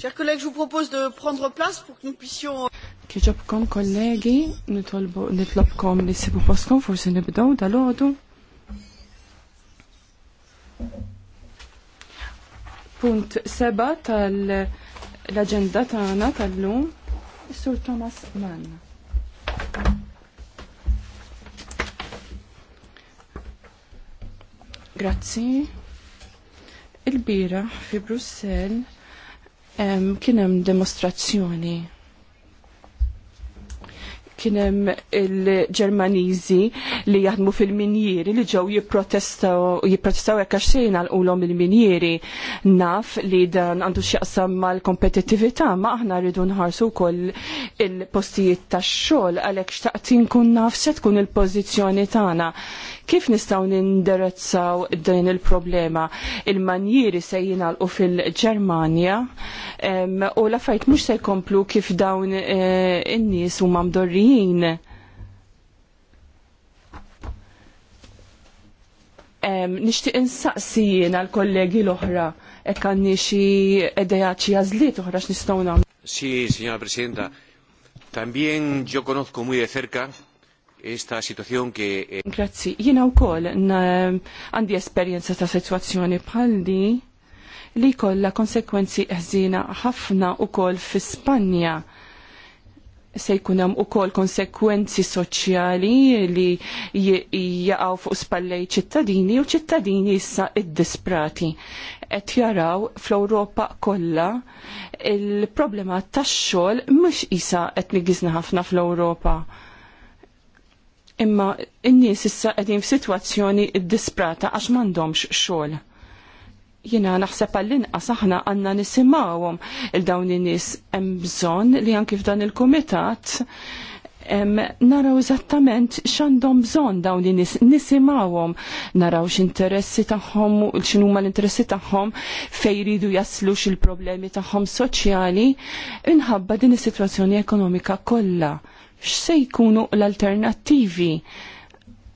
Chers collègues, je vous propose de prendre place pour que nous puissions... Kieġobkom kollegi, nitolbu nitlobkom li sibu poskom, forse nibdow dal-ħodu. Punt seba tal-agenda tagħna tal-lum, is-Sur Thomas Mann. Grazzi. Il-bira fi Brussel kien hemm kienem il-Ġermaniżi li jaħdmu fil minjeri li ġew jipprotestaw hekk għax xejn għalqulhom il minjeri naf li dan għandu x'jaqsam mal-kompetittività ma aħna rridu nħarsu wkoll il-postijiet tax-xogħol għalhekk xtaqtin kun naf se tkun il-pożizzjoni tagħna. Kif nistgħu nindirezzaw din il-problema? il manjieri se jingħalqu fil-Ġermanja u l-affajt mhux se jkomplu kif dawn eh, in-nies huma mdorrin ewlenin nishtiq insaqsi jiena l-kollegi l-oħra hekk għandni xi idejat xi għażliet oħra x'nistgħu Si, signora Presidenta, también yo conozco muy de cerca esta situación que eh, Grazzi, jiena wkoll għandi esperjenza ta' sitwazzjoni bħal li kolla konsekwenzi eħzina ħafna ukoll fi Spanja se jkun hemm ukoll konsekwenzi soċjali li jaqgħu fuq spallej ċittadini u ċittadini issa id-disprati. Qed jaraw fl-Ewropa kollha il-problema tax-xogħol mhux isa qed nigisna ħafna fl-Ewropa. Imma n-nies issa qegħdin f'sitwazzjoni disprata għax m'għandhomx xogħol jina naħseb għallin inqas aħna għanna nisimawhom il-dawn in-nies hemm bżonn li anki f'dan il-kumitat naraw eżattament x'għandhom bżonn dawn in-nies nisimawom naraw x'interessi tagħhom x'inhu huma l-interessi tagħhom fejn jridu jaslu x'il-problemi tagħhom soċjali inħabba din is-sitwazzjoni ekonomika kollha x'se jkunu l-alternattivi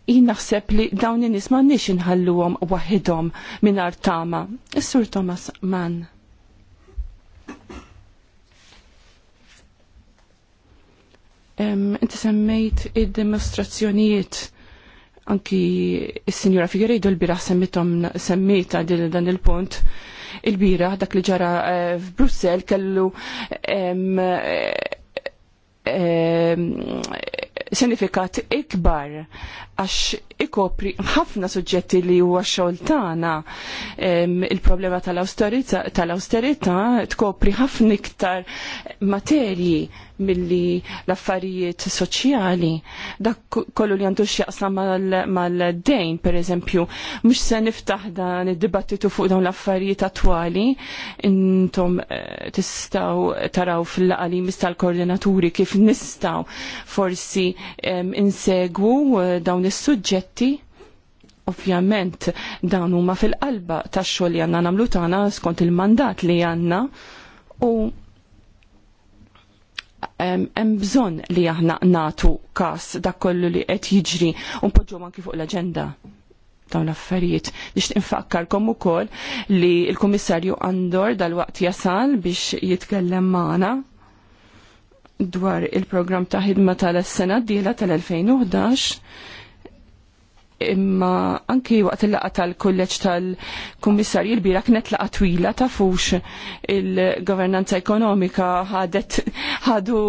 jina naħseb li dawn in-nies m'għandniex inħalluhom waħidhom minn artama. Is-Sur Thomas Mann. Inti semmejt id-demonstrazzjonijiet anki s-Sinjura Figueredo l bira semmitom semmita dan il-punt il-bira dak li ġara eh, f'Brussel kellu eh, sinifikat ikbar għax ikopri ħafna suġġetti li huwa xogħol tagħna il-problema tal-austerità tal tkopri ħafna iktar materji milli l-affarijiet soċjali. Dak kollu li għandu jaqsam mal-dejn, per eżempju, mhux se niftaħ dan id-dibattitu fuq dawn l-affarijiet attwali, intom eh, tistgħu taraw fil-laqalimis tal-koordinaturi kif nistgħu forsi insegwu eh, dawn is-suġġetti ovvjament dawn huma fil-qalba tax-xogħol li għandna nagħmlu tagħna skont il-mandat li għandna u hemm bżonn li aħna natu każ dak kollu li qed jiġri u npoġġu anki fuq l-aġenda dawn l-affarijiet. Nixtieq infakkarkom ukoll li l-Kummissarju Andor dal-waqt jasal biex jitkellem magħna dwar il-programm ta' ħidma tal-sena d tal-2011 imma anki waqt il-laqa tal-kolleġ tal kummissarju l-bira kienet laqa twila ta' fux il-governanza ekonomika ħadet ħadu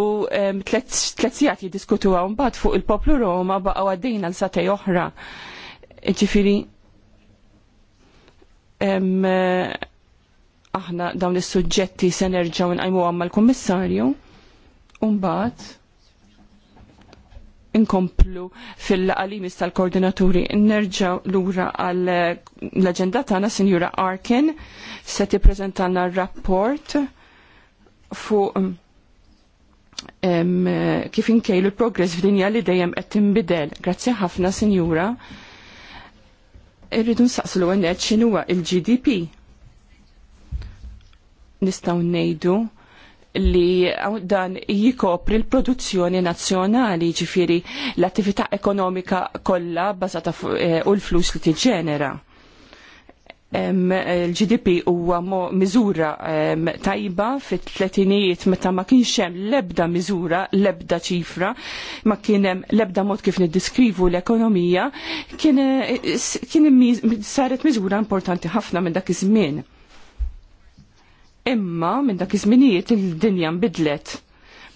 tlet sijat jiddiskutu għaw mbagħad fuq il-poplu Roma baqa' għaddejna l-satej oħra. Ġifieri aħna dawn is-suġġetti se nerġgħu nqajmu għamma l-kummissarju u mbagħad inkomplu fil-qalimis tal-koordinaturi. Nerġaw lura għal l-agenda tagħna Sinjura Arkin se tippreżentana r-rapport fuq mm, kif inkejlu l-progress f'dinja li dejjem qed tinbidel. Grazzi ħafna Sinjura. Irridu nsaqslu għennet x'inhuwa il-GDP. Nistgħu ngħidu li dan jikopri l-produzzjoni nazzjonali ġifiri l-attività ekonomika kollha bazata eh, u l-flus li tiġġenera. L-GDP huwa miżura tajba fit-tletinijiet meta ma kienx hemm l-ebda miżura, l-ebda ċifra, ma kien hemm l-ebda mod kif niddiskrivu l-ekonomija, kien eh, saret miżura importanti ħafna minn dak iż-żmien Imma minn dak iż-żminijiet il-dinja nbidlet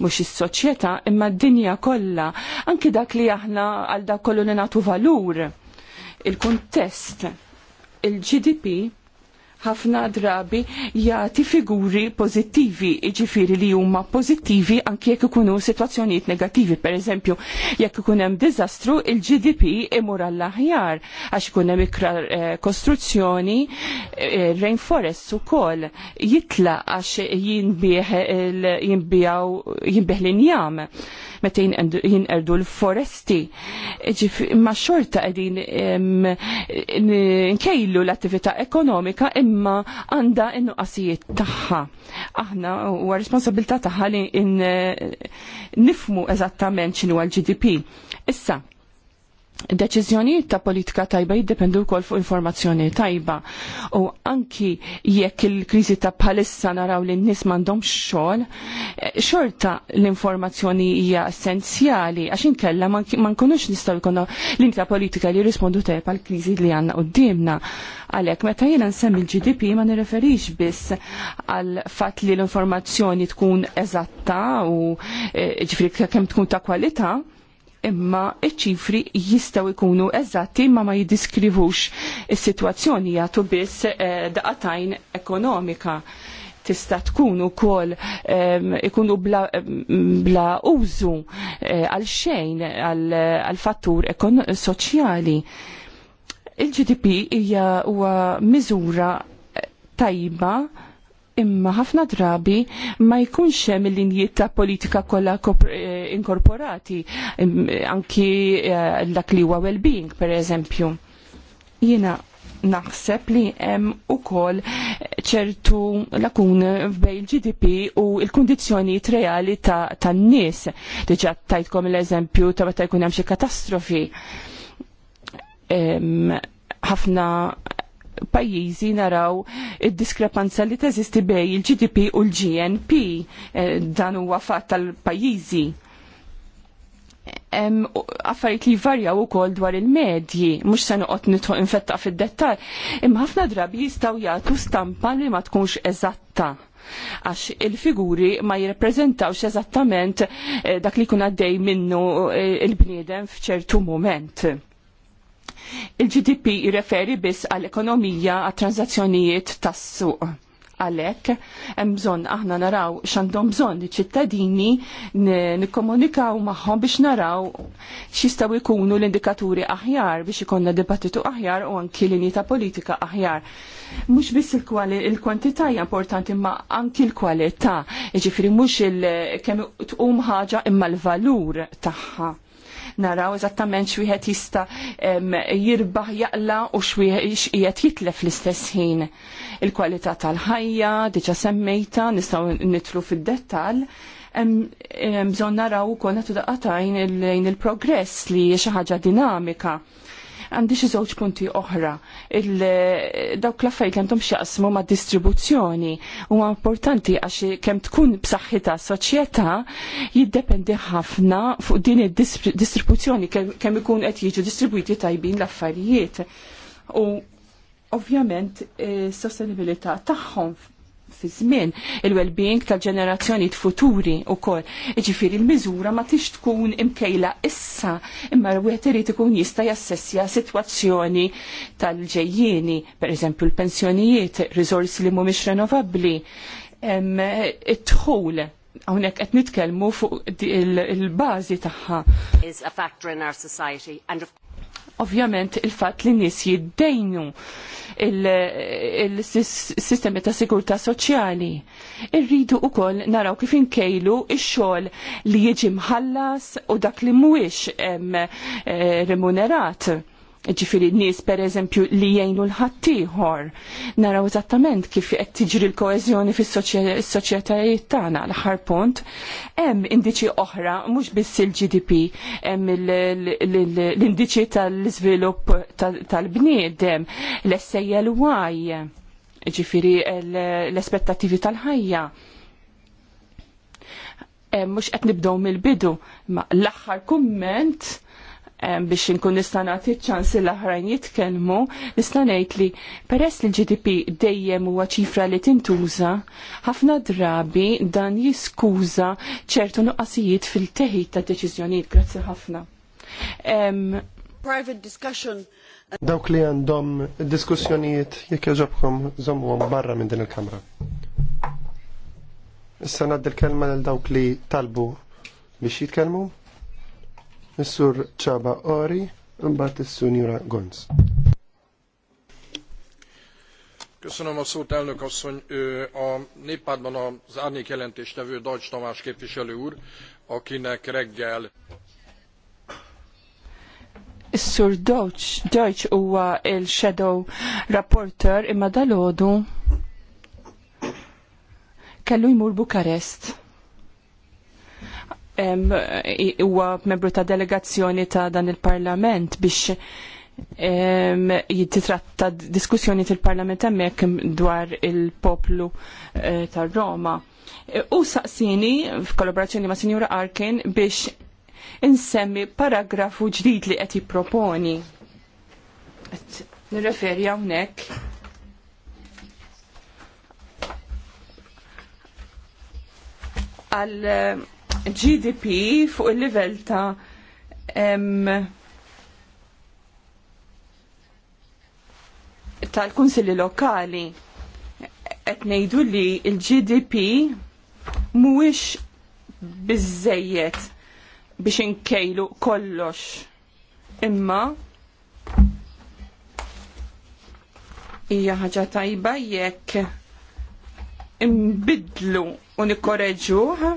mhux is-soċjetà imma d-dinja kollha, anki dak li aħna għal dak kollu li nagħtu valur. Il-kuntest il-GDP ħafna drabi jagħti figuri pożittivi, jiġifieri li huma pożittivi anke jekk ikunu sitwazzjonijiet negattivi. Pereżempju, jekk ikun hemm diżastru, il-GDP imur għall-aħjar għax ikun hemm ikrar eh, kostruzzjoni, eh, rainforest ukoll jitla għax jinbieħ jinbieħ l-injam meta jinqerdu l-foresti. Imma xorta qegħdin nkejlu l-attività ekonomika imma għandha qasijiet tagħha. Aħna huwa responsabilità tagħha li nifmu eżattament xinu l-GDP. Issa, deċiżjonijiet ta' politika tajba jiddependu wkoll fuq informazzjoni tajba. U anki jekk il-kriżi ta' bħalissa naraw li n-nies m'għandhomx xogħol, eh, xorta l-informazzjoni hija essenzjali għax inkella ma nkunux nistgħu l linja politika li rispondu tajba għal kriżi li għandna dimna. Għalhekk meta jiena nsemmi l-GDP ma nirreferix biss għal fatt li l-informazzjoni tkun eżatta u eh, ġifri kemm tkun ta' kwalità, imma iċ-ċifri jistaw ikunu eżatti ma ma jiddiskrivux is-sitwazzjoni jagħtu biss eh, daqatajn ekonomika tista tkun ukoll ikunu bla, bla użu eh, għal xejn għal fattur soċjali. Il-GDP hija huwa miżura tajba imma ħafna drabi ma jkunx hemm il-linji ta' politika kollha eh, inkorporati anki eh, dak li huwa well-being pereżempju. Jiena naħseb li hemm ukoll ċertu lakun bej l gdp u l-kundizzjonijiet reali tan-nies. Diġà tajtkom l-eżempju ta' meta jkun hemm xi katastrofi ħafna pajjiżi naraw id-diskrepanza li teżisti bej il-GDP u l-GNP eh, dan huwa fatt tal-pajjiżi affarijiet li jvarjaw ukoll dwar il-medji, mhux se noqgħod nitħu infetta fid-dettall, imma ħafna drabi jistgħu jagħtu stampa li ma tkunx eżatta għax il-figuri ma jirrepreżentawx eżattament eh, dak li kuna għaddej minnu eh, il-bniedem f'ċertu moment. Il-GDP jirreferi biss għall-ekonomija għat-transazzjonijiet tas-suq għalek, mżon aħna naraw xandom bżon ċittadini nikkomunikaw maħħom biex naraw xistaw ikunu l-indikaturi aħjar biex ikonna dibattitu aħjar u anki l ta' politika aħjar. Mux biss il-kwantità importanti imma anki l-kwalità, ġifri mux il-kemm tqum ħaġa imma l-valur tagħha naraw eżattament xwieħed jista' jirbaħ jaqla u xwieħed jitlef l-istess ħin. Il-kwalità tal-ħajja, diġa semmejta, nistgħu nitlu fid-dettall, bżonn naraw ukoll nagħtu daqatajn lejn il-progress li xi ħaġa dinamika Għandi xi żewġ punti oħra. Dawk l-affarijiet li għandhom x'jaqsmu ma' distribuzzjoni huwa importanti għax kemm tkun b'saħħitha soċjetà jiddependi ħafna fuq din id-distribuzzjoni kemm ikun qed jiġu distribwiti tajbin l-affarijiet. U ovvjament is eh, sostenibilità tagħhom fi żmien il-well-being tal-ġenerazzjoni futuri wkoll. Iġifiri il-miżura ma tix tkun imkejla issa imma wieħed irid ikun jista' jassessja sitwazzjoni tal-ġejjieni, pereżempju l-pensjonijiet, risorsi li mhumiex renovabbli, it-tħul għonek għet nitkelmu fuq il-bazi taħħa. Is a factor in our society and of ovvjament il-fatt li nies jiddejnu il-sistemi ta' sigurtà soċjali. Irridu wkoll naraw kif inkejlu x-xogħol li jiġi mħallas u dak li mhuwiex eh, remunerat ġifiri n-nis per eżempju li jgħinu l-ħattijħor. Naraw eżattament kif qed tiġri l-koezjoni fis-soċjetajiet tagħna l-aħħar punt. Hemm indiċi oħra mhux biss il-GDP, hemm l-indiċi tal-iżvilupp tal-bniedem, l-SALY, ġifiri l-aspettativi tal-ħajja. Mhux qed nibdew mill-bidu, ma l-aħħar kumment biex inkun nista' nagħti ċans l-aħrajn jitkellmu, nista' ngħid li peress li l-GDP dejjem huwa ċifra li tintuża, ħafna drabi dan jiskuża ċertu nuqqasijiet fil-teħid ta' deċiżjonijiet. Grazzi ħafna. Private discussion. Dawk li għandhom diskussjonijiet jekk jaġobkom żommuhom barra minn din il-kamra. Issa naddi l-kelma lil dawk li talbu biex jitkellmu. Is-sur ċaba Ori, mbagħad is-Sunjura Gonz. Köszönöm a szót, elnök asszony. A néppádban az árnyék jelentéstevő Dajcs Tamás képviselő úr, akinek reggel Is-Sur Deutsch huwa il-Shadow Rapporteur imma dalodu kellu jmur Bukarest huwa membru ta' delegazzjoni ta' dan il-Parlament biex jittitratta diskussjoni tal-Parlament hemmhekk dwar il-poplu eh, tar Roma. E, u saqsini f'kollaborazzjoni ma' Sinjura Arkin biex insemmi paragrafu ġdid li qed jipproponi. Nirreferi hawnhekk għal GDP fuq il-livell ta' tal-kunsilli lokali qed ngħidu li l-GDP mhuwiex biżejjed biex inkejlu kollox imma hija ħaġa tajba jekk imbidlu u nikkoreġuh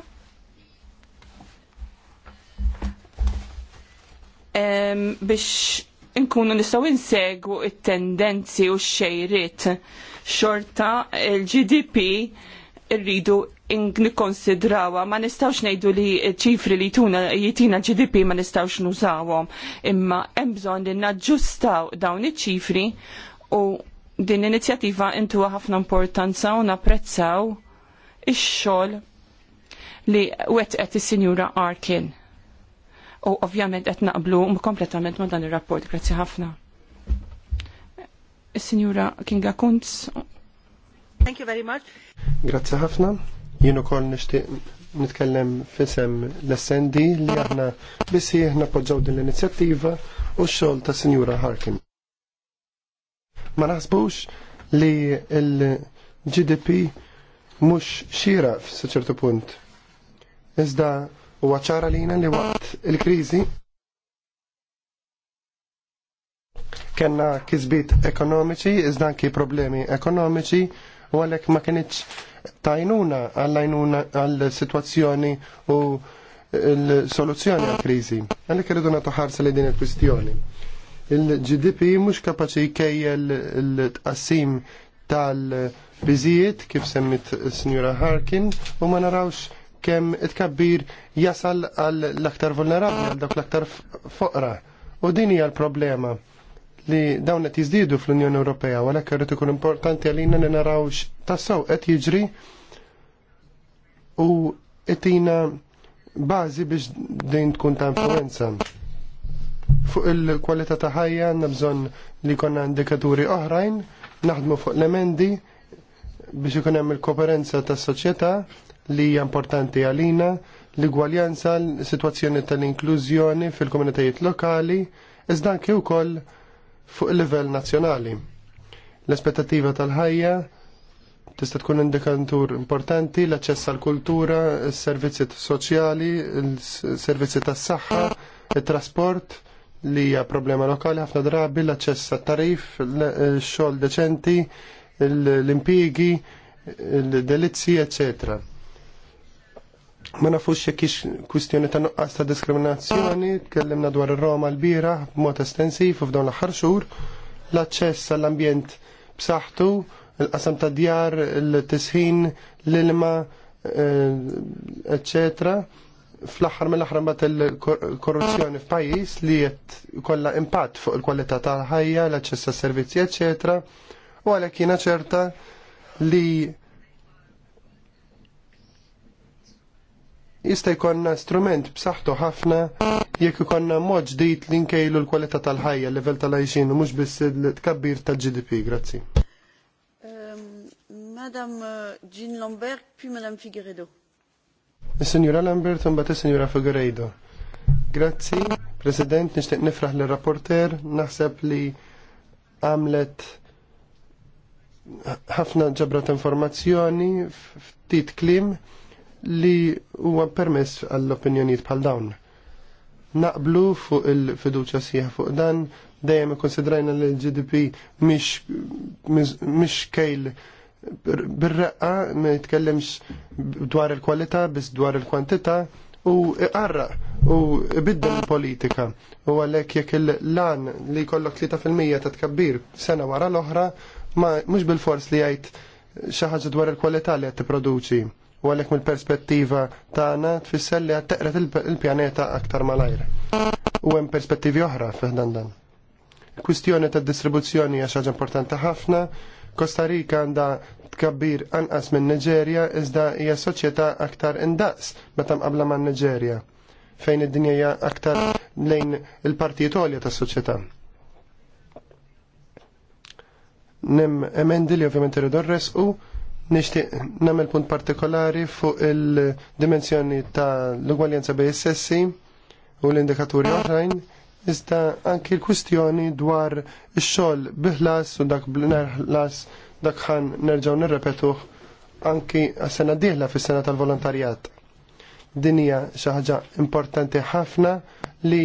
biex inkunu nistgħu insegwu it-tendenzi u x-xejriet xorta il-GDP rridu nikonsidrawa ma nistawx ngħidu li ċifri li tuna jitina GDP ma nistawx nużawhom imma hemm bżonn li naġġustaw dawn iċ-ċifri u din l-inizjattiva intuha ħafna importanza u napprezzaw ix-xogħol li wetqet is-Sinjura Arkin u ovvjament qed naqblu kompletament ma' dan ir-rapport. Grazzi ħafna. Is-Sinjura Kinga Kunz. Thank you very much. Grazzi ħafna. Jien ukoll nixtieq nitkellem fisem l-SND li aħna bissi aħna poġġaw din l-inizjattiva u x-xogħol ta' Sinjura Harkin. Ma naħsbux li l-GDP mhux xira ċertu punt. Iżda U li lina li waqt il-krizi kena kizbit ekonomiċi, iżdanki problemi ekonomiċi, u għalek ma kienieċ tajnuna għallajnuna għall-situazzjoni u l-soluzzjoni għal-krizi. Għalek rridu natu li din il-kwistjoni. Il-GDP mux kapaċi kejjel l-tqassim tal-biżijiet kif semmit s-Njura Harkin u ma narawx kemm it-kabbir jasal għal l-aktar vulnerabli għal dawk l-aktar foqra. U din hija l-problema li dawn qed jiżdiedu fl-Unjoni Ewropea u għalhekk irid ikun importanti għalina li naraw tassew qed jiġri u qed bażi biex din tkun ta' influenza. Fuq il-kwalità ta' ħajja nabżon bżonn li konna indikaturi oħrajn, naħdmu fuq l-emendi biex ikun hemm il-koperenza tas-soċjetà li hija importanti għalina, l-igwaljanza, l-sitwazzjoni tal-inklużjoni fil-komunitajiet lokali, iżda anke wkoll fuq il-livell nazzjonali. L-aspettativa tal-ħajja tista' tkun indikatur importanti l-aċċess għall kultura s-servizzi soċjali, s-servizzi tas-saħħa, it-trasport li hija problema lokali ħafna drabi l-aċċess għat-tarif, xogħol deċenti, l-impjiegi, l-delizzi, eccetera Ma nafux xe ix kwistjoni ta' nuqqas ta' diskriminazzjoni, tkellimna dwar il roma l-bira mot estensiv u f'dawn l-aħħar xhur, l-aċċess għall-ambjent b'saħħtu, l qasam ta' djar, l tisħin l-ilma, eccetera eh, fl-axar mill-axar mbagħad il-korruzzjoni f'pajjiż li qed kollha impatt fuq il-kwalità tal-ħajja, l-aċċess tas servizzi eċetera. U għalhekk ċerta li jista' jkonna strument b'saħħtu ħafna jekk ikonna mod ġdid li nkejlu l-kwalità tal-ħajja, level tal-għajxin u mhux biss il-tkabbir tal-GDP. Grazzi. Ehm, Madam eh, Jean Lambert, puis Madame Figueredo. Is-Sinjura Lambert u mbagħad is-Sinjura Figueredo. Grazzi, President, nixtieq nifraħ lir-rapporter, naħseb li għamlet ħafna ġabrat informazzjoni ftit klim li huwa permess għall-opinjonijiet bħal dawn. Naqblu fuq il-fiduċa sieħ fuq dan, dejjem konsidrajna li l-GDP mhix kejl bir-reqqa ma jitkellimx dwar il-kwalità biss dwar il-kwantità u iqarra u l politika u għalhekk jekk il-lan li jkollok 3% ta' tkabbir sena wara l-oħra ma mhux bil-fors li jgħid xi ħaġa dwar il-kwalità li qed tipproduċi u għalhekk mill-perspettiva tagħna tfisser li għattaqret il-pjaneta aktar malajr. U hemm perspettivi oħra fiħdan dan. Il-kwistjoni tad distribuzzjoni hija importanti ħafna. Costa Rica għandha tkabbir anqas minn Niġerja iżda hija soċjetà aktar indaqs meta mqabbla man Niġerja fejn id-dinja hija aktar lejn il-partijiet għolja tas-soċjetà. Nem emendi li ovvjament irridu u Nixtieq nagħmel punt partikolari fuq il-dimensjoni ta' l ugwaljenza bej sessi u l-indikaturi ah. oħrajn, iżda anki l-kwistjoni dwar ix-xogħol biħlas u dak bl-ħlas dak ħan nerġgħu nirrepetuh anki għas-sena diħla fis-sena tal-volontarjat. Dinija xi ħaġa importanti ħafna li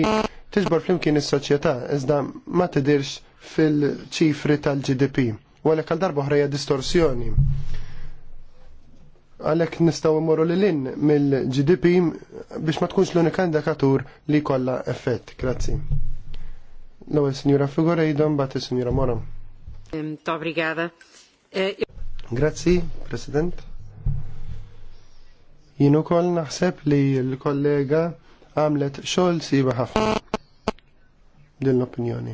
tiġbor flimkien is-soċjetà iżda ma tidirx fil-ċifri tal-GDP. U għal darba ħreja distorsjoni għalek nistaw morru li l-in mill-GDP biex ma tkunx l-unika indikatur li kolla effett. Grazzi. L-ewel signora Figueiredo, mbagħad is-signora Mora. Tobrigada. Eh, Grazzi, President. Jien ukoll naħseb li l-kollega għamlet xogħol siba ħafna din l-opinjoni.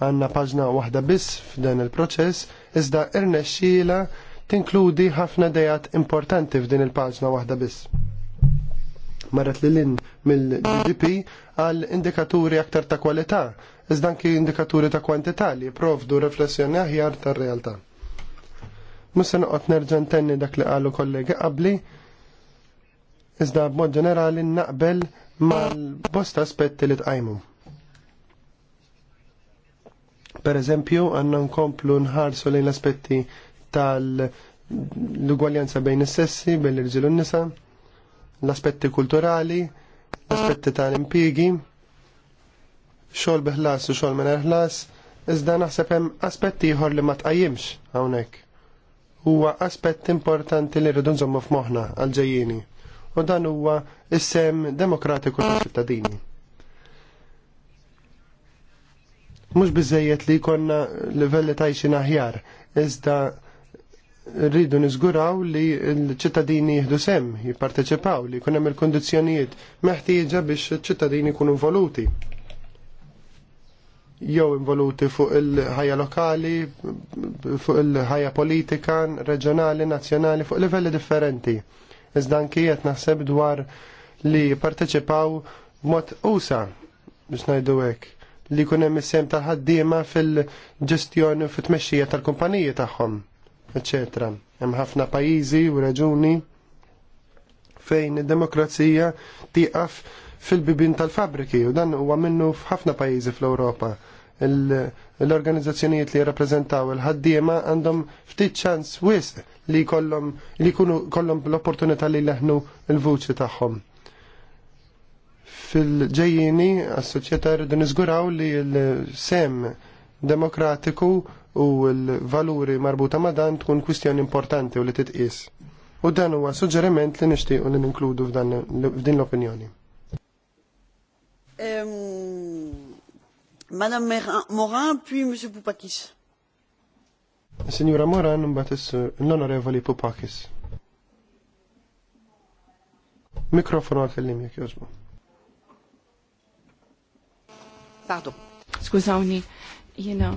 Għanna paġna waħda biss f'dan il-proċess iżda irnexxiela tinkludi ħafna dejat importanti f'din il-paġna waħda biss. Marret li l-in mill-GDP għal indikaturi aktar ta' kwalità, iżda anki indikaturi ta' kwantità li provdu riflessjoni aħjar tar-realtà. Musa noqgħod nerġa' ntenni dak li qalu kollegi qabli, iżda b'mod ġenerali naqbel mal-bosta aspetti li tqajmu. Per eżempju, għanna nkomplu nħarsu lejn l-aspetti tal-ugwaljanza bejn is-sessi, bejn l-irġiel u n-nisa, l-aspetti kulturali, l-aspetti tal-impigi, xogħol biħlas u xogħol mingħajr ħlas, iżda naħseb hemm aspetti ieħor li ma tqajjimx hawnhekk. Huwa aspett importanti li rridu nżommu f'moħħna għal-ġejjieni u dan huwa is-sem demokratiku tal-ċittadini. Mhux biżejjed li jkollna livelli tajxin aħjar, iżda rridu niżguraw li l-ċittadini jihdu sem, jipparteċipaw, li jkun hemm il kondizjonijiet meħtieġa biex ċittadini jkunu involuti. Jew involuti fuq il-ħajja lokali, fuq il-ħajja politika, reġjonali, nazzjonali, fuq livelli differenti. Iżda anki qed naħseb dwar li jipparteċipaw mod usa biex ngħidu hekk li jkun hemm is-sem tal-ħaddiema fil-ġestjoni u fit-tmexxija tal-kumpaniji tagħhom etc. Hemm ħafna pajjiżi u raġuni fejn id-demokrazija tieqaf fil-bibin tal-fabriki u dan huwa minnu f'ħafna pajjiżi fl-Ewropa. L-organizzazzjonijiet li jirrappreżentaw il-ħaddiema għandhom ftit ċans wisq li kollhom li jkunu kollhom l-opportunità li leħnu l-vuċi tagħhom. Fil-ġejjini as soċjetà rridu niżguraw li l-sem demokratiku u l-valuri marbuta ma' dan tkun kwistjoni importanti u li titqis. U dan huwa suġġeriment li nixtiequ li ninkludu f'din l-opinjoni. Madame Morin, puis Monsieur Poupakis. Signora Moran, mbagħad l-Onorevoli Poupakis. Mikrofonu għal-kellim jek jozbu. Pardon. Skużawni, jena you know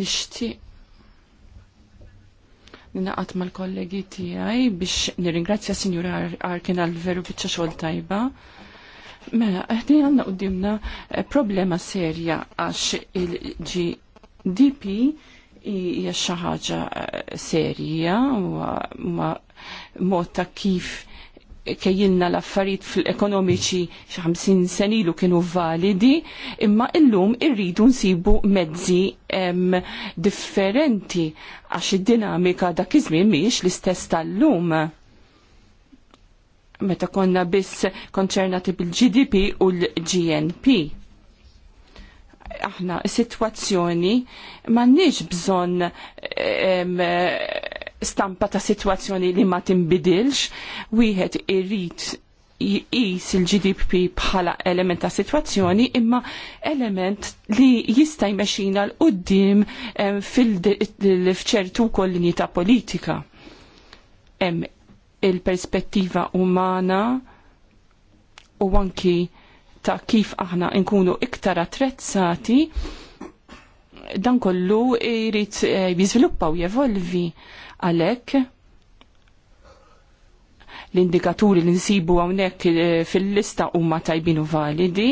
nixtieq ninaqat mal-kollegi tiegħi biex nirringrazzja Signora Arkin għal veru biċċa xogħol tajba. Mela, għanna għandna dimna eh, problema serja għax il-GDP hija xi ħaġa eh, serja u mod ta' kif kejjinna l-affarijiet fil-ekonomiċi xi senilu sen ilu kienu validi, imma illum irridu nsibu mezzi differenti għax id-dinamika dak iż miex mhix l-istess tal-lum. Meta konna biss konċernati bil-GDP u l-GNP. Aħna, is-sitwazzjoni m'għandniex bżonn stampa ta' situazzjoni li ma tinbidilx, wieħed irrid jis il-GDP bħala element ta' situazzjoni imma element li jista' jmexxina l qudiem fil-ċertu kollinji ta' politika. Hemm il-perspettiva umana u anki ta' kif aħna nkunu iktar attrezzati dan kollu jrid eh, jiżviluppa u jevolvi Għalek, l-indikaturi li nsibu għawnek eh, fil-lista umma tajbinu validi,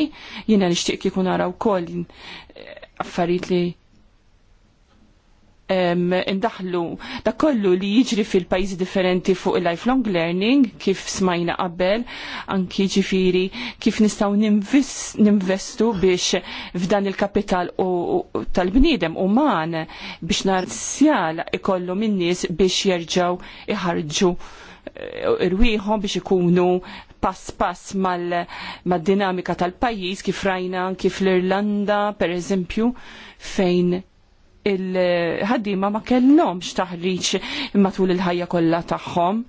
jina nishtiq kikun għaraw kol koll eh, affarijiet li indaħlu da kollu li jiġri fil-pajjiżi differenti fuq il-lifelong learning kif smajna qabel anki ġifiri kif nistgħu ninvestu biex f'dan il-kapital tal-bniedem uman biex narsjal ikollu min-nies biex jerġgħu iħarġu eh, irwiħom biex ikunu pass pass mal-dinamika mal dinamika tal pajjiż kif rajna kif l-Irlanda per eżempju fejn il-ħaddima ma kellhomx taħriġ matul il-ħajja kollha tagħhom.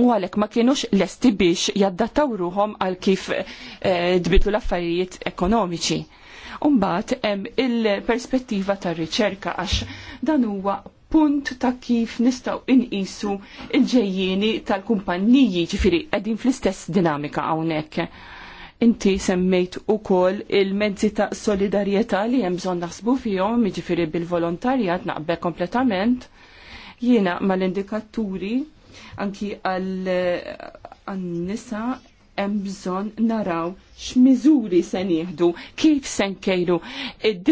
U għalek ma kienux lesti biex jaddattaw ruhom għal kif eh, dbitu l-affarijiet ekonomiċi. Umbat hemm il-perspettiva tar riċerka għax dan huwa punt ta' kif nistaw inqisu il-ġejjieni tal-kumpanniji ġifiri qegħdin fl-istess dinamika hawnhekk Inti semmejt ukoll il-mezzi ta' solidarjetà li hemm bżonn naħsbu fihom, jiġifieri bil-volontarjat naqbel kompletament. Jiena mal-indikaturi anki għal nisa hemm bżonn naraw x'miżuri se nieħdu, kif se nkejlu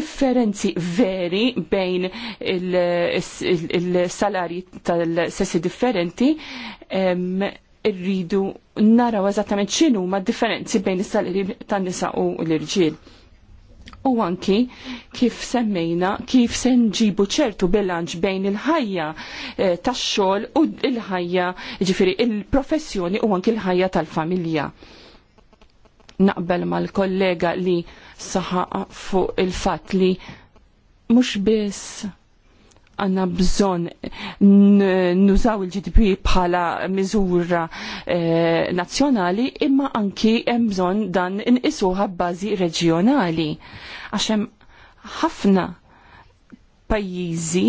differenzi veri bejn il-salarji tal-sessi differenti irridu naraw eżattament xinu ma' differenzi bejn is-saliri tan-nisa u l-irġiel. U anki kif semmejna kif se nġibu ċertu bilanċ bejn il-ħajja eh, tax-xogħol u il-ħajja ġifieri il-professjoni u anki l ħajja tal-familja. Naqbel mal-kollega li saħaq fuq il-fatt li mhux biss għanna bżon nużaw il-GDP bħala miżura nazjonali eh, nazzjonali imma anki hemm bżon dan inqisuha b'bażi reġjonali. Għax hemm ħafna pajjiżi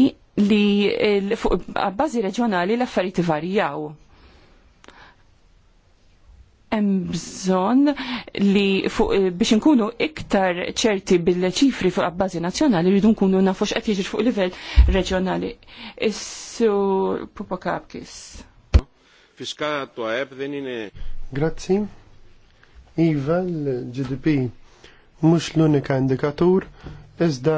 li fuq bażi reġjonali l-affarijiet varjaw hemm bżonn li fuq biex inkunu iktar ċerti bil-ċifri fuq abbażi nazzjonali rridu nkunu nafu x'qed jiġri fuq livell reġjonali. Issu Kapkis. Fiska tua eb din Grazzi. Iva l-GDP mhux l-unika indikatur, iżda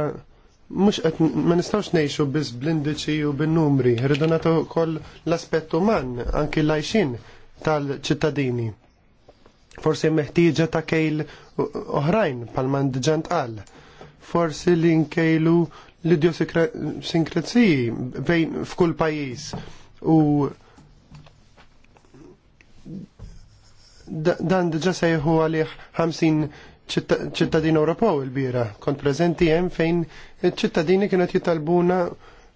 mux qed ma nistgħux ngħixu biss blindiċi u bin-numri, rridu nagħtu wkoll l-aspett uman anki l-għajxin tal-ċittadini. Forsi meħtieġa ta' kejl oħrajn pal-man qal. Forsi li nkejlu l-idiosinkreziji bejn f'kull pajis u dan diġa sejħu għalih 50 ċittadin Ewropew il-bira. Kont preżenti hemm fejn ċittadini kienet jitalbuna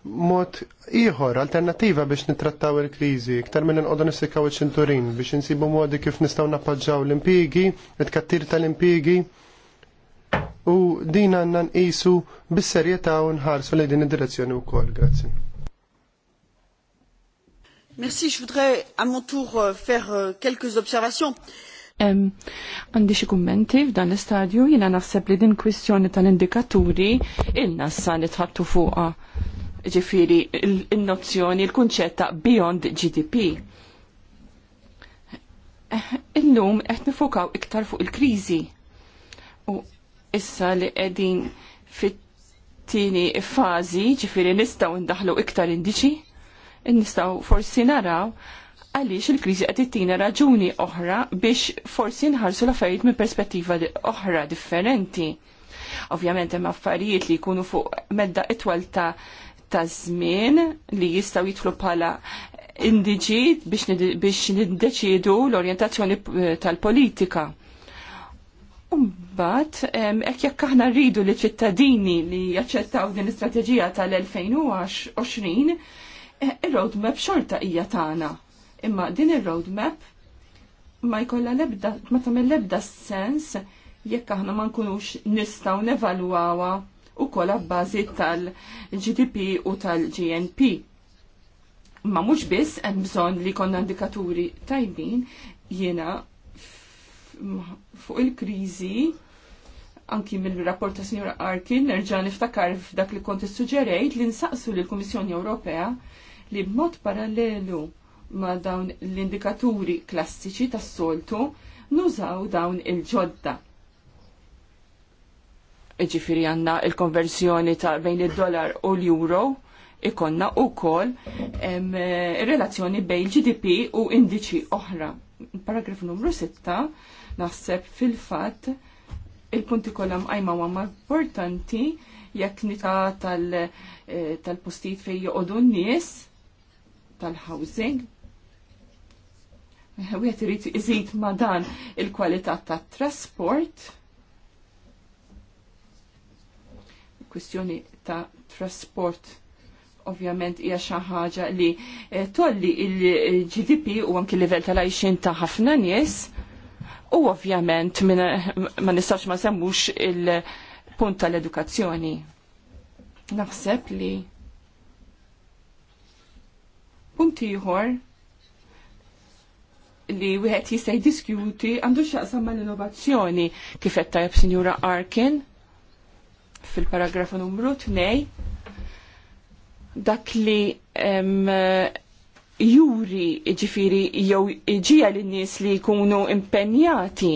mod ieħor alternattiva biex nitrattaw il-kriżi, iktar minn inqogħdu nissikaw il ċinturin biex insibu modi kif nistgħu napagġaw l-impjiegi, it-kattir tal impigi u din għandna nqisu bis-serjetà u nħarsu lejn din id-direzzjoni wkoll. Grazzi. Merci, je voudrais à mon tour euh, faire euh, quelques observations. Għandi xi kummenti f'dan l-istadju jiena naħseb li din kwistjoni tal-indikaturi ilna s-sa nitħattu fuqha ġifiri il-nozzjoni, il kunċetta ta' beyond GDP. Eh, illum qed nifokaw iktar fuq il-kriżi. U issa li qegħdin fit-tieni fażi, ġifiri nistgħu ndaħlu iktar indiċi, nistgħu forsi naraw għaliex il-kriżi qed ittina raġuni oħra biex forsi nħarsu l-affarijiet minn perspettiva oħra differenti. Ovvjament hemm affarijiet li jkunu fuq medda itwal ta' ta' żmien li jistgħu jitlu bħala indiġi biex nindeċidu l-orjentazzjoni tal-politika. Umbat, ekk jekk aħna rridu li ċittadini li jaċċettaw din l-istrateġija tal-2020, eh, il-roadmap xorta hija tagħna. Imma din il-roadmap ma jkollha lebda, ma tagħmel lebda sens jekk aħna ma nkunux nistgħu nevalwawha u kolla b'bażi tal-GDP u tal-GNP. Ma mhux biss hemm bżonn li konna indikaturi tajbin jiena fuq il-kriżi anki mill-rapport ta' Sinjora Arkin nerġa' niftakar f'dak li kont issuġġerejt li nsaqsu lill kummissjoni Ewropea li b'mod parallelu ma' dawn l-indikaturi klassiċi tas-soltu nużaw dawn il-ġodda ġifiri għanna il-konversjoni ta' bejn il-dollar u l-euro, ikonna u kol relazzjoni bejn GDP u indiċi oħra. Paragraf numru 6, naħseb fil-fat, il-punti kollha mqajma huma importanti jekk nita eh, tal-postijiet fejn joqogħdu n-nies tal-housing. Eh, wieħed irid iżid ma' dan il-kwalità tat-trasport kwistjoni ta' trasport ovvjament hija xi ħaġa li eh, tolli il-GDP u anki livell tal-għajxin ta' ħafna nies u ovvjament ma nistax ma semmux il-punt tal-edukazzjoni. Naħseb li punt ieħor li wieħed jista' jiddiskuti għandu x'jaqsam mal-innovazzjoni kif qed tajjeb Sinjura Arkin fil-paragrafu numru 2 dak li um, juri ġifiri jew ġija l-nies li jkunu impenjati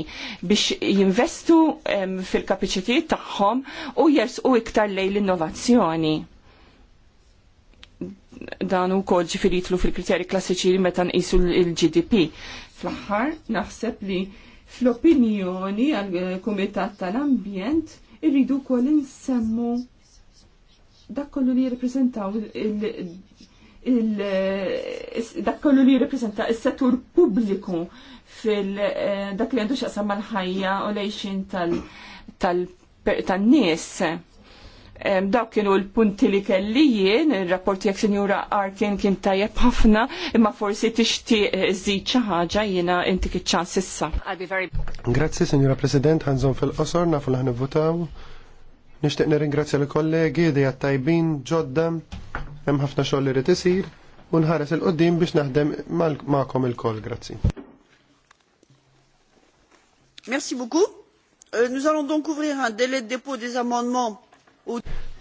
biex jinvestu um, fil-kapaċitiet tagħhom u jersqu iktar lej l-innovazzjoni. Dan ukoll ġifiri jitlu fil-kriterji klassiċi li meta nqisu l-GDP. Fl-aħħar naħseb li fl-opinjoni għall kumitat tal-Ambjent irridu kol insemmu dak kollu li jirrepreżentaw dak kollu li jirrepreżenta is-settur pubbliku fil eh, dak li għandu xaqsam mal-ħajja u lejxin tal-nies. Tal, tal, tal daw kienu l-punti li kelli jien, il-rapport jek senjura Arkin kien tajjeb ħafna, imma forsi tixtieq żid xi ħaġa jiena inti kiċċans issa. Grazzi senjura President, ħanżon fil-qosor nafu li ħnivvutaw. Nixtieq nirringrazzja l-kollegi dejja tajbin ġodda hemm ħafna xogħol li isir u nħares il-qoddim biex naħdem magħkom il-koll. Grazzi. Merci beaucoup. Euh, nous allons donc ouvrir un délai de dépôt des amendements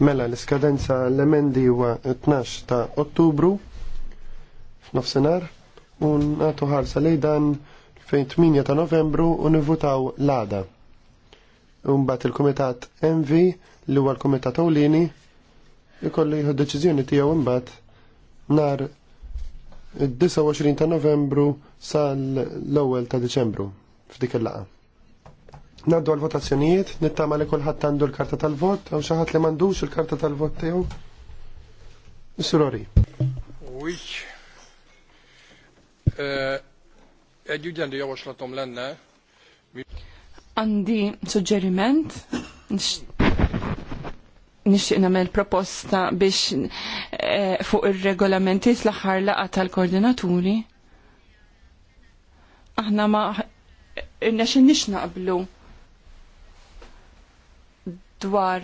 Mela l-iskadenza l-emendi huwa 12 ta' Ottubru f'nofsinhar u nagħtu ħarsa lej dan fejn 8 ta' Novembru u nivvutaw l-għada. Mbagħad il-Kumitat MV li huwa l-Kumitat Ewlieni ikolli jieħu deċiżjoni tiegħu imbagħad nar 29 ta' Novembru sal l-ewwel ta' Diċembru f'dik il-laqa. Naddu għal-votazzjonijiet, nittama li kullħat għandu l-karta tal-vot, għaw xaħat li mandux il-karta tal-vot tiegħu. Surori. Oui. Eh, l-atom l lenne. Għandi suġġeriment, nixtieq nagħmel proposta biex eh, fuq ir-regolamenti l-aħħar laqa tal-koordinaturi. Aħna ma eh, irnexin naqblu dwar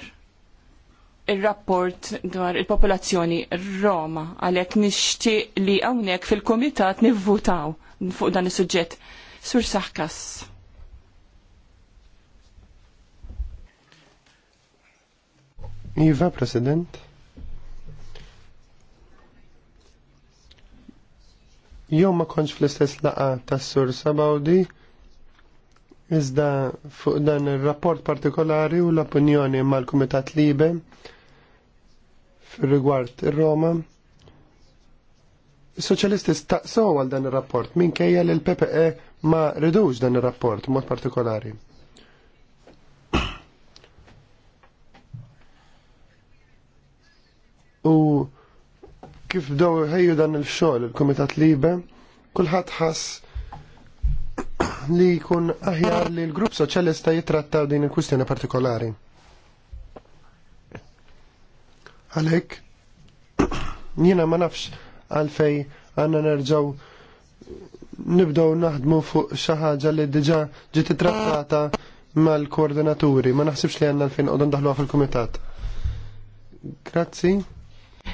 il-rapport dwar il-popolazzjoni Roma għalhekk nixtieq li hawnhekk fil-kumitat nivvutaw fuq dan is-suġġett. Sur Saħkas. Iva, President. Jom ma konċ fl-istess laqa tas-Sur Sabawdi. Iżda fuq dan ir-rapport partikolari u l-opinjoni mal-Kumitat Libe fir-rigward ir-Roma. Is-soċjalisti staqsow għal dan ir-rapport minkejja li l-PPE ma ridux dan ir-rapport mod partikolari. U kif bdew ħejju dan il-xogħol il-Kumitat Libe, kulħadd ħass li jkun aħjar li l-grupp soċjalista jitrattaw din il-kwistjoni partikolari. Għalhekk, jiena ma nafx għalfej għandna nerġaw nibdew naħdmu fuq xi ħaġa li diġà ġiet trattata mal-koordinaturi, ma naħsibx li għandna l-fejn qodhom daħluha fil-kumitat. Grazzi.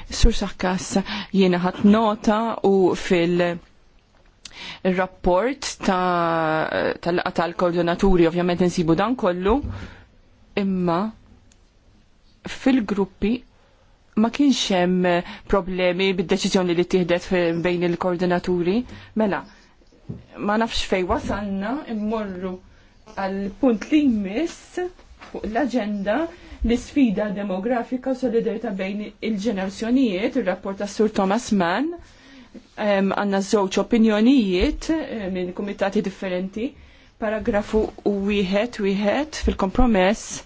Sur saħkas, jiena ħadd nota u fil- il-rapport tal-koordinaturi, ovvjament nsibu dan kollu, imma fil-gruppi ma kienx hemm problemi bid-deċiżjoni li tieħdet bejn il-koordinaturi. Mela, ma nafx fej wasalna immorru għal punt li jmiss fuq l-agenda l-sfida demografika u solidarita bejn il-ġenerazzjonijiet, il-rapport tas Sur Thomas Mann għanna żewġ opinjonijiet eh, minn kumitati differenti. Paragrafu wieħed wieħed fil-kompromess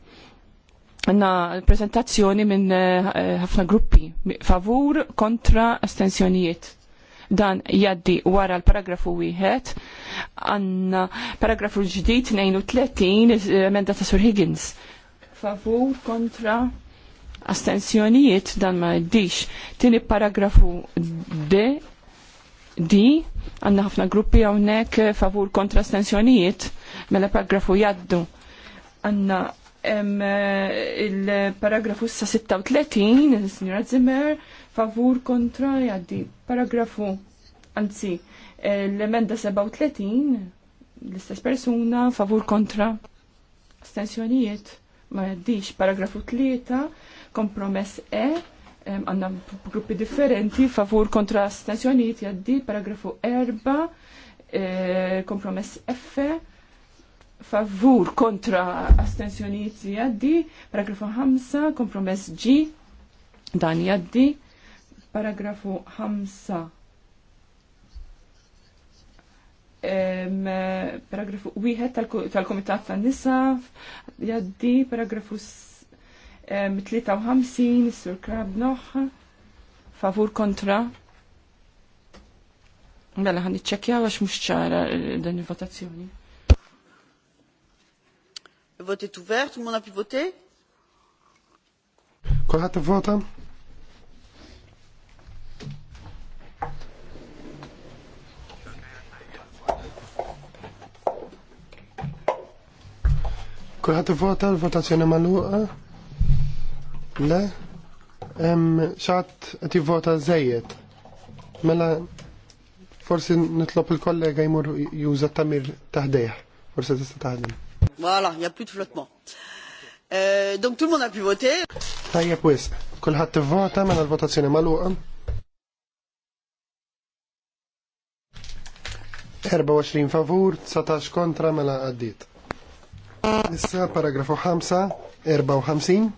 għanna prezentazzjoni minn eh, ħafna gruppi favur kontra astensjonijiet. Dan jaddi wara l-paragrafu wieħed għanna paragrafu ġdid 32 eh, emenda ta' Sur Higgins. Favur kontra astensjonijiet dan ma jaddix. Tini paragrafu D di għanna ħafna gruppi għawnek eh, favur kontra stensjonijiet mela paragrafu jaddu għanna eh, il-paragrafu sa 36 il Zimmer favur kontra jaddi paragrafu anzi eh, l-emenda 37 l-istess persuna favur kontra stensjonijiet ma jaddix paragrafu 3 kompromess E għanna gruppi differenti favur kontra astensjonijiet jaddi paragrafu 4 e, kompromess F favur kontra astensjonijiet jaddi paragrafu 5 kompromess G dan jaddi paragrafu 5 paragrafu wieħed tal-Komitat tal komitat tal nisa jaddi paragrafu 53 sur krab Krabnoħ favur kontra Mela għan iċċekkjaw għax mhux ċara eh, dan il-votazzjoni. Votet uvert, tout le votet? a pu voter? Kulħadd ivvota? Kulħadd ivvota l-votazzjoni magħluqa? Le, hemm xatt qed jivvota żejjed. Mela forsi nitlop il-kollega jimur juża tamir taħdeja. Forsi tista' taħdem. Voilà, il n'y a plus de flottement. Euh, donc tout le monde a pu voter. Tajjeb mela l-votazzjoni maluqa. 24 favur, 19 kontra mela għaddit. Issa paragrafu 5, 54.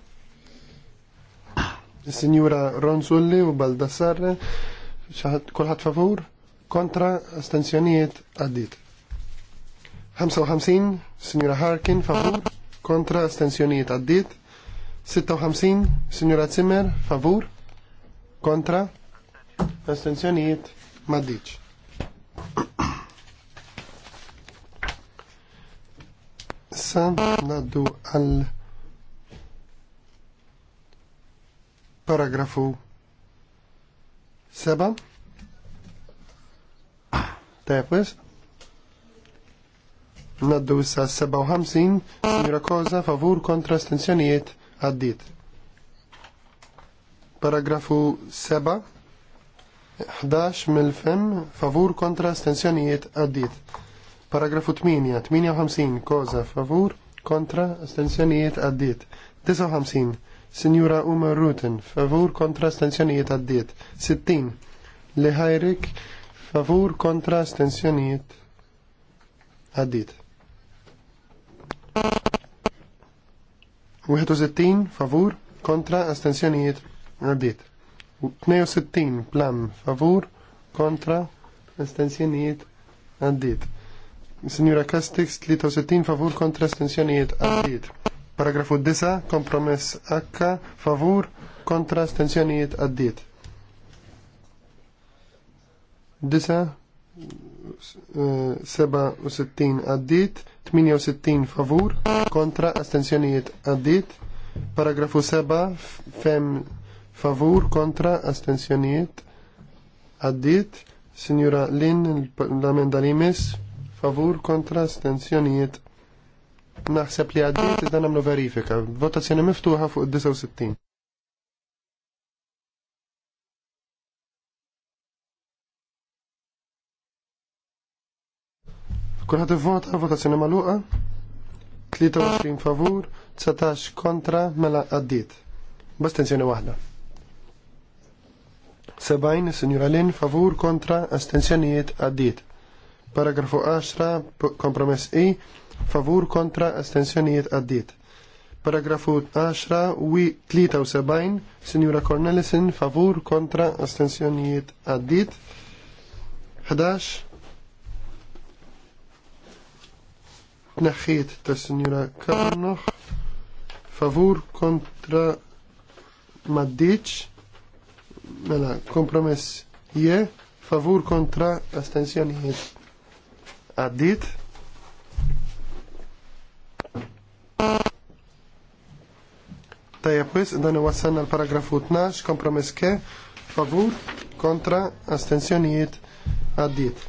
Signora Ronzulli u Baldassarre, kolħat favur, kontra astensjonijiet għaddit. 55, Signora Harkin, favur, kontra astensjonijiet għaddit. 56, Signora Zimmer, favur, kontra astensjonijiet maddiċ. Issa naddu għal paragrafu 7. Tepwis. Naddu issa 57, mira koza favur kontra stenzjonijiet għaddit. Paragrafu 7. 11 mil fem favur kontra stenzjonijiet għaddit. Paragrafu 8, 58 koza favur kontra stenzjonijiet għaddit. 59 Sinjura Umar Rutin, favur kontra stenzjonijiet għaddiet. 60. Li ħajrik, favur kontra stenzjonijiet għaddiet. 61 favur kontra astensjonijiet għaddiet. 62 plam favur kontra astensjonijiet għaddiet. Signora Castex 63 favur kontra astensjonijiet għaddiet. Paragrafu 9, kompromess H, favur, kontra stenzjonijiet għaddiet. Disa, 67 għaddit, 68 favur, kontra astenzjonijiet għaddit, paragrafu 7 fem favur, kontra astenzjonijiet għaddit, Signora Lin, l-amenda li mis, favur kontra astenzjonijiet Naħseb li għaddit dan għamlu verifika. Votazzjoni miftuħa fuq 69. Kulħadd vota, votazzjoni magħluqa. 23 favur, 19 kontra, mela għaddiet. B'astenzjoni waħda. 70 Sinjura Lin favur kontra astenzjonijiet għaddiet. Paragrafu 10 kompromess I favur kontra astensjonijiet għaddiet. Paragrafu 10 u 73 Signora Cornelison favur kontra astensjonijiet għaddiet. 11 Naħħiet ta' Sinjura Karnoħ favur kontra maddiċ mela kompromess je favur kontra astensjonijiet għaddiet. Tajja pwis, dan iwassalna l-paragrafu 12, kompromess ke, favur, kontra, astensjonijiet, għaddit.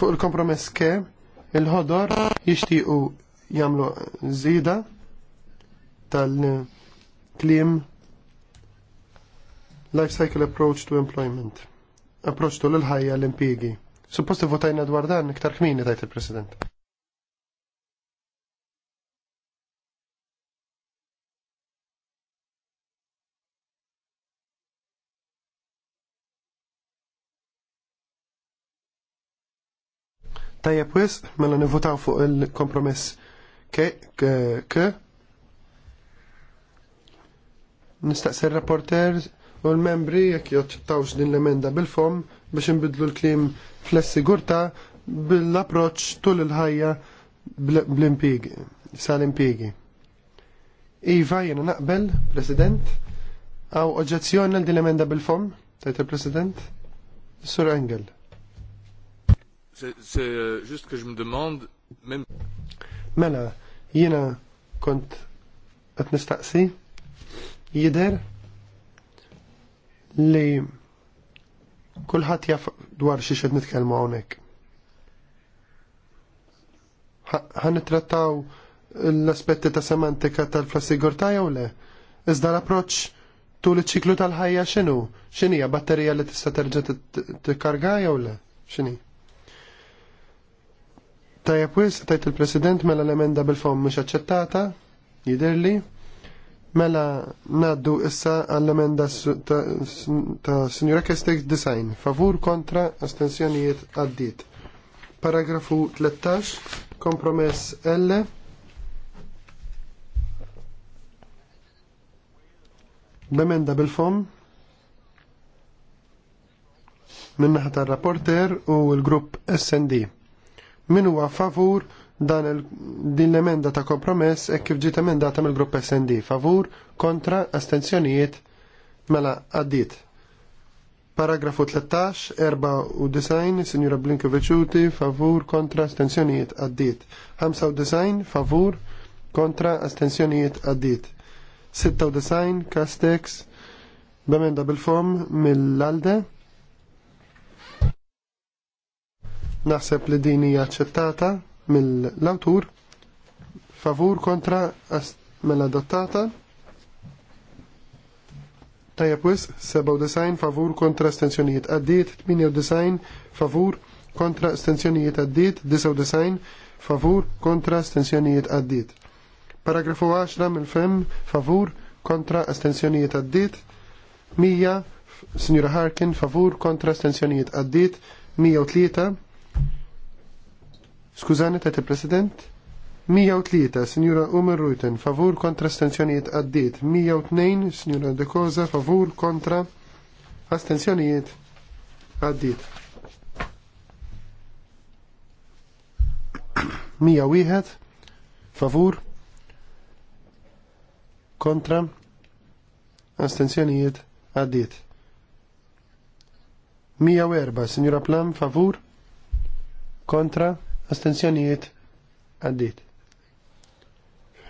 Fuq il-kompromess ke, il-ħodor jishtiqu Jamlu zida tal-klim Life Cycle Approach to Employment. Approach to l-ħajja l-impiegi. Suppost votajna dwar dan iktar kmini tajt il-President. Tajja pwis, mela nivotaw fuq il-kompromess Ke, ke, ke. Nistaqsi rapporter u l-membri jekk joċċettawx din l-emenda bil-fom biex nbidlu l-klim fl-sigurta bil-approċ tul il-ħajja bl-impigi, sal-impigi. Iva, jena naqbel, President, għaw oġazzjon għal din l-emenda bil-fom, tajt il-President, Sur Engel. C'est juste que je me demande, même... Mela, jiena kont qed nistaqsi jidher li kulħadd jaf dwar xi xed nitkellmu hawnhekk. trattaw l-aspetti ta' semantika tal-flassigurta jew le? Iżda l-approċċ tul iċ-ċiklu tal-ħajja x'inhu? X'inhija batterija li tista' terġa' tikkarga jew le? X'inhi? Tajja wis, tajt il-President, mela l-emenda bil-fom mux aċċettata, jiderli, mela naddu issa għall-emenda ta' Signora Kestek Design, favur kontra astensjonijiet għaddit. Paragrafu 13, kompromess L, Bemenda bil-fom minnaħa rapporter u l-grupp SND. Min huwa favur dan il, din l-emenda ta' kompromess e kif ġiet emendata mill-grupp SND. Favur, kontra, astenzjonijiet, mela għaddit. Paragrafu 13, 94, Signora Blinkoviċuti, favur, kontra, astenzjonijiet, għaddit. design, favur, kontra, astenzjonijiet, għaddit. 96, Castex, b'emenda bil-fom mill-Alde, Naħseb li din hija aċċettata mill-awtur. Favur kontra mela adottata. Tajja wis 97 favur kontra astenzjonijiet għaddiet, 98 favur kontra astenzjonijiet għaddiet, 99 favur kontra astenzjonijiet għaddiet. Paragrafu 10 mill-fem favur kontra estensjonijiet għaddiet, 100 Signora Harkin favur kontra astenzjonijiet għaddiet, 103 Skużani ta' president 103, Signora Umer Ruiten, favur kontra stenzjonijiet għaddit. 102, Signora De Cosa, favur kontra astenzjonijiet għaddit. 101, favur kontra astenzjonijiet għaddit. 104, Signora Plam, favur kontra astenzjonijiet għaddit.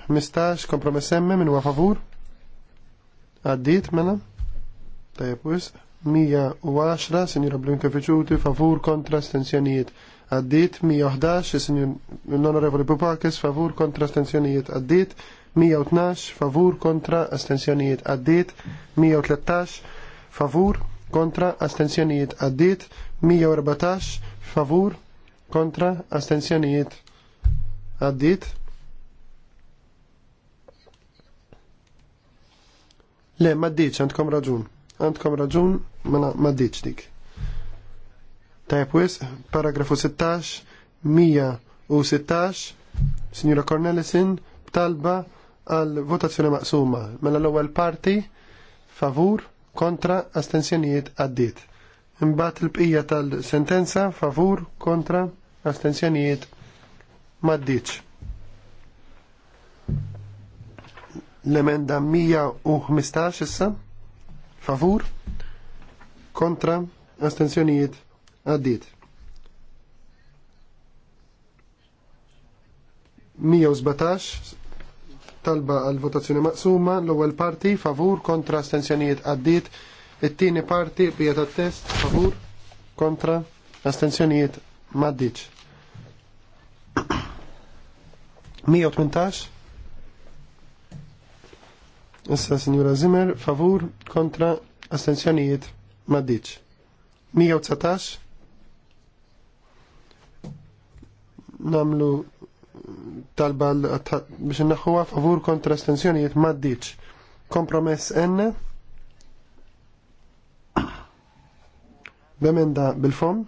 15 kompromess emme minn huwa favur għaddit mela tajjeb wis 110 sinjura Blinka Fiċuti favur kontra astenzjonijiet għaddit 111 sinjur l-onorevoli Pupakis favur kontra astenzjonijiet għaddit 112 favur kontra astenzjonijiet għaddit 113 favur kontra astenzjonijiet għaddit 114 favur kontra, astenzjonijiet għaddit. Le, ma ddiċ, għandkom raġun. Għandkom raġun, mela, ma ddiċ dik. Tajb wis, paragrafu 16, 116, Signora Cornelisin, talba għal votazzjoni maqsuma. Mela l-ewwel parti, favur, kontra, astenzjonijiet, għaddit. Imbagħad il-bqija tal-sentenza favur kontra astensjonijiet m'għaddiċ. L-emenda 115 issa favur kontra astensjonijiet għaddiet. 117 talba għal votazzjoni maqsuma l-ewwel parti favur kontra astensjonijiet għaddiet It-tieni parti bija test favur kontra astenzjonijiet maddiċ. 118 Issa Signora Zimmer favur kontra astenzjonijiet maddiċ. 119 namlu talba biex naħuwa favur kontra astenzjonijiet maddiċ. Kompromess N B'emenda bil-fom?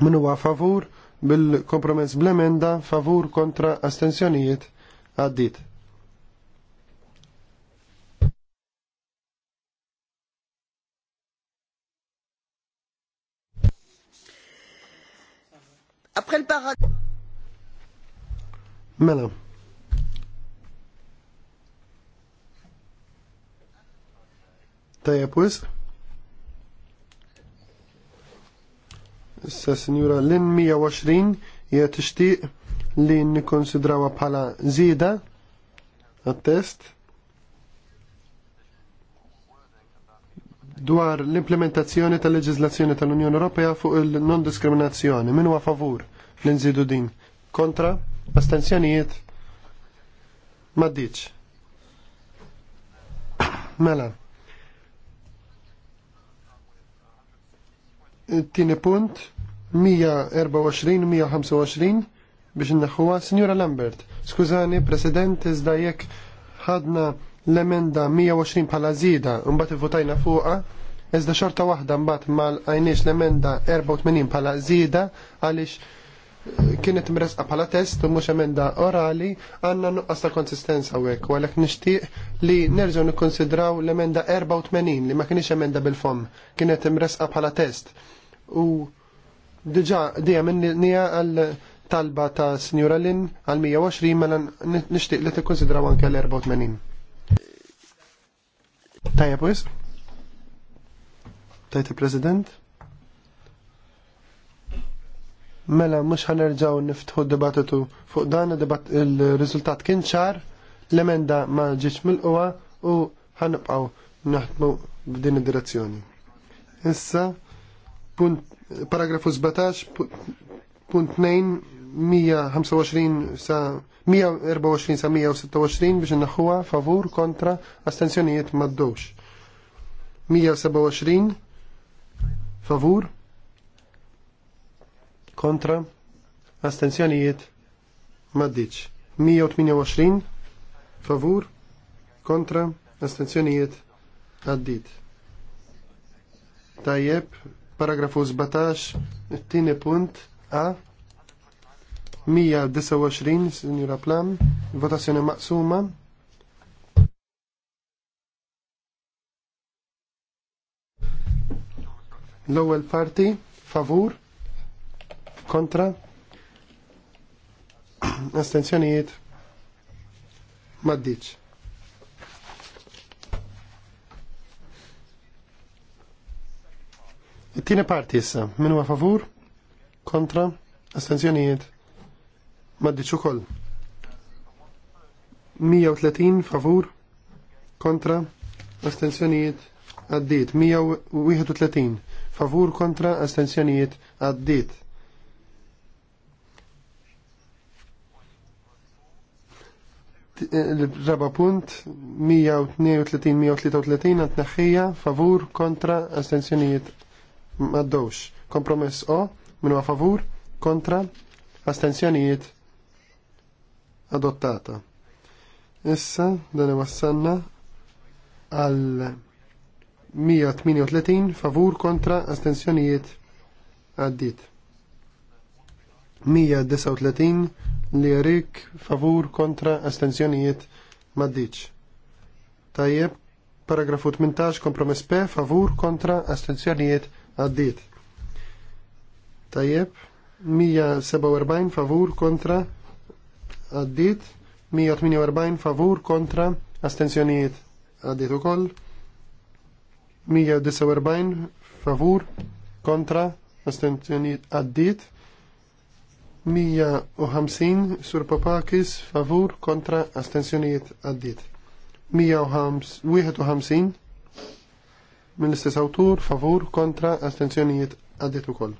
Min huwa favur bil-kompromess bl-emenda favur kontra astensjonijiet għaddit. Après le paragraphe. Mela. Tajab wisq? Issa Sinjura l 120 hija tixtieq li nikkonsidrawha bħala żieda għat-test dwar l-implementazzjoni tal-leġiżlazzjoni tal-Unjoni Ewropea fuq il-non-diskriminazzjoni. Min huwa favur li nżidu din? Kontra? Astenzjonijiet? Maddiċ. Mela. Tini punt, 124-125 biex innaħħuha. Signora Lambert, skużani, President, iżda jekk ħadna l-emenda 120 bħala zida, mbagħad votajna fuqha, iżda xorta waħda mbagħad mal għajniex l-emenda 84 bħala zida għaliex eh, kienet mresqa bħala test u mhux emenda orali għandna nuqqas ta' konsistenza għek u għalhekk nixtieq li nerġgħu nikkonsidraw l-emenda 84 li ma kienx emenda bil-fom, kienet imresqa bħala test u diġa dejjem nija għal talba ta' sinjora Lin għal 120 mela nixtieq li tikkonsidraw anke għal 84. Tajja pwis? Tajt president Mela, mux ħanerġaw niftħu dibattitu fuq dan il-rizultat kien ċar, l-emenda ma ġiċ mill-qwa u ħanibqaw naħdmu b'din id-direzzjoni. Issa, paragrafu 17, punt 2, 125 sa 124 sa 126 biex naħuwa favur kontra astenzjonijiet maddux. 127 favur kontra astenzjonijiet maddiċ. 128 favur kontra astenzjonijiet għaddit. Tajjeb, Paragrafu 17, it-tieni punt A. 129, Sinjura Plam, votazzjoni maqsuma. L-ewwel parti, favur, kontra, astenzjonijiet, maddiċ. Tieni parti issa, min huwa favur? Kontra? Astenzjonijiet? Maddiċ ukoll. 130 favur? Kontra? Astenzjonijiet? Għaddiet. 131 favur kontra astenzjonijiet għaddiet. Eh, Raba punt 132-133 għatneħħija favur kontra astenzjonijiet maddowx. Kompromess O, minu a favur, kontra, astensjonijiet adottata. Issa, dan wassanna għal 138 favur kontra astensjonijiet għaddit. 139 li rik favur kontra astensjonijiet maddiċ. Tajjeb, paragrafu 18 kompromess P favur kontra astensjonijiet għaddit. Tajjeb, 147 favur kontra għaddit, 148 favur kontra astenzjonijiet u koll, 149 favur kontra astenzjonijiet għaddit, 150 sur Papakis favur kontra astenzjonijiet għaddit. 151 mill-istess awtur favur kontra astenzjonijiet għaddit ukoll.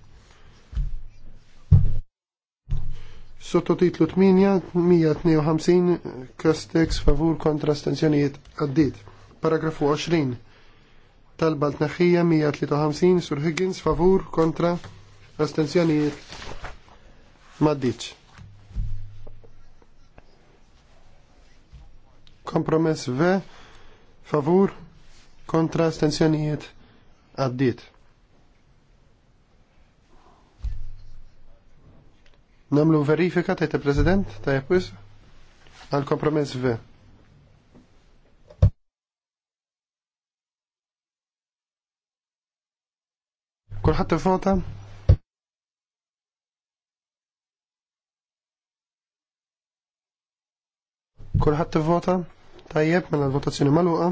Sottotitlu 852 Kastex favur kontra astenzjonijiet għaddit. Paragrafu 20 talba l-tnaħħija 153 sur Higgins favur kontra astenzjonijiet maddiċ. Kompromess V favur kontra stenzjonijiet għaddit. Namlu verifika tajt il-President, ta' jepwis għal-kompromess V. Kulħat vota Kulħat vota Tajjeb, mela l-votazzjoni maluqa.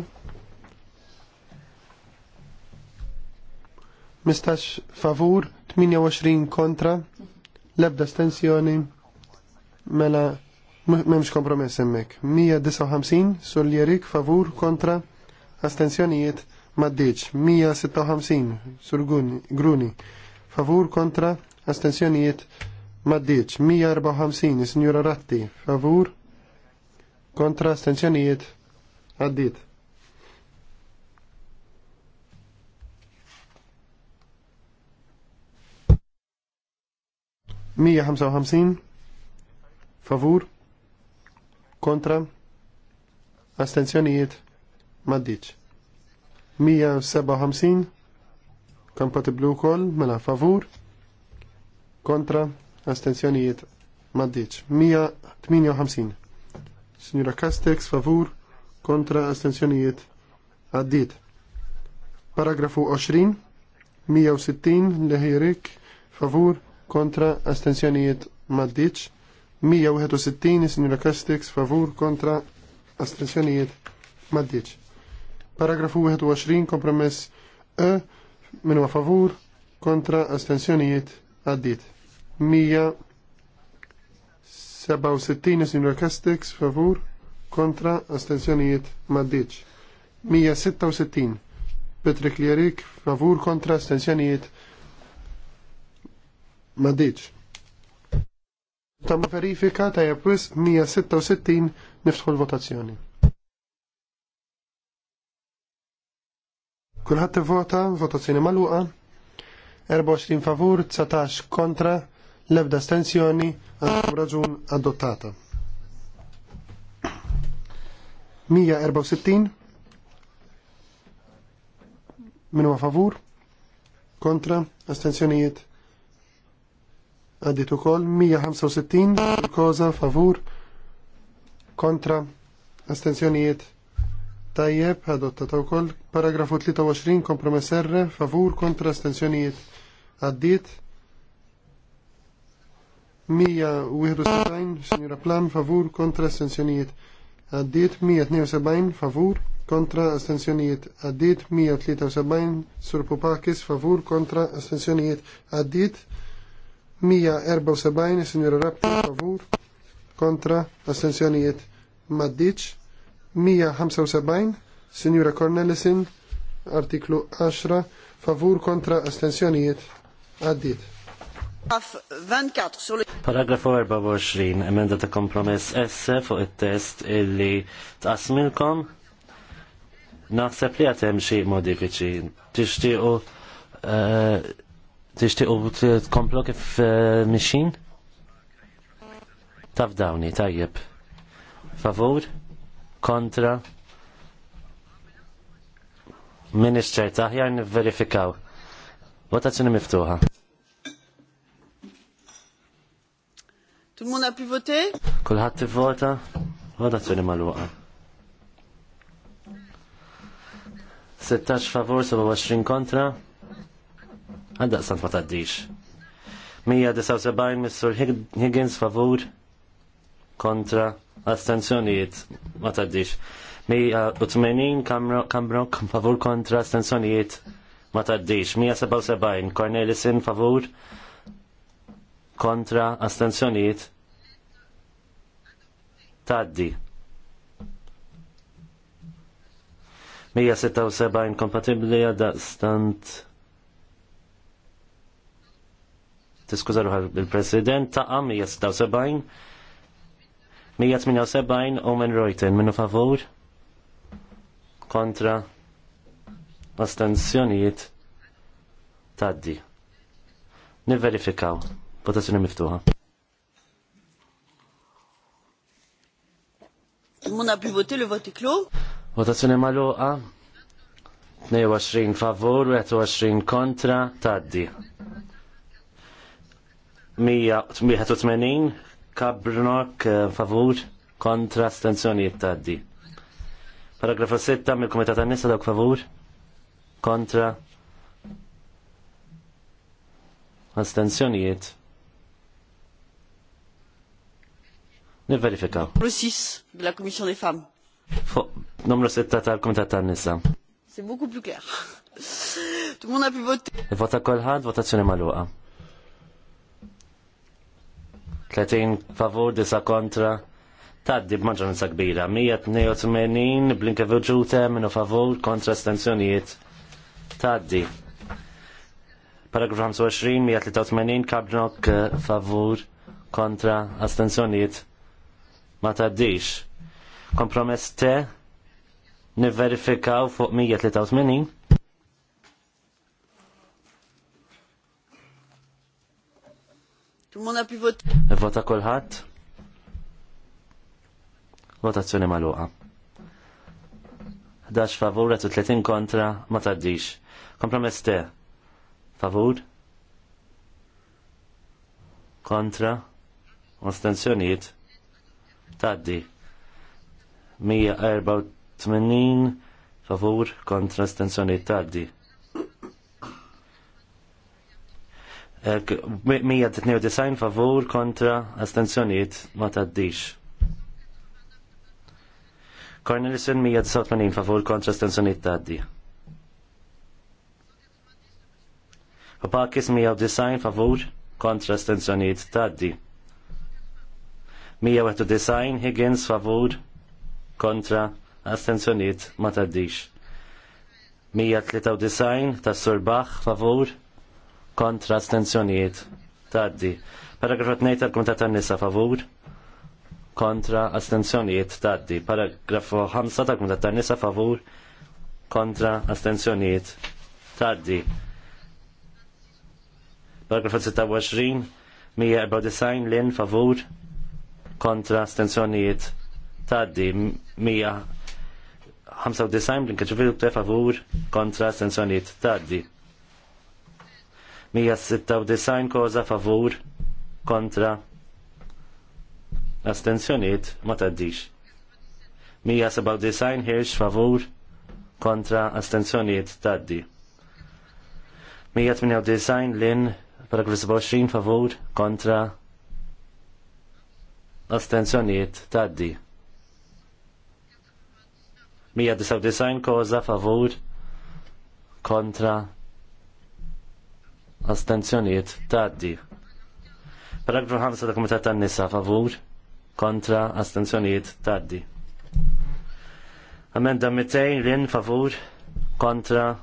15 favur, 28 kontra, lebda stensjoni, mela memx kompromess emmek. 159 sur Jerik favur kontra astensjonijiet maddiċ. 156 sur Gruni favur kontra astensjonijiet maddiċ. 154 signora Ratti favur kontra astensjonijiet għaddit. 155 favur kontra astenzjonijiet maddiċ 157 kompatiblu kol mela favur kontra astenzjonijiet maddiċ 158 Signora Castex favur kontra astenzjonijiet għaddit paragrafu 20 160 leħirik favur kontra astensjonijiet maddiċ 161 sinjura Castex favur kontra astensjonijiet maddiċ paragrafu 21 kompromess e minu a favur kontra astensjonijiet addit 167 sinjura Castex favur kontra astensjonijiet maddiċ 166 Petri Klierik favur kontra astensjonijiet ma diċ. Tamma verifika ta' jabwis 166 niftħu l-votazzjoni. Kulħadd vota, votazzjoni magħluqa, 24 favur, 19 kontra, l-ebda stenzjoni, għandhom raġun adottata. 164 minu favur, kontra, astenzjonijiet, għaddit ukoll 165 koza favur kontra astenzjonijiet tajjeb u koll paragrafu 23 kompromess R favur kontra astenzjonijiet għaddit 171 signora Plam, favur kontra astenzjonijiet għaddit 172 favur kontra astenzjonijiet għaddit 173 sur Pupakis favur kontra astenzjonijiet għaddit 174 sinjura Rabti favur kontra astensjonijiet maddiċ 175 sinjura Cornelisin artiklu 10 favur kontra astensjonijiet Addit. Paragrafu 24, emenda ta' kompromess S fuq il-test illi tqasmilkom. Naħseb li għatem xie modifiċi. Tixtiqu eh, t tkomplu kif eh, mishin? Taf dawni, tajjeb. Favur? Kontra? Minister, taħjar nivverifikaw. Votazzjoni miftuħa. Tumuna le monde a pu voter? Kulħadd tivvota? Votazzjoni maluqa. 16 favur, 27 kontra għandaq sant ma taddix. 179 Mr. Higgins favur kontra astenzjonijiet ma taddix. 180 Kamrok favur kontra astensjonijiet ma taddix. 177 Cornelisin favur kontra astensjonijiet? taddi. 176 kompatibli għadda stant Tiskużaru il-President ta' għam 176, 178 Omen rojten minnu favur, kontra astensjonijiet taddi. Niverifikaw, votazzjoni miftuħa. Muna pivoti li voti klu? Votazzjoni maluqa, 22 favur, 22 kontra, taddi. 181 kabrnok eh, favur kontra stenzjonijiet taddi. Paragrafu 6 mill-Komitat tan-Nisa dawk favur kontra astenzjonijiet. Niverifikaw. Numru 6 de la Commission des Femmes. Fuq numru 6 tal-Komitat tan-Nisa. C'est beaucoup plus clair. Tout le monde a pu voter. E vota kolħad, votazzjoni maluqa. 30 favur, disa kontra. Taddi b'maġġoranza kbira, 182 blinka vġuta minu favur kontra stenzjonijiet. Taddi. Paragraf 25, 183 kabnok eh, favur kontra astenzjonijiet. Ma taddix. Kompromess te, niverifikaw fuq 183. Tumuna pivot. Vota kolħat? Votazzjoni maluqa. 11 favur, 30 kontra, ma taddix. Kompromess te. Favur? Kontra? Ostenzjoniet? Taddi. 184 favur kontra stenzjoniet taddi. 192 favur kontra astenzjoniet ma taddix. Cornelison 189 favur kontra astenzjoniet taddi. Papakis 190 favur kontra astenzjoniet taddi. 191 Higgins favur kontra astenzjoniet ma taddix. 193 tas Surbaħ favur kontra astenzjonijiet taddi. Paragraf 2 tal komitat tan-Nisa favur kontra astenzjonijiet taddi. Paragrafu 5 tal komitat tan-Nisa favur kontra astenzjonijiet taddi. Paragrafu 26 194 in favur kontra astenzjonijiet taddi. 195 l-inkaċivilu favur kontra astenzjonijiet taddi. 196 koza favur kontra astenzjoniet ma taddix. 197 hirx favur kontra astenzjoniet taddi. 198 lin paragraf 27 favur kontra astenzjoniet taddi. 199 koza favur kontra Astenzjoniet taddi. Paragrafu 5 ta' Komitat tan-Nisa favur kontra astenzjoniet taddi. Amenda 200 rin favur kontra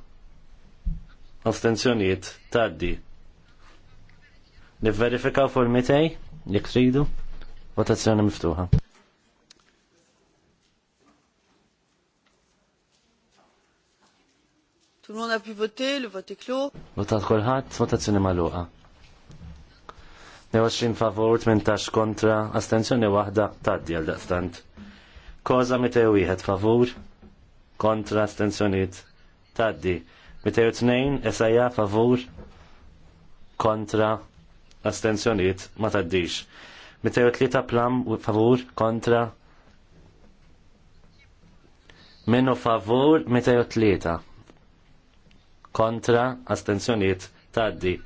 astenzjoniet taddi. Nivverifikaw fuq il-200 jekk tridu. Votazzjoni miftuħa. Tout le monde a pu voter, le vote est clos. Votat kolħat, votazzjoni maluqa. 22 favor, 18 kontra, astenzjoni wahda, taddi għal daqstant. Koza 201 favor, kontra, astenzjoniet, taddi. tnejn esajja favor, kontra, astenzjoniet, ma taddix. 203 plam, favor, kontra, meno favor, 203 kontra astenzjoniet taddi.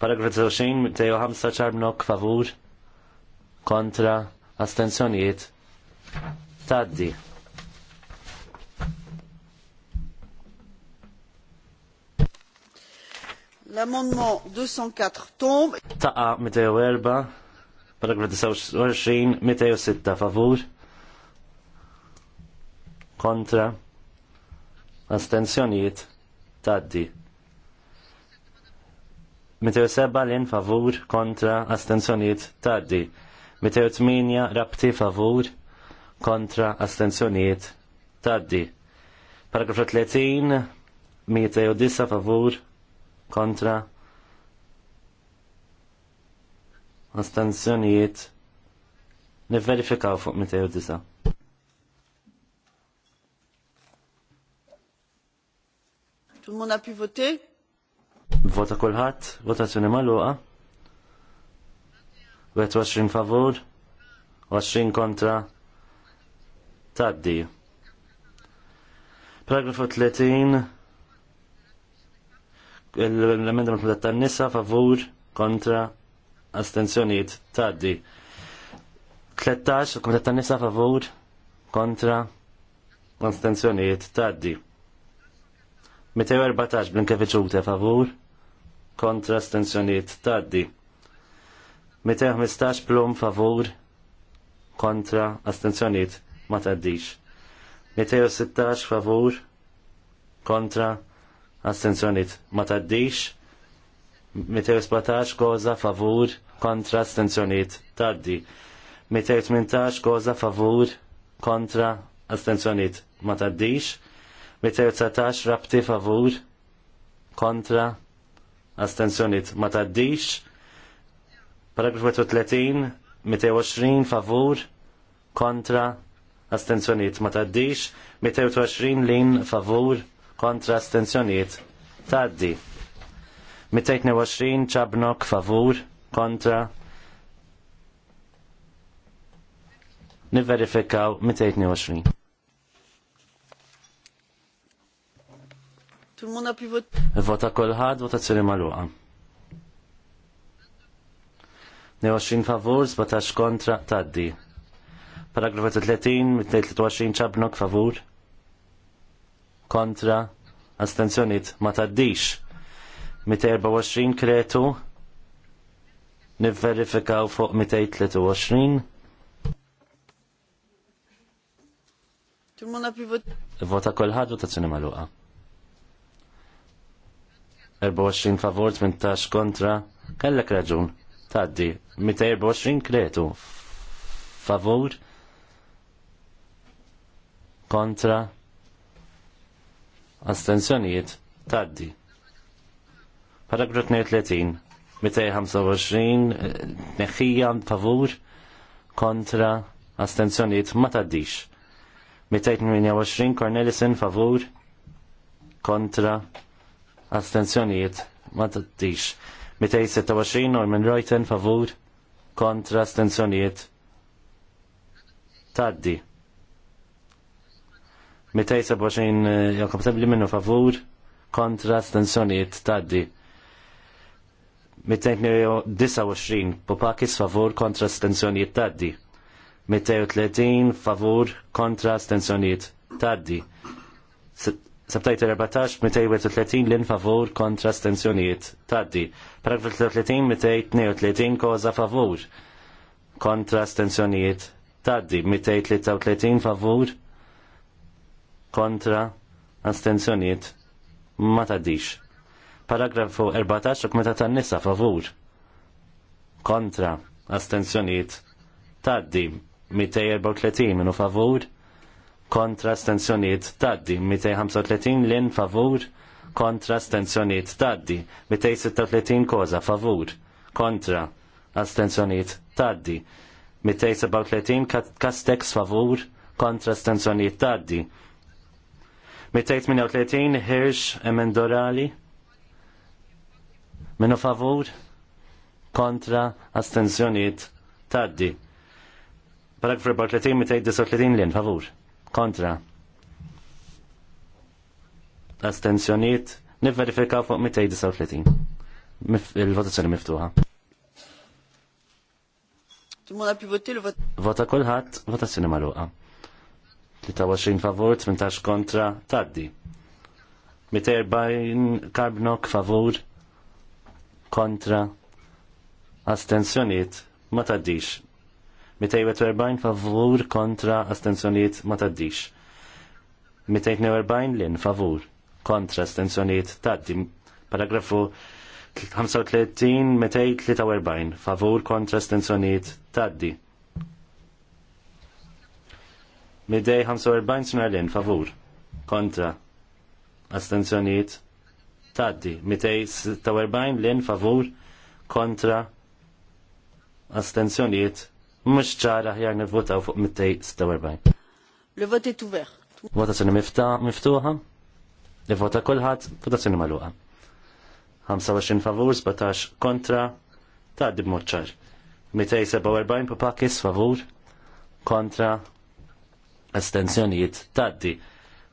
Paragraf 20, ħamsa ċarbnok favur kontra astenzjoniet taddi. L-amendement 204 tombe. Taqa erba, paragraf Meteo sitta, favur. Kontra. Astenzjonijiet taddi. 207 lin favur kontra astenzjoniet taddi. tminja rabti favur kontra astenzjoniet taddi. Paragrafu 30 209 favur kontra astenzjoniet niverifikaw fuq 209. Tout le monde a pu voter? Vota kolħat, votazzjoni maluqa. 20 favur, 20 kontra, taddi. Paragrafu 30, l-emenda mutmudat tan-nisa, favur, kontra, astenzjoniet, taddi. 13, l-komitat tan-nisa, favur, kontra, astenzjoniet, taddi. 214 blinke Ute favur kontra stenzjoniet taddi. 215 Plum favur kontra astenzjoniet ma taddix. 216 favur kontra astenzjoniet ma taddix. 217 goza favur kontra astenzjoniet taddi. 218 goza favur kontra astenzjoniet ma taddix. 219 rabti favur kontra astensjoniet ma taddix paragrafu 30 220 favur kontra astenzjoniet ma taddix 220 lin favur kontra astenzjoniet taddi 222 ċabnok favur kontra Niverifikaw 222. Tout pivot. monde a pu voter. Vota kolħad, votazzjoni maluqa. 22 favur, 17 kontra, taddi. Paragrafu 30, 23 ċabnok favur. Kontra, astenzjoniet, ma taddix. 224 kretu, nivverifikaw fuq 223. Tout le monde a pu voter. Vota kolħad, votazzjoni maluqa. 24 favor 18 kontra, kellek raġun. Taddi, 24 kretu. Favor kontra astensjonijiet taddi. Paragraf 32, 225 neħija favur kontra astensjonijiet ma taddix. 228 Cornelison favur kontra astenzjonijiet ma tattix. 226 Norman Reuten favur kontra astenzjonijiet taddi. 227 Jakob Sebli minnu favur kontra astenzjonijiet taddi. 229 Popakis favur kontra astenzjonijiet taddi. 230 favur kontra astenzjonijiet taddi. Sabtajt 14, 230 lin favur kontra stenzjoniet. Taddi. Paragraf 33, 232 koza favur kontra stenzjoniet. Taddi. 233 favur kontra astenzjoniet. Ma taddix. Paragrafu 14, meta tan-nisa favur kontra astenzjoniet. Taddi. 234 minu favur kontra stenzjoniet taddi, 235 lin favur kontra stenzjoniet taddi, 236 koza favur kontra astenzjoniet taddi, 237 kastex favur kontra stenzjoniet taddi, 238 Hirsch emendorali minu favur kontra astenzjoniet taddi. Paragraf mitej 239 lin favur kontra astenzjoniet nivverifikaw fuq 239 il-votazzjoni miftuħa. Tumuna pivoti l-vot. Vota kolħat, votazzjoni maluqa. 23 favor, 18 kontra, taddi. 240 karbnok favor, kontra, astenzjoniet, ma taddix. 240 favur kontra astenzjoniet ma taddix. 240 lin favur kontra astenzjoniet taddi. Paragrafu 35 243 favur kontra astenzjoniet taddi. Midej 45 snar lin favur kontra astenzjoniet taddi. 246 lin favur kontra astenzjoniet taddi mux ċara ħjar nivvotaw fuq 246. Il-vot est ouvert. Votazzjoni miftuħa, il-vota kulħadd, votazzjoni magħluqa. 25 favur, 17 kontra, tgħaddi b'mod ċar. 247 papakis favur, kontra, astenzjonijiet, tgħaddi.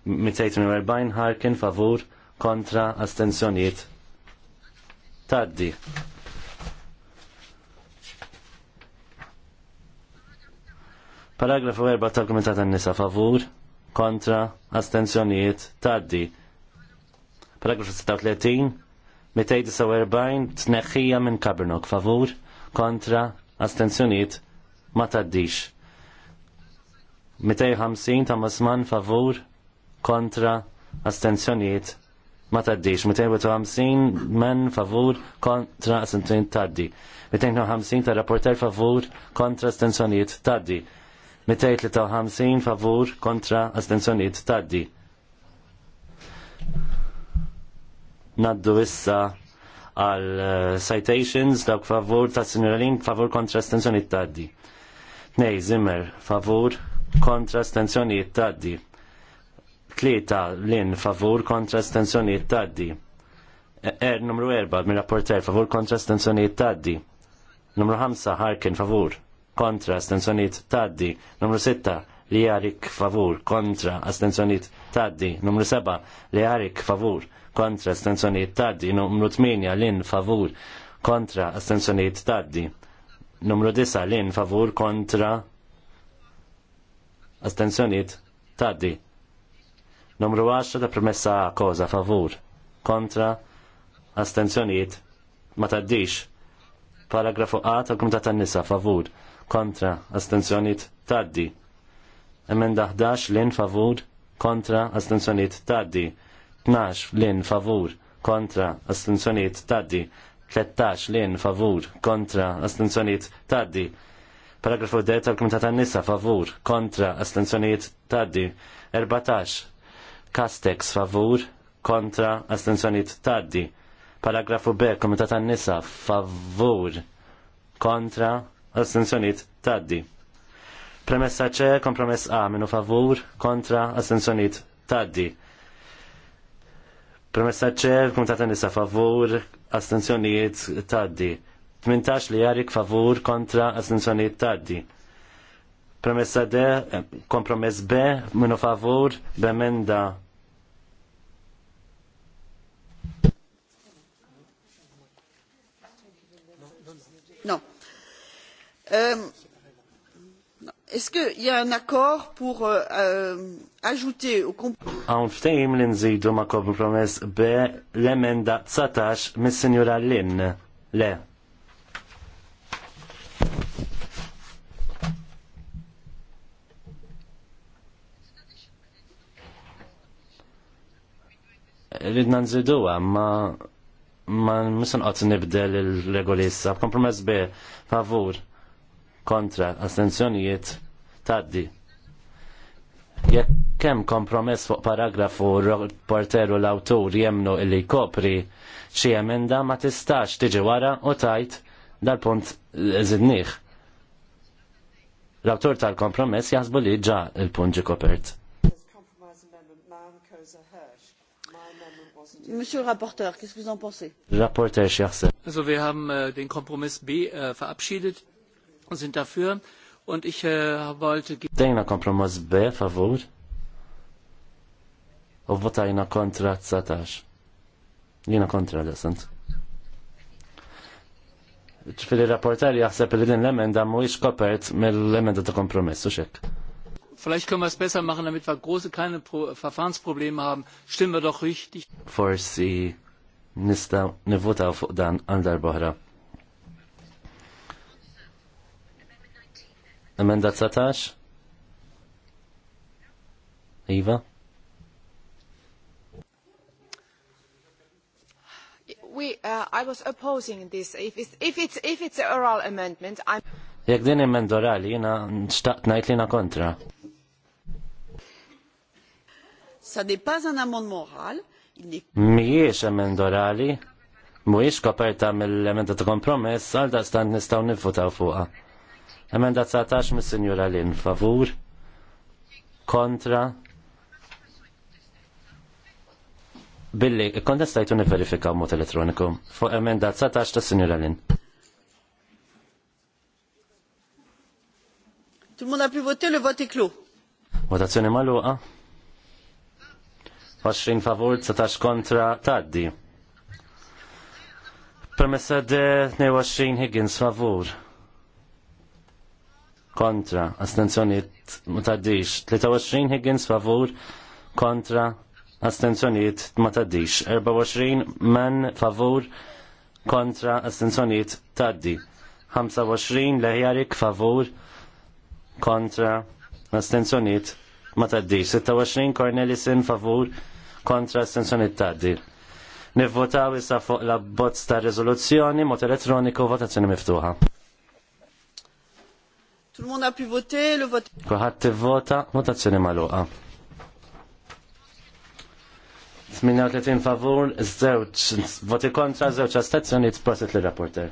248 ħarkin favur, kontra, astenzjonijiet, tgħaddi. Paragrafu 4 tal-Kumitat tan-Nisa favur, kontra, astenzjonijiet, taddi. Paragrafu 36, 249, tneħħija minn Kabernok favur, kontra, astenzjonijiet, ma taddix. 250 ta' Masman favur, kontra, astenzjonijiet, ma taddix. 250 men favur, kontra, astenzjonijiet, taddi. 250 ta' rapporter favur, kontra, astenzjonijiet, taddi. 253 favur kontra astenzjoniet taddi. Naddu issa għal eh, citations dawk favur ta' sinjoralin favur kontra astenzjoniet taddi. Nej, zimmer, favur kontra astenzjoniet taddi. Tlieta lin favur kontra astenzjoniet taddi. E-, er numru erba' mir rapporter favur kontra astenzjoniet taddi. Numru 5 Harkin favur kontra astenzjoniet taddi. Numru 6 li għarik favur kontra astenzjoniet taddi. Numru 7 li għarik favur kontra astenzjoniet taddi. Numru 8 lin favur kontra astenzjoniet taddi. Numru 9 lin favur kontra astenzjoniet taddi. Numru 10 ta' promessa koza favur kontra astenzjoniet ma taddix. Paragrafu A tal-Kumitat tan-Nisa favur kontra astenzjoniet taddi. Emenda 11 lin favur kontra astenzjoniet taddi. 12 lin favur kontra astenzjoniet taddi. 13 lin favur kontra astenzjoniet taddi. Paragrafu 10 tal komitata nisa favur kontra astenzjoniet taddi. 14 Castex favur kontra astenzjoniet taddi. Paragrafu B, Komitat nisa favur kontra assenzjoniet taddi. Premessa ċe, kompromess A, minu favur, kontra, assenzjoniet taddi. Premessa ċe, kumtata nisa favur, assenzjoniet taddi. 18 li jarik favur kontra assenzjoniet taddi. Premessa D, eh, kompromess B, minu favur, bemenda Euh, est-ce qu'il y a un accord pour euh, euh ajouter au compromis Għan ftejm li ma' ridna nżidu ma ma misan qatt nibdel il-regoli issa. Kompromess be favur kontra astenzjonijiet taddi. Jekk kemm kompromess fuq paragrafu porteru l-awtur jemnu illi kopri xi emenda ma tistax tiġi wara u tajt dal-punt zidniħ. L-awtur tal-kompromess jaħsbu li ġa il-punt kopert. Monsieur le rapporteur, qu'est-ce que vous en pensez? Rapporteur, cher Sir. Also, wir haben äh, den Kompromiss B äh, verabschiedet sind dafür. Und ich äh, wollte... Dejna kompromiss B, favur. U votajna kontra 19. Jina kontra l-essent. Ġifiri rapportari jaħseb li din l-emenda mhuwiex kopert mill-emenda ta' kompromess u xek. Vielleicht können wir es besser machen, damit wir große keine Pro Verfahrensprobleme haben. Stimmen wir doch richtig. Forsi nista ne vota auf dan għal darbohra. Emenda 19? Iva? We, uh, I was opposing this. If it's, if it's, if it's an oral amendment, I'm... Jek din emenda orali, jina nxtaqt najt li kontra. Ça n'est pas un amendement oral. Mhijiex emenda orali, mhuwiex koperta mill-emenda ta' kompromess, għal da' stand nistgħu nivvutaw fuqa. Emenda 19 mis sinjura Lin, favur, kontra, billi, kontestajtu niverifika mod elettroniku, fuq emenda 19 ta' sinjura Lin. Tout le monde a pu le vote Votazzjoni maluqa. 20 favur, 19 kontra, taddi. Permessa de 22 Higgins favur kontra, astenzjoniet ma taddix, 23 Higgins favur, kontra, astenzjoniet ma taddix, 24 men favur, kontra, astenzjoniet taddi, 25 leħjarik favur, kontra, astenzjoniet ma taddix, 26 Cornelison favur, kontra, astenzjoniet taddi. Nivvotaw issa fuq la bozz ta' rezoluzzjoni, mod elettroniku, votazzjoni miftuħa. Tout le monde a pu voter, le vote. Kuħat vota, votazzjoni maluqa. 38 favur, zewċ, voti kontra, zewċ astazzjoni, t-proset li rapporter.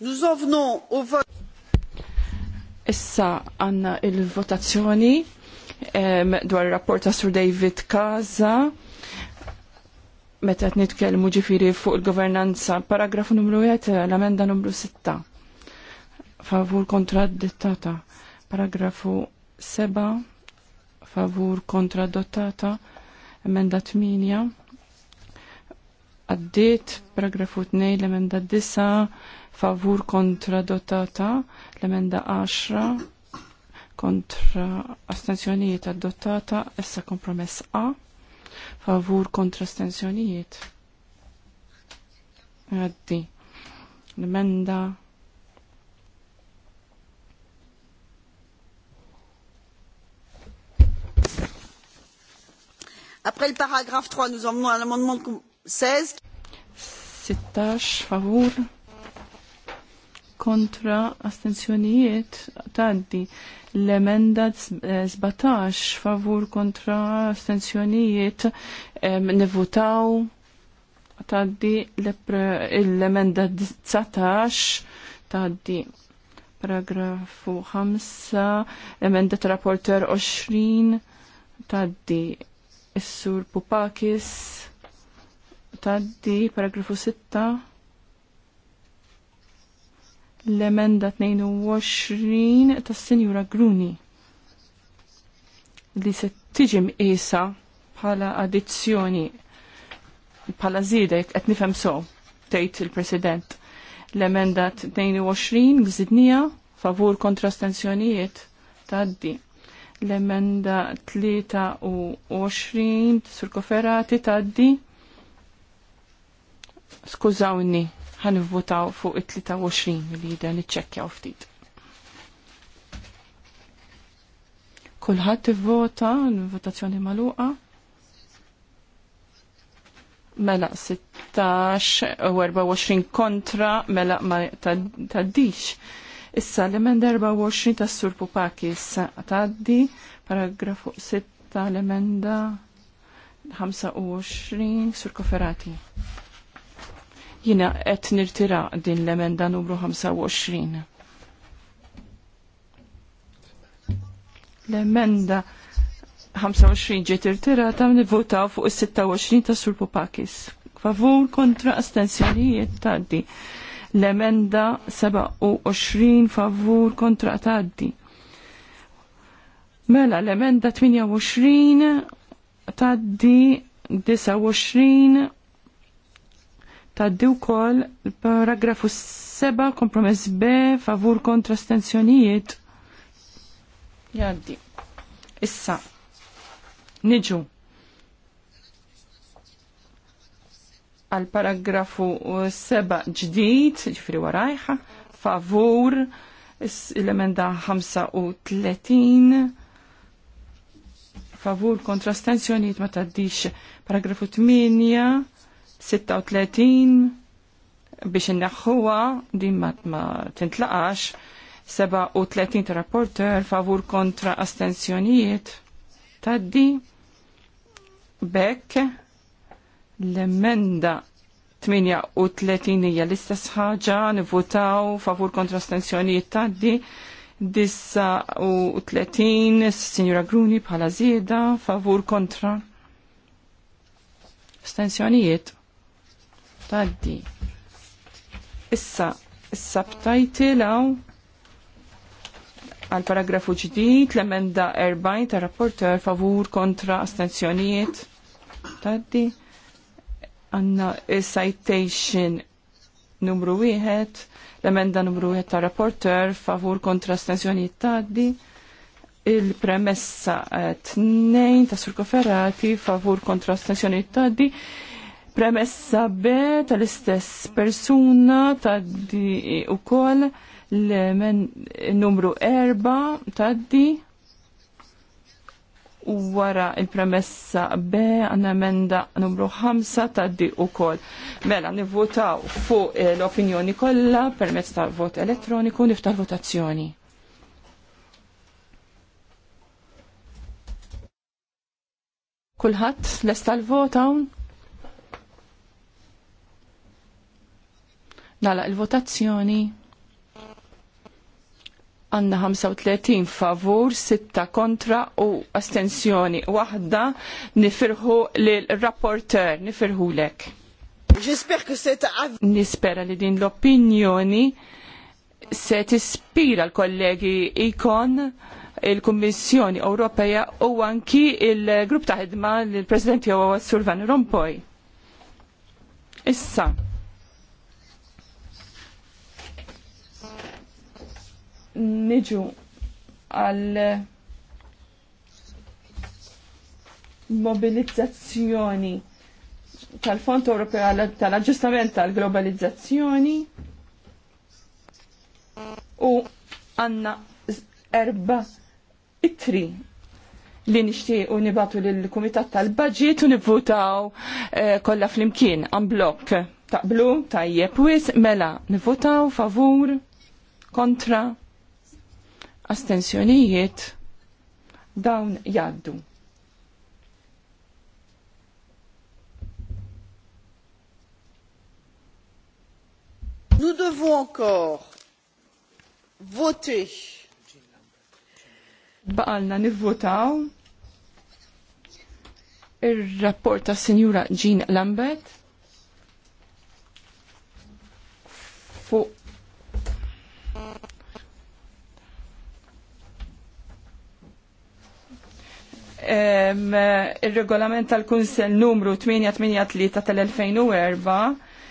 Nous en venons au vote. Issa għanna il-votazzjoni dwar il-rapport ta' Sir David Kaza meta nitkellmu ġifiri fuq il-governanza, paragrafu numru 1, l-amenda numru 6. Favur kontra dittata. Paragrafu 7, favur kontra dottata. Emenda 8, għaddit. Paragrafu 2, l-emenda 9, favur kontra dottata. L-emenda 10, kontra astenzjonijiet adottata. Issa kompromess A favur kontra stensjonijiet. Għaddi. l menda Après le paragraphe 3, nous emmenons à l'amendement 16. 16 favor. kontra astensjonijiet Tanti. L-emenda 17 favur kontra astensjonijiet nivutaw taddi l-emenda 19 taddi paragrafu 5 l emenda rapporter 20 taddi s sur Pupakis taddi paragrafu 6 l-emenda 22 tas sinjura Gruni li se tiġi isa bħala addizzjoni bħala zidek qed nifhem so tgħid il-President l-emenda 22 gżidnija favur kontra stenzjonijiet tgħaddi. L-emenda 23 sur koferati addi Skużawni, ħanivvotaw fuq it-23 li jidher niċċekkjaw ftit. Kulħadd ivvota l-votazzjoni magħluqa. Mela 16 u 24 kontra mela ma taddix. Issa l-emenda 24 tas-Sur Pupakis tgħaddi paragrafu 6 l-emenda 25 Sur Koferati. Jina qed nirtira din l-emenda numru 25. L-emenda 25 ġiet irtirata nivvotaw fuq is-26 ta' Sur Popakis. Favur kontra astensjonijiet tgħaddi. L-emenda 27 favur kontra tgħaddi. Mela l-emenda 28 tgħaddi 29 Taddi wkoll paragrafu 7 kompromess B favur kontra stenzjonijiet. Jaddi. Issa. Niġu. Għal paragrafu 7 ġdid, ġifri warajħa, favur l-emenda 35 favur kontra stenzjonijiet ma taddix paragrafu 8 36 biex inneħħuha din ma tintlaqax 37 ta' rapporter favur kontra astensjonijiet taddi bekk l-emenda 38 hija l-istess ħaġa nivvutaw favur kontra astensjonijiet taddi dissa u 30 Signora Gruni bħala zieda favur kontra astenzjonijiet? taddi. Issa, issa btajtilaw għal paragrafu ġdid l-emenda 40 ta' rapporter favur kontra astenzjonijiet. Taddi għanna citation numru 1, l-emenda numru 1 ta' rapporter favur kontra astenzjonijiet taddi il-premessa 2 ta' surkoferati favur kontra astenzjonijiet taddi Premessa be tal-istess persuna taddi u kol l-numru erba' taddi u wara il-premessa be għanna emenda numru ħamsa taddi u kol. Mela, nivvotaw fuq l-opinjoni kollha permezz ta' vot elettroniku niftar votazzjoni. Kulħadd lesta l vota hawn? Nala il-votazzjoni għanna 35 favur, 6 kontra u astensjoni. Waħda nifirħu l-rapporter, nifirħu lek. Nispera li din l-opinjoni se tispira l-kollegi ikon il-Kummissjoni Ewropea u anki il-grupp ta' ħidma l-President Jowa Survan Rompoy. Issa, niġu għal mobilizzazzjoni tal-Fond Ewropea tal-Aġġustament tal-Globalizzazzjoni u għanna erba itri li nishtiq u nibatu l-Kumitat tal-Budget u nivvutaw eh, kollha flimkien blok taqblu tajjeb wis mela nivvutaw favur kontra astensjonijiet dawn jaddu. Nous devons encore voter. Baqalna nivvotaw ir-rapport ta' Sinjura Jean Lambert. il-regolament tal-Kunsel numru 883 tal-2004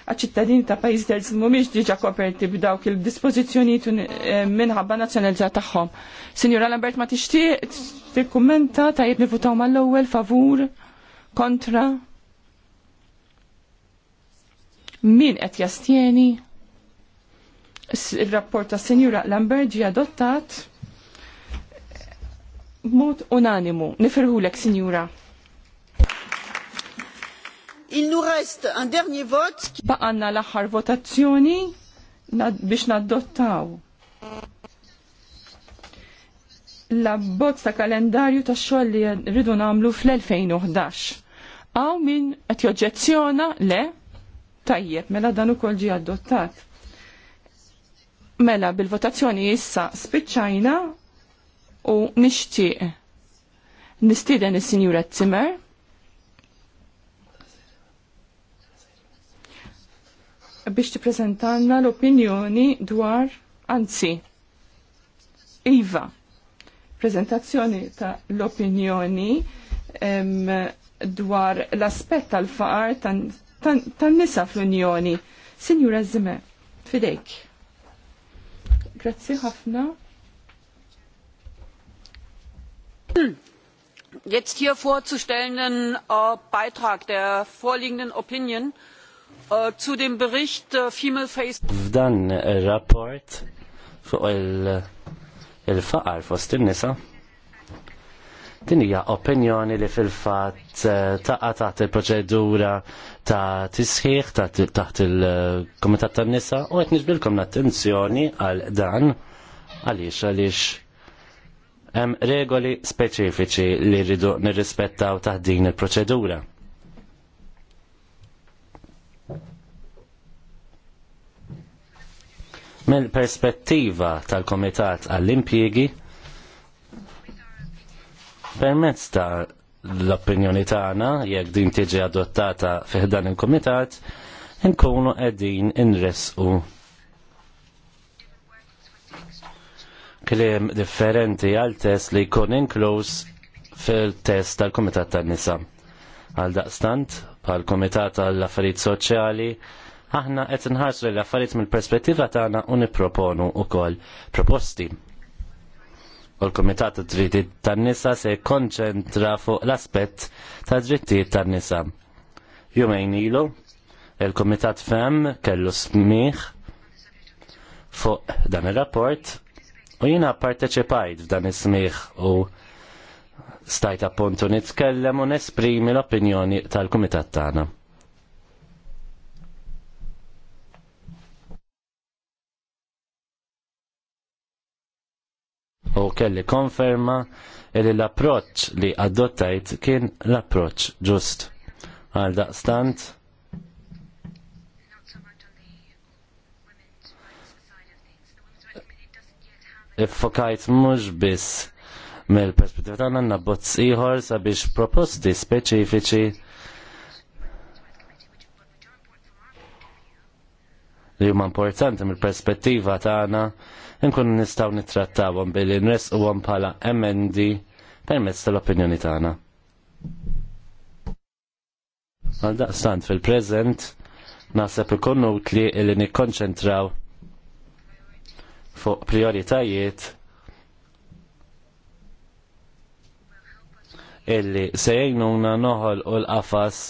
għal-ċittadini ta' pajiz terz mhumiex diġà koperti b'dawk il-dispożizzjonijiet minħabba nazzjonalità tagħhom. Sinjura Lambert ma tixtieq ta' jibni votaw mal-ewwel favur kontra min qed jastjeni il-rapport ta' Sinjura Lambert ġie adottat b'mod unanimu. Nifirħulek, Sinjura. Il nous reste un dernier vote. Baqanna l-aħħar votazzjoni biex naddottaw. La abbozz ta' kalendarju ta' xogħol li rridu nagħmlu fl-2011. Aw min qed joġġezzjona le tajjeb mela dan ukoll ġie adottat. Mela bil-votazzjoni issa spiċċajna u nixtieq nistieden is-Sinjura Zimmer biex prezentanna l-opinjoni dwar anzi Iva prezentazzjoni ta' l-opinjoni dwar l-aspett tal-faqar tan-nisa tan fl-Unjoni. Sinjura Zime, fidejk. Grazzi ħafna. Jetzt hier vorzustellenden äh, Beitrag der vorliegenden Opinion äh, zu dem Bericht äh, Female Face. F'dan rapport fuq il-faqar fost il-nisa. Din hija opinjoni li fil-fatt taqa' taħt il-proċedura ta' tisħiħ taħt il-Komitat tan-Nisa u qed niġbilkom l-attenzjoni għal dan għaliex għaliex Hemm regoli speċifiċi li rridu nirrispettaw taħt din il-proċedura. mill perspettiva tal-Komitat għall-impjiegi permezz ta' l-opinjoni tagħna jekk din tiġi adottata fih dan il-Komitat nkunu qegħdin inresqu kliem differenti għal test li jkun inkluż fil-test tal-Kumitat tan-nisa. Għal daqstant, bħal Kumitat tal-Affarijiet Soċjali, aħna qed nħarsu l-affarijiet mill-perspettiva tagħna u nipproponu wkoll proposti. U l-Kumitat tad-Drittijiet tan-Nisa se jikkonċentra fuq l-aspett ta' drittijiet tan-nisa. Jumejn ilu, il-Kumitat FEM kellu smih fuq dan ir-rapport U jina parteċipajt f'dan is u stajt appuntu nitkellem u nesprimi l-opinjoni tal-kumitat tagħna. U kelli konferma li l approċċ li adottajt kien l approċċ ġust. Għal daqstant, iffokajt mhux biss mill-perspettiva tagħna għandna bozz ieħor sabiex proposti speċifiċi li huma importanti mill-perspettiva tagħna nkunu nistgħu nittrattawhom billi nresquhom bħala emendi permezz tal-opinjoni tagħna. Għal daqstant fil-preżent naħseb ikun utli li nikkonċentraw fuq prioritajiet illi se jgħinuna noħol u l-qafas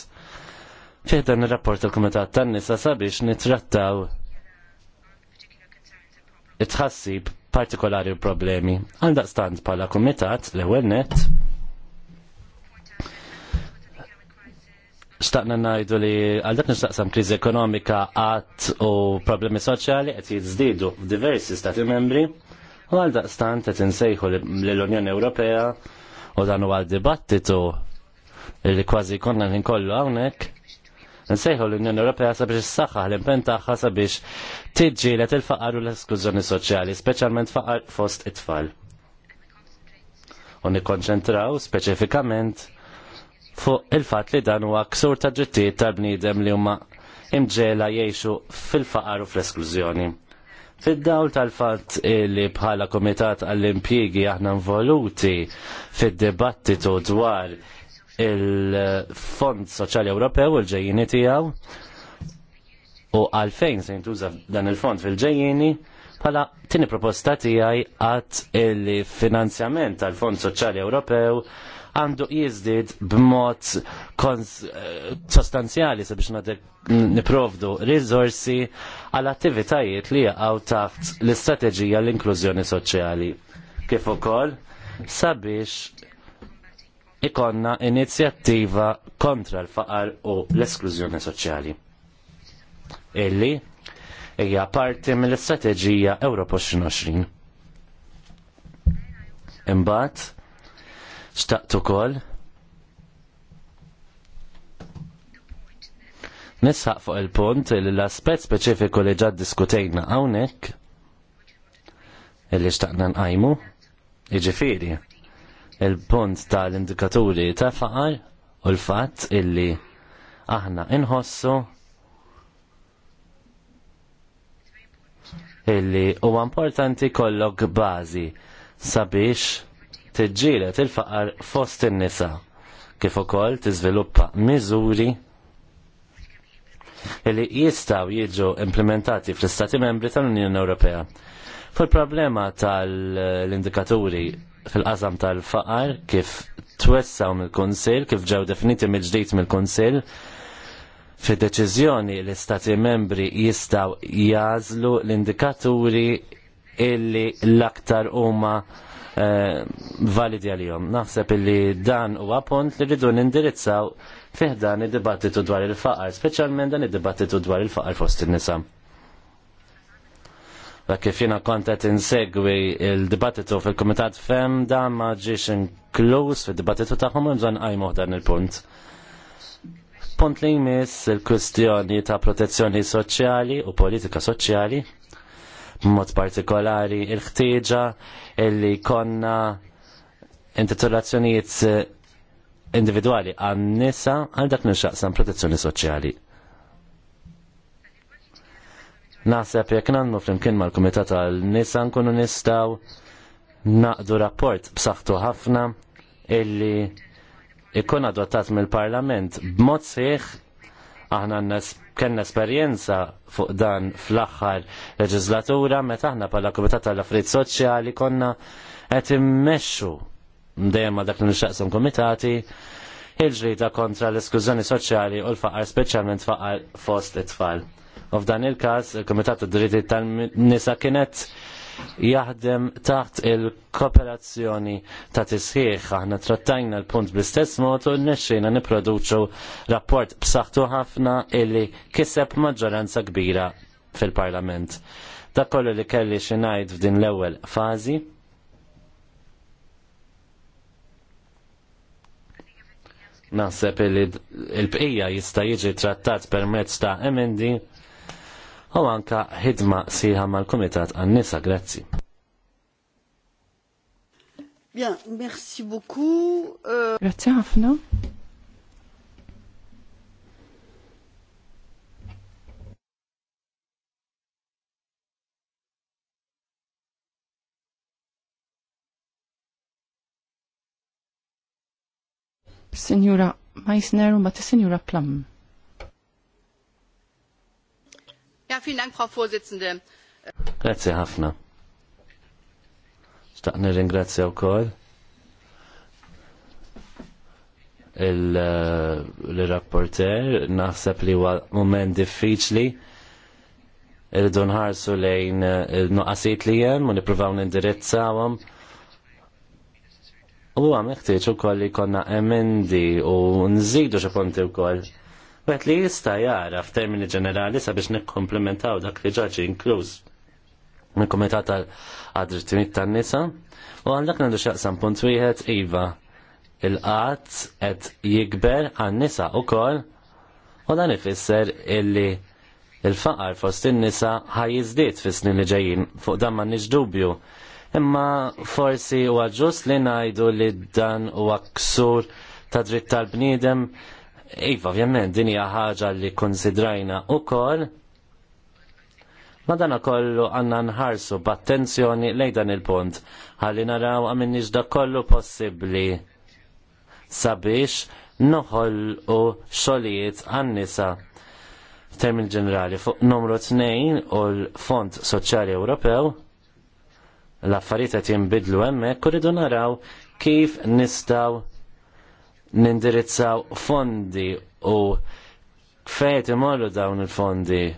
fih dan ir-rapport tal-Kumitat tan-nisa sabiex nitrattaw it-tħassib partikolari u problemi. Għaldaqstant bħala pala kumitat l ewwel net Staqna najdu li għal nistaqsam kriżi ekonomika għat u problemi soċjali qed jiżdiedu f'diversi stati membri u għal daqstant qed insejħu l-Unjoni Ewropea u dan huwa dibattitu li kważi konna nkollu hawnhekk nsejħu l-Unjoni Ewropea sabiex s-saxħa l-impen taħħa sabiex tiġġielet il-faqar u l eskluzjoni soċjali, speċjalment faqar fost it-tfal. U nikkonċentraw speċifikament fuq il-fatt li dan huwa ksur ta' ġittijiet tal-bniedem li huma imġela jgħixu fil-faqar u fl-esklużjoni. Fid-dawl tal-fatt li bħala Komitat għall-impjiegi aħna involuti fid-dibattitu dwar il-Fond Soċjali Ewropew u l-ġejjini tiegħu u għalfejn se jintuża dan il-fond fil-ġejjini bħala tini proposta tiegħi għat il-finanzjament tal-Fond Soċjali Ewropew għandu jizdid b'mod eh, sostanzjali sabiex niprovdu rizorsi għal attivitajiet li għaw taħt l-istrateġija l-inklużjoni soċjali. Kif ukoll sabiex ikonna inizjattiva kontra l-faqar u l-esklużjoni soċjali. Illi hija parti mill-istrateġija Ewropa 2020. Imbagħad Xtaqt kol. Nisħaq fuq il-punt li l-aspett speċifiku li ġad diskutejna hawnhekk illi xtaqna nqajmu, jiġifieri il-punt tal-indikaturi ta' faqar u l-fatt illi aħna inħossu illi huwa importanti kollok bażi sabiex tiġġielet il-faqar fost in-nisa kif ukoll tiżviluppa miżuri li jistaw jiġu implementati fl-Istati membri tal-Unjoni Ewropea. Fil-problema tal-indikaturi fil-qasam tal-faqar kif twessaw mill-Kunsill, kif ġew definiti mill-ġdid mill-Kunsill, fi deċiżjoni l stati membri jistaw jażlu l-indikaturi illi l-aktar huma Eh, validi għal-jom. Naħseb illi dan u punt li rridu nindirizzaw fih dan id-dibattitu dwar il-faqar, speċjalment dan id-dibattitu dwar il-faqar fost il-nisa. La kif jina kontet insegwi il-dibattitu fil-Komitat Fem dan ma ġiex inkluż fil-dibattitu taħħom u għajmuħ dan il-punt. Punt li jmiss il kustjoni ta' protezzjoni soċjali u politika soċjali mod partikolari il-ħtieġa illi konna intitolazzjonijiet eh, individuali għan nisa għal dak nixaqsam protezzjoni soċjali. Naħseb jekk nannu flimkien mal-Kumitat għal-Nisa nkunu nistaw naqdu rapport b'saħħtu ħafna illi ikun adottat mill-Parlament b'mod sieħ aħna n-nes Kenna esperjenza fuq dan fl-aħħar leġislatura meta aħna bħala Kumitat tal-Affarijiet Soċjali konna qed immexxu dejjem dak li nixtaqsam komitati il-ġrida kontra l-eskużjoni soċjali u l-faqar speċjalment faqar fost it-tfal. U f'dan il-każ, il-Kumitat tad-Dritti tal nisa kienet jaħdem taħt il-kooperazzjoni ta' tisħiħ. Aħna trattajna l-punt bl-istess mod u nixxina niproduċu rapport b'saħħtu ħafna illi kiseb maġġoranza kbira fil-Parlament. Dak kollu li kelli xinajt ngħid f'din l-ewwel fażi. Naħseb li l-bqija jista' jiġi trattat permezz ta' emendi u anka ħidma siħa mal-Komitat għan-nisa, grazzi. Bien, merci beaucoup. Euh, Grazie ħafna. Signora Meissner u mbagħad Plum. Ja, vielen Dank, Frau Vorsitzende. Grazie ħafna. Staqni ringrazzja wkoll il-rapporter eh, naħseb li huwa mument diffiċli irridu nħarsu lejn eh, il nuqqasit li hemm u nippruvaw nindirizzawhom. U għam iħtieġ ukoll li konna emendi u nżidu xi punti wkoll Wet li jista jara f'termini ġenerali sabiex nikkomplementaw dak li ġaġi inkluż minn komitat għad-drittimit tan-nisa u għandak nandu xaqsam punt wieħed iva il-qatt qed jikber għan-nisa ukoll u dan ifisser illi il-faqar fost in-nisa ħajjiżdiet fis-snin li ġejjin fuq dan m'għandniex dubju. Imma forsi huwa ġust li ngħidu li dan huwa ksur ta' dritt tal-bniedem Iva, ovvjament, din hija ħaġa li konsidrajna ukoll. Madana kollu għanna nħarsu b'attenzjoni lej dan il-punt ħalli naraw għamminniġ da kollu possibli sabiex noħol u xolijiet għannisa f'termin ġenerali fuq numru 2 u l-Fond Soċjali Ewropew l-affarijiet qed jinbidlu hemmhekk u naraw kif nistgħu nindirizzaw fondi u fejt imorru dawn il-fondi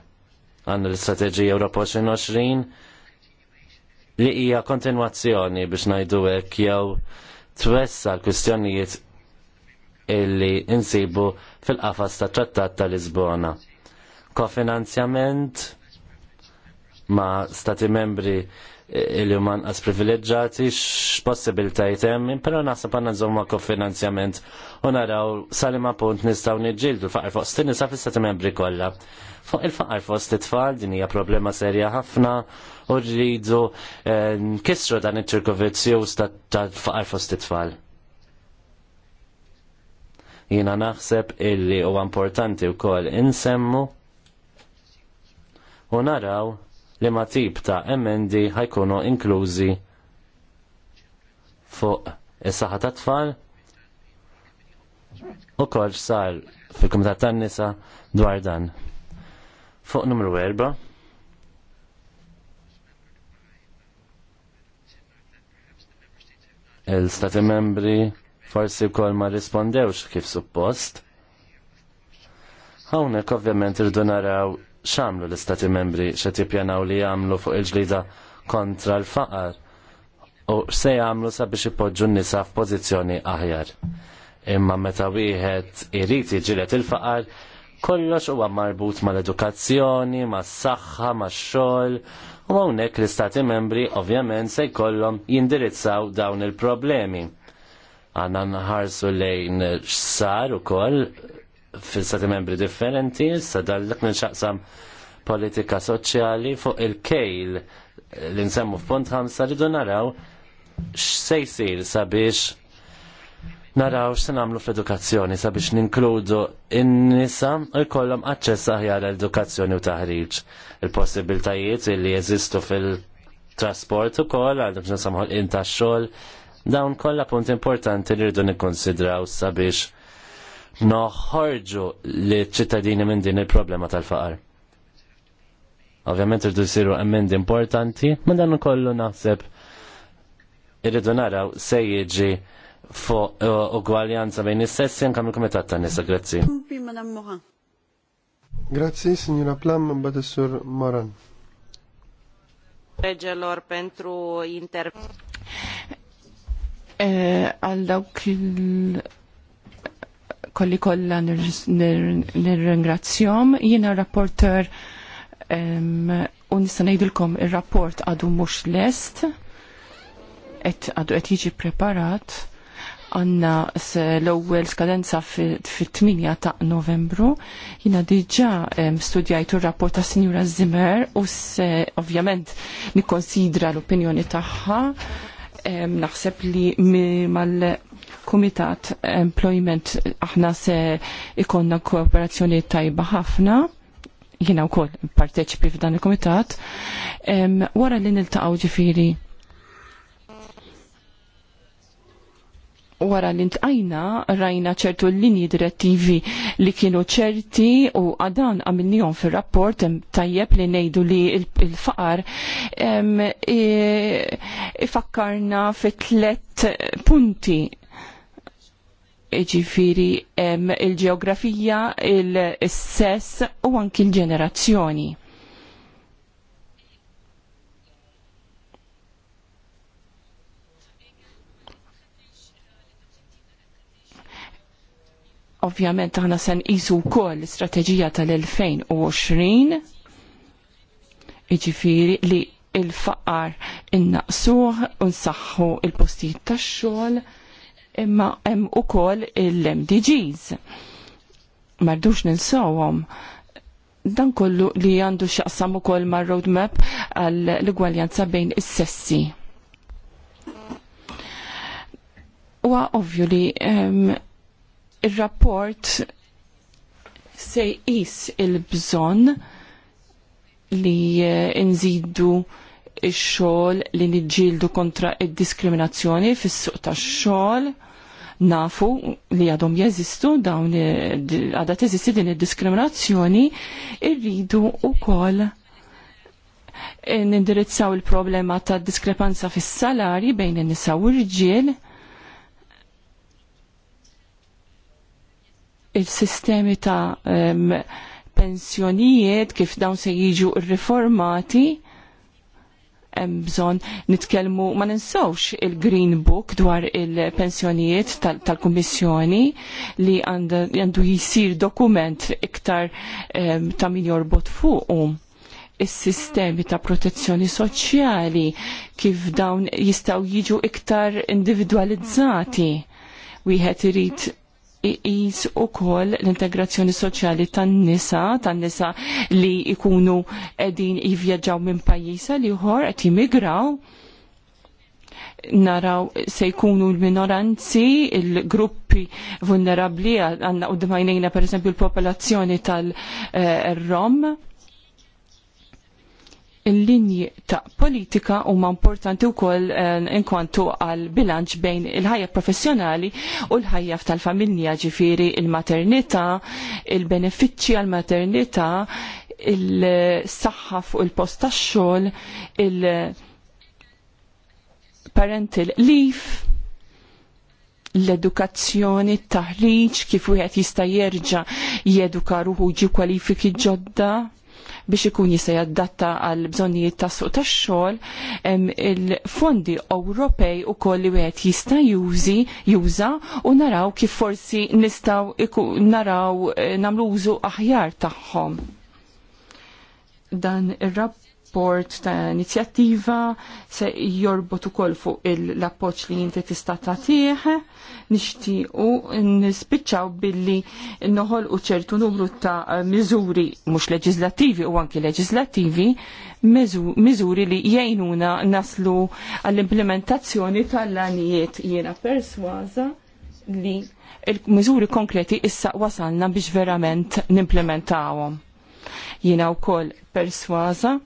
għan l-Strategija Europa 2020 li hija kontinwazzjoni biex ngħidu hekk jew twessa l-kwistjonijiet illi insibu fil-qafas ta' trattat ta' Lisbona. Kofinanzjament ma' stati membri li huma nqas privileġġjati x'possibiltajiet hemm, però naħseb għandna ko finanzjament u naraw salima punt nistgħu niġġieldu faqar fuq stin sa fis-seti membri kollha. Fuq il-faqar fost it-tfal din hija problema serja ħafna u rridu eh, nkissru dan iċ-ċirku ta' faqar fost it-tfal jina naħseb illi u importanti u kol insemmu u naraw li ma tip ta' emendi ħajkunu inklużi fuq is-saħħa ta' tfal u kol sar fil-Kumitat tan-nisa dwar dan. Fuq numru 4 il-stati membri forsi wkoll ma rispondewx kif suppost. Hawnhekk ovvjament irdu naraw xamlu l-istati membri xe tipjanaw li jamlu fuq il-ġlida kontra l-faqar u se jamlu sabiex ipoġġu n-nisa f'pożizzjoni aħjar. Imma meta wieħed irid jiġilet il-faqar, kollox huwa marbut mal-edukazzjoni, mas-saħħa, max-xogħol, u hawnhekk l-istati membri ovvjament se jkollhom jindirizzaw dawn il-problemi. Għanna nħarsu lejn x'sar ukoll fil-stati membri differenti, sa dal-lek nxaqsam politika soċjali fuq il-kejl li nsemmu f'punt ħamsa li naraw x'se jsir sabiex naraw x'se nagħmlu fl-edukazzjoni sabiex ninkludu in-nisa u jkollhom aċċess aħjar edukazzjoni u taħriġ. Il-possibiltajiet li jeżistu fil-trasport ukoll għal dak intax-xogħol dawn kollha punt importanti li rridu nikkonsidraw sabiex naħħarġu li ċittadini minn din il-problema tal-faqar. Ovvjament irdu jsiru emmendi importanti, ma dan kollu naħseb irridu naraw se jiġi fuq eh, ugwaljanza bejn is-sessi anke mill-Kumitat tan-nisa, grazzi. Grazzi, signora Plam, mbagħad is-sur Moran. Reġelor pentru inter eh, għal dawk kolli kollha ringrazzjom Jiena rapporter u nista' ngħidilkom ir-rapport għadu mhux lest qed għadu qed jiġi preparat għanna l-ewwel skadenza fit-8 ta' Novembru. Jina diġà studijajtu r-rapport ta' Sinjura Zimmer u se ovvjament nikkonsidra l-opinjoni tagħha. Naħseb li mal Kumitat Employment aħna se ikonna kooperazzjoni tajba ħafna jina u koll parteċipi f'dan il-komitat, wara li niltaqaw ġifiri wara li ntqajna rajna ċertu linji direttivi li kienu ċerti u għadan għamilnijom fil-rapport tajjeb li nejdu li il-faqar ifakkarna fit tlet punti ġifiri il-ġeografija, il-sess u anki l-ġenerazzjoni. Ovvjament aħna sen isu wkoll l-istrateġija tal-2020 iġifiri li il-faqar innaqsuh u nsaħħu il-postijiet tax-xogħol imma hemm ukoll il-MDGs. Mardux nilsawhom dan kollu li għandu xaqsam ukoll mar roadmap għall-igwaljanza bejn is-sessi. Huwa ovvju li um, ir-rapport se jqis il-bżonn li eh, nżidu uh, ix-xogħol li niġġieldu kontra id-diskriminazzjoni fis-suq tax-xogħol nafu li għadhom jeżistu dawn għadha teżisti din id-diskriminazzjoni irridu wkoll e, nindirizzaw il-problema ta' diskrepanza fis-salari bejn in-nisa u l ġiel il-sistemi ta' um, pensjonijiet kif dawn se jiġu rriformati hemm bżonn nitkellmu ma ninsawx il-Green Book dwar il-pensjonijiet tal-Kummissjoni -tal li għandu jisir dokument iktar um, ta' min jorbot fuqu is-sistemi ta' protezzjoni soċjali kif dawn jistgħu jiġu iktar individwalizzati wieħed irid iqis ukoll l-integrazzjoni soċjali tan-nisa, tan-nisa li ikunu qegħdin jivvjaġġaw minn pajisa li ieħor qed jimigraw naraw se jkunu l-minoranzi, il-gruppi vulnerabli, għanna u d-majnejna per esempio l-popolazzjoni tal-Rom, eh, il-linji ta' politika huma importanti wkoll eh, inkwantu għal bilanċ bejn il-ħajja professjonali u l-ħajja tal-familja ġifiri il-maternità, il-benefiċċji għal maternità il-saħħa fuq il-post tax-xogħol, il-parental leave, l-edukazzjoni, t taħriġ, kif wieħed jista' jerġa' jeduka ruħu ġi kwalifiki ġodda biex ikun jista' jaddatta għal bżonnijiet tas suq tax-xogħol il-fondi Ewropej ukoll li wieħed jista' jużi juża u naraw kif forsi nistgħu naraw eh, nagħmlu użu aħjar tagħhom. Dan ir-rapp support ta' inizjattiva se jorbot ukoll fuq l-appoġġ li inti tista' tagħtih nixtiequ nispiċċaw billi noħolqu ċertu numru ta' miżuri mhux leġislattivi u anki leġislattivi miżuri li jgħinuna naslu għall-implementazzjoni tal-għanijiet jiena persważa li il miżuri konkreti issa wasalna biex verament nimplementawhom. Jiena wkoll perswaza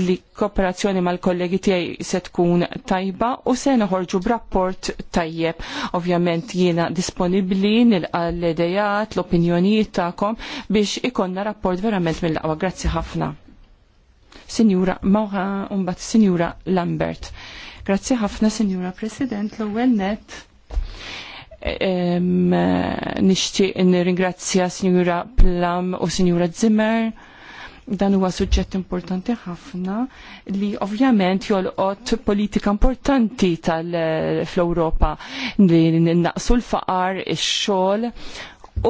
li kooperazzjoni mal-kollegi tiegħi se tkun tajba u se noħorġu b'rapport tajjeb. Ovvjament jiena disponibbli nilqa' l-idejat, l-opinjonijiet tagħkom biex ikonna rapport verament mill-aqwa. Grazzi ħafna. Sinjura Mawħa Umbat, Sinjura Lambert. Grazzi ħafna Sinjura President l-ewwel net. Nixtieq nirringrazzja Sinjura Plam u Sinjura Zimmer Dan huwa suġġett importanti ħafna li ovvjament jolqot politika importanti tal-Ewropa li naqsu l-faqar, ix-xogħol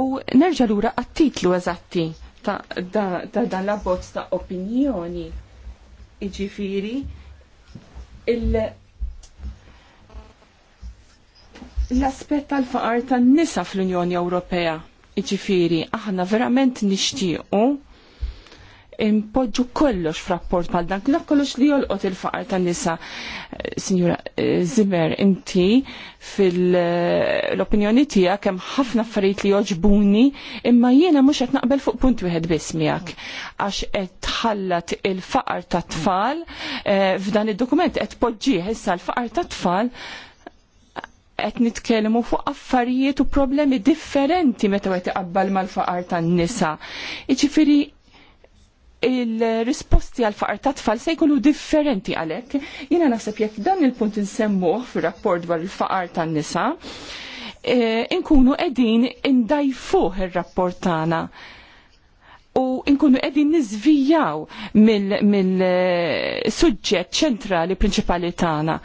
u nerġa' lura għat-titlu eżatti ta' dan la bozz ta' opinjoni. iġifiri il- l-aspett tal-faqar tan-nisa fl-Unjoni Ewropea. Iġifiri, aħna verament nixtiequ impoġġu kollox f'rapport bħal dan, kien kollox li jolqot il-faqar tan-nisa. Eh, Signora eh, Zimmer, inti fil-opinjoni tiegħek hemm ħafna affarijiet li joġbuni, imma jiena mhux qed naqbel fuq punt wieħed biss miegħek għax qed tħallat il-faqar ta' tfal eh, f'dan id-dokument qed poġġi issa l-faqar ta' tfal qed nitkellmu fuq affarijiet u problemi differenti meta qed iqabbal mal-faqar tan-nisa. Jiġifieri il-risposti għal faqar ta' tfal se jkunu differenti għalek. Jena nasib jekk dan il-punt nsemmuh fil-rapport dwar il-faqar ta' nisa, e, inkunu edin indajfuh il-rapport tana u nkunu edin nizvijaw mill-sujġet mil e, ċentrali prinċipali tana.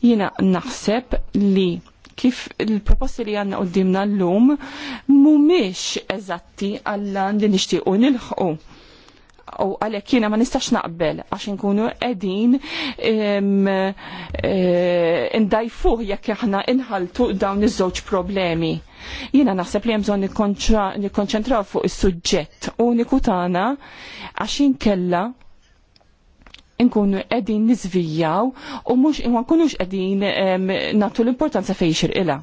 Jena naħseb li kif il-proposti li għanna qoddimna l-lum mumiex eżatti għallan li nishtiqu nilħu u għalhekk jiena ma nistax naqbel għax inkunu edin e, indajfuh jekk aħna inħaltu dawn iż-żewġ problemi. Jiena naħseb li hemm bżonn nikkonċentraw fuq is-suġġett uniku tagħna għax inkella nkunu qegħdin niżvijaw u mhux ma nkunux qegħdin nagħtu l-importanza fejn xirqilha.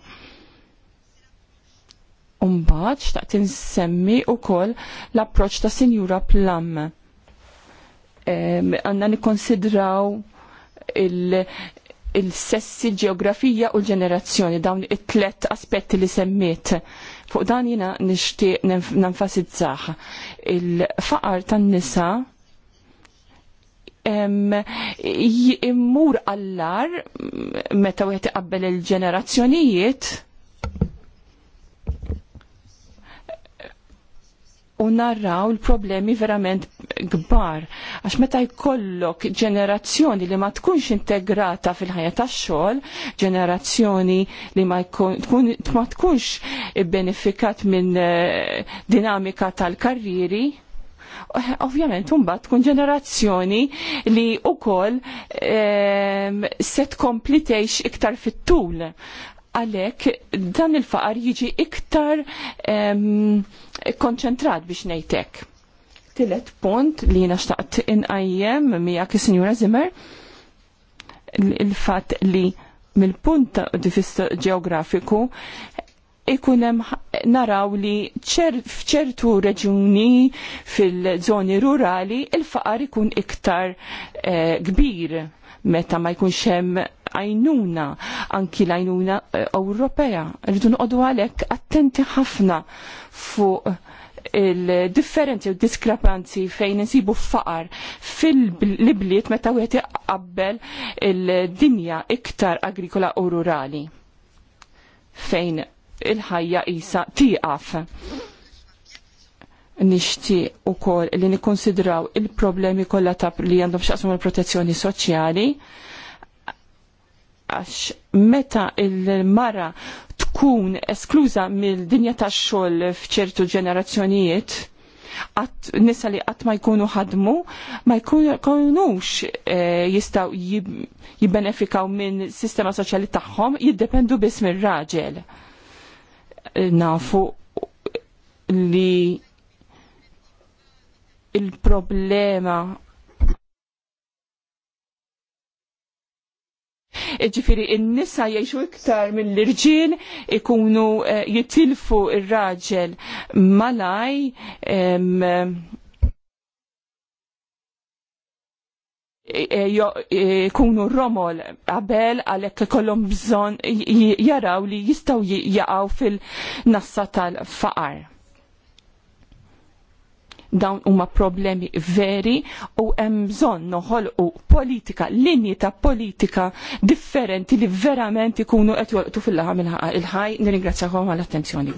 Umbaċ xtaqt insemmi u koll l-approċ ta' Sinjura Plam. Għanna nikonsidraw il-sessi, il ġeografija u l-ġenerazzjoni, dawn it-tlet aspetti li semmiet. Fuq dan jina nishtiq nenfasizzaħ. Il-faqar tan-nisa immur għallar meta wieħed iqabbel il-ġenerazzjonijiet u narraw l-problemi verament kbar. Għax meta jkollok ġenerazzjoni li ma tkunx integrata fil-ħajja tax-xogħol, ġenerazzjoni li ma, tkun, ma tkunx benefikat minn eh, dinamika tal-karriri, ovvjament mbagħad tkun ġenerazzjoni li wkoll e, set tkomplitejx iktar fit-tul Għalhekk dan il-faqar jiġi iktar konċentrat biex ngħidlek. Tilet punt li naxtaqt in inqajjem miegħek is-Sinjura Zimmer il-fatt li mill-punt di vista geografiku ikunem naraw li fċertu reġuni fil-żoni rurali il-faqar ikun iktar eh, kbir meta ma jkunx hemm għajnuna, anki l-għajnuna eh, Ewropea. Rridu nqodu għalhekk attenti ħafna fuq il-differenzi u diskrepanzi fejn insibu faqar fil libliet meta wieħed iqabbel il-dinja iktar agrikola u rurali fejn il-ħajja isa tieqaf nixtieq ukoll li nikkonsidraw il-problemi kollha ta' li għandhom x'aqsmu il protezzjoni soċjali għax meta il-mara tkun eskluża mill-dinja tax-xogħol f'ċertu ġenerazzjonijiet nisa li qatt ma jkunu ħadmu ma jkunux e, jistaw jibbenefikaw minn sistema soċjali tagħhom jiddependu biss mir-raġel. Nafu li il-problema ġifiri il nisa jiexu iktar mill l-irġil ikunu eh, jitilfu il-raġel malaj ikunu eh, eh, romol qabel għalek kolom bżon jaraw li jistaw jaqaw fil-nassa tal-faqar dawn huma problemi veri u hemm bżonn noħolqu politika, linji ta' politika differenti li verament ikunu qed jolqtu fil-laħa mill-ħaqa il-ħaj. Nirringrazzjakom għall-attenzjoni.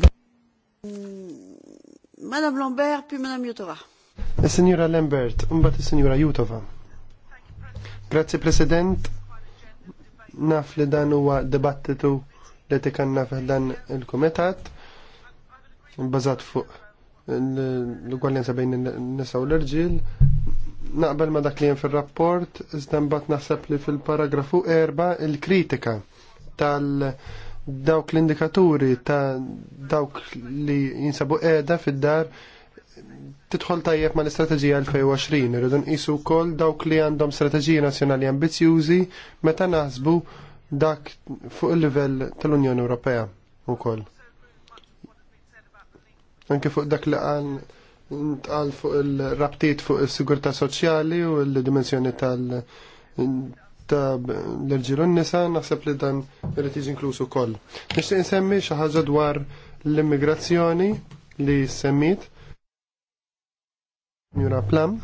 Madam Lambert, puis Madame Jutova. E signora Lambert, mbagħad is e signora Jutova. Grazzi President, naf li dan huwa dibattitu li tikanna dan il-Kumitat, bbażat fuq l-ugwaljanza bejn n-nisa u l-irġiel. Naqbel ma dak li jen fil-rapport, iżda mbagħad naħseb li fil-paragrafu erba' il-kritika tal- dawk l-indikaturi ta' dawk li jinsabu qiegħda fid-dar tidħol tajjeb ma l-istrateġija 2020, irridu nqisu wkoll dawk li għandhom strateġiji nazzjonali ambizzjużi meta naħsbu dak fuq il-livell tal-Unjoni Ewropea wkoll. Anke fuq dak li għan għal fuq il-rabtiet fuq il-sigurta soċjali u l-dimensjoni tal- l n-nisa naħseb li dan irrid jiġi inklusu koll. Nixtieq insemmi xi ħaġa dwar l-immigrazzjoni li semmit. Mjura Plam.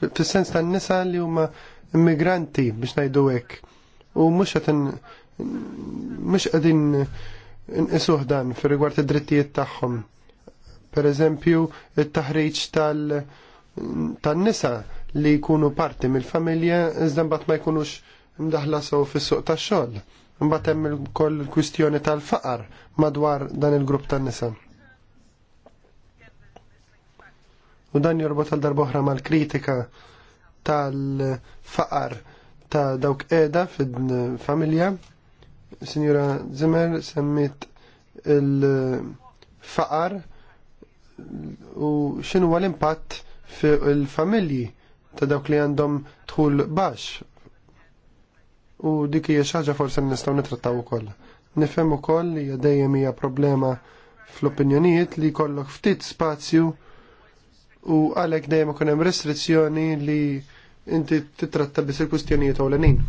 Fis-sens tan-nisa li huma immigranti biex ngħidu hekk. U mhux qed mhux qegħdin nqisuh dan fir rigward id-drittijiet tagħhom. Per eżempju, it-taħriġ tan-nisa li jkunu parti mill-familja iżda mbagħad ma jkunux mdaħla sew fis-suq tax-xogħol. Mbagħad hemm ukoll il-kwistjoni tal-faqar madwar dan il-grupp tan-nisa. U dan jorbot tal darboħra mal-kritika tal-faqar ta' dawk qiegħda fil-familja Signora Zimmer semmit il-faqar u xinu l impatt fuq il-familji ta' dawk li għandhom tħul bax. U dik hija xi ħaġa forsi nistgħu nitrattaw ukoll. Nifhem ukoll li dejjem hija problema fl-opinjonijiet li jkollok ftit spazju u għalhekk dejjem ikun hemm restrizzjoni li inti titratta biss il-kwistjonijiet ewlenin.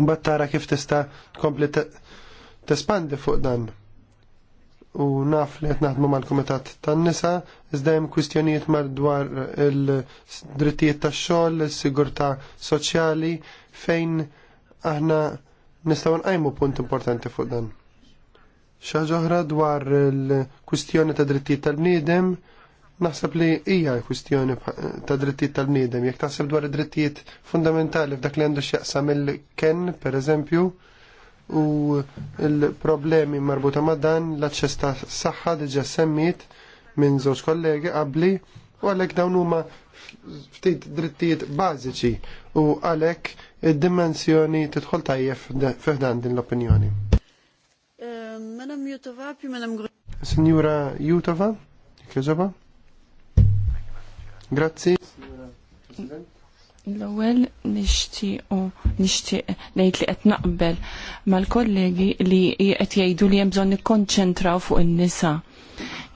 Mbagħad tara kif tista' tkompli tespandi fuq dan. U naf li qed naħdmu mal-Kumitat tan-nisa iżda hemm kwistjonijiet madwar il-drittijiet tax-xogħol, is-sigurtà soċjali fejn aħna nistgħu nqajmu punt importanti fuq dan. Xi ħaġa oħra dwar il-kwistjoni ta' drittijiet tal-bniedem Naħseb li hija kwistjoni ta' drittijiet tal-bniedem, jekk taħseb dwar id-drittijiet fundamentali f'dak li għandu x'jaqsam il-ken, per eżempju, u l-problemi marbuta ma' dan l-aċċess ta' saħħa diġà semmit minn żewġ kollegi qabli u għalhekk dawn huma ftit drittijiet bażiċi u għalhekk id-dimensjoni tidħol tajjeb f'dan din l-opinjoni. Eh, Madam Jutova, pi Madam Signora Jutova, kieġoba? Grazzi. L-ewwel nixtiequ nixtieq ngħid li qed naqbel mal-kollegi li qed jgħidu li hemm bżonn nikkonċentraw fuq in-nisa.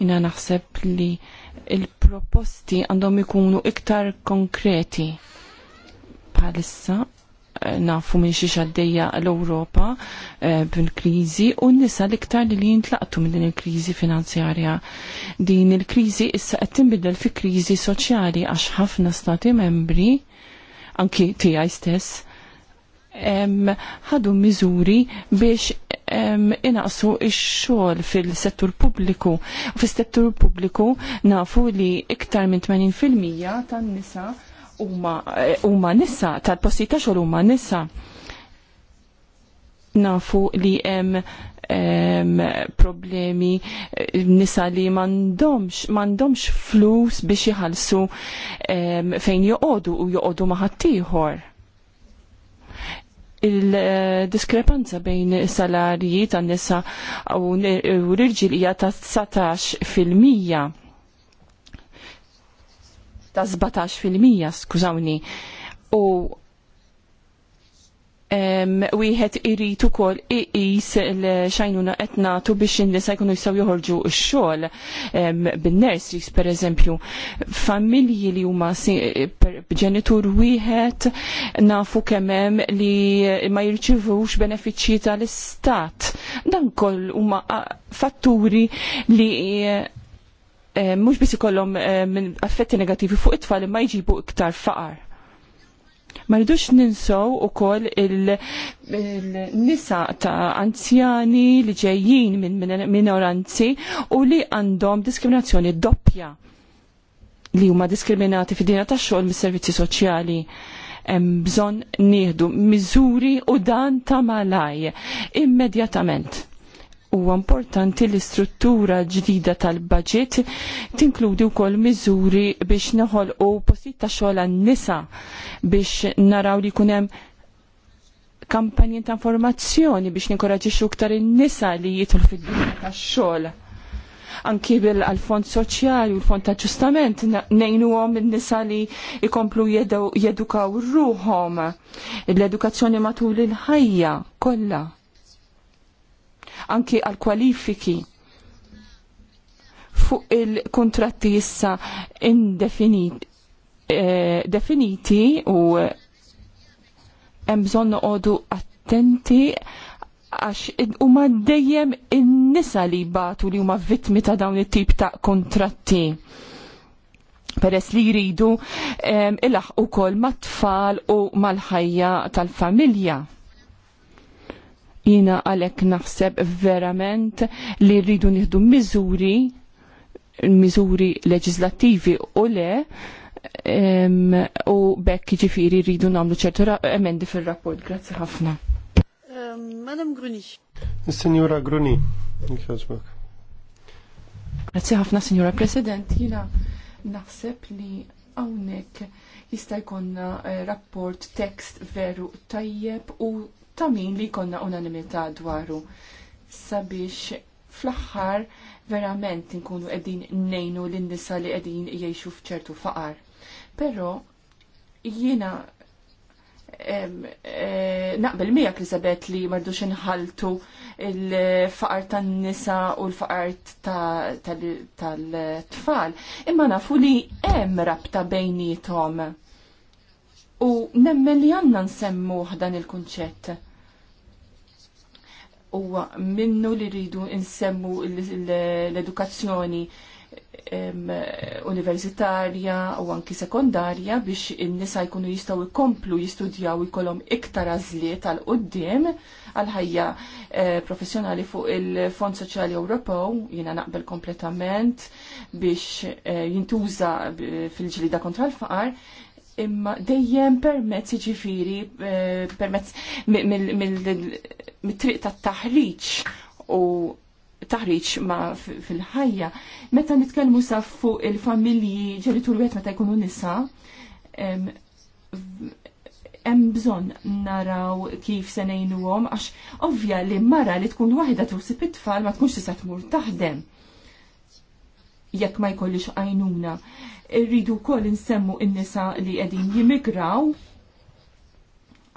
Jina naħseb li il-proposti għandhom ikunu iktar konkreti bħalissa nafu minn xi għaddejja l-Ewropa bil-kriżi eh, u n-nisa l-iktar li jintlaqtu minn din il-kriżi finanzjarja. Din il-kriżi issa qed tinbidel fi kriżi soċjali għax ħafna stati membri anki tiegħi stess ħadu miżuri biex inaqsu ix-xogħol fil-settur pubbliku. U fis-settur pubbliku nafu li iktar minn 80% tan-nisa Eh, huma nisa, tal-posti ta' xogħol huma nisa. Nafu li hemm problemi eh, nisa li mandomx mandomx flus biex jħalsu fejn joqodu u joqodu maħattijħor il-diskrepanza bejn salarji tan nisa u l-irġil hija ta' 19 fil-mija ta' 17% skużawni. U wieħed irid ukoll iqis l-xajnuna qed nagħtu biex in-nisa jkunu jistgħu joħorġu x-xogħol bin-nurseries pereżempju. Familji li huma ġenitur wieħed nafu kemm hemm li ma jirċivux benefiċċji tal-istat. Dan kol huma fatturi li Eh, mhux biss ikollhom eh, affetti negattivi fuq it-tfal imma jġibu iktar faqar. Ma rridux ninsow ukoll il-nisa il ta' anzjani li ġejjin minn minoranzi u li għandhom diskriminazzjoni doppja li huma diskriminati fid-dinja tax-xogħol mis-servizzi soċjali hemm bżonn nieħdu miżuri u dan ta' malaj immedjatament huwa importanti li struttura ġdida tal-budget tinkludi wkoll miżuri biex u posit ta' xogħol għan-nisa biex naraw li jkun hemm ta' informazzjoni biex ninkoraġi iktar in-nisa li jitul fid-dinja tax-xogħol. Anki bil-fond soċjali u l-fond ta' ġustament nejnu għom nisa li ikomplu jedukaw ruħom l-edukazzjoni matul il-ħajja kollha anki għal kwalifiki fuq il-kontratti issa indefiniti eh, definiti u eh, hemm bżonn noqogħdu attenti għax huma dejjem in-nisa li batu li huma vittmi ta' dawn it-tip ta' kontratti peress li jridu eh, il-aħ ukoll mat-tfal u mal-ħajja tal-familja Jina għalek naħseb verament li rridu nieħdu miżuri, miżuri leġislattivi u le, u bekk ġifiri rridu namlu ċertu emendi fil-rapport. Grazzi ħafna. Madam Gruni. Signora Gruni, Grazzi ħafna, Signora President. Jina naħseb li għawnek jista' jkun eh, rapport tekst veru tajjeb u ta' min li konna unanimità dwaru. Sabiex fl-axħar verament nkunu qegħdin nejnu l-nisa li qegħdin jgħixu f'ċertu faqar. Però jiena eh, naqbel miegħek Elizabeth li mardux inħaltu il-faqar tan-nisa u l-faqar tal-tfal, imma nafu li hemm rabta bejnietom. U nemmen li għanna nsemmu dan il-kunċett huwa minnu li rridu insemmu l-edukazzjoni universitarja u anki sekondarja biex in-nisa jkunu jistgħu jkomplu jistudjaw ikolhom iktar għażliet għal qudiem għal ħajja eh, professjonali fuq il-Fond Soċjali Ewropew jiena naqbel kompletament biex eh, jintuża eh, fil-ġlida kontra l-faqar imma dejjem permezz ġifiri, eh, permezz mill-triq ta' taħriċ u taħriċ ma' fil-ħajja. Meta nitkellmu sa' fuq il-familji ġenitur wieħed meta jkunu nisa, hemm bżonn naraw kif se ngħinuhom għax ovvja li mara li tkun waħda tusib it-tfal ma tkunx tista' tmur taħdem jekk ma jkollix għajnuna. Rridu wkoll insemmu n-nisa li qegħdin jimigraw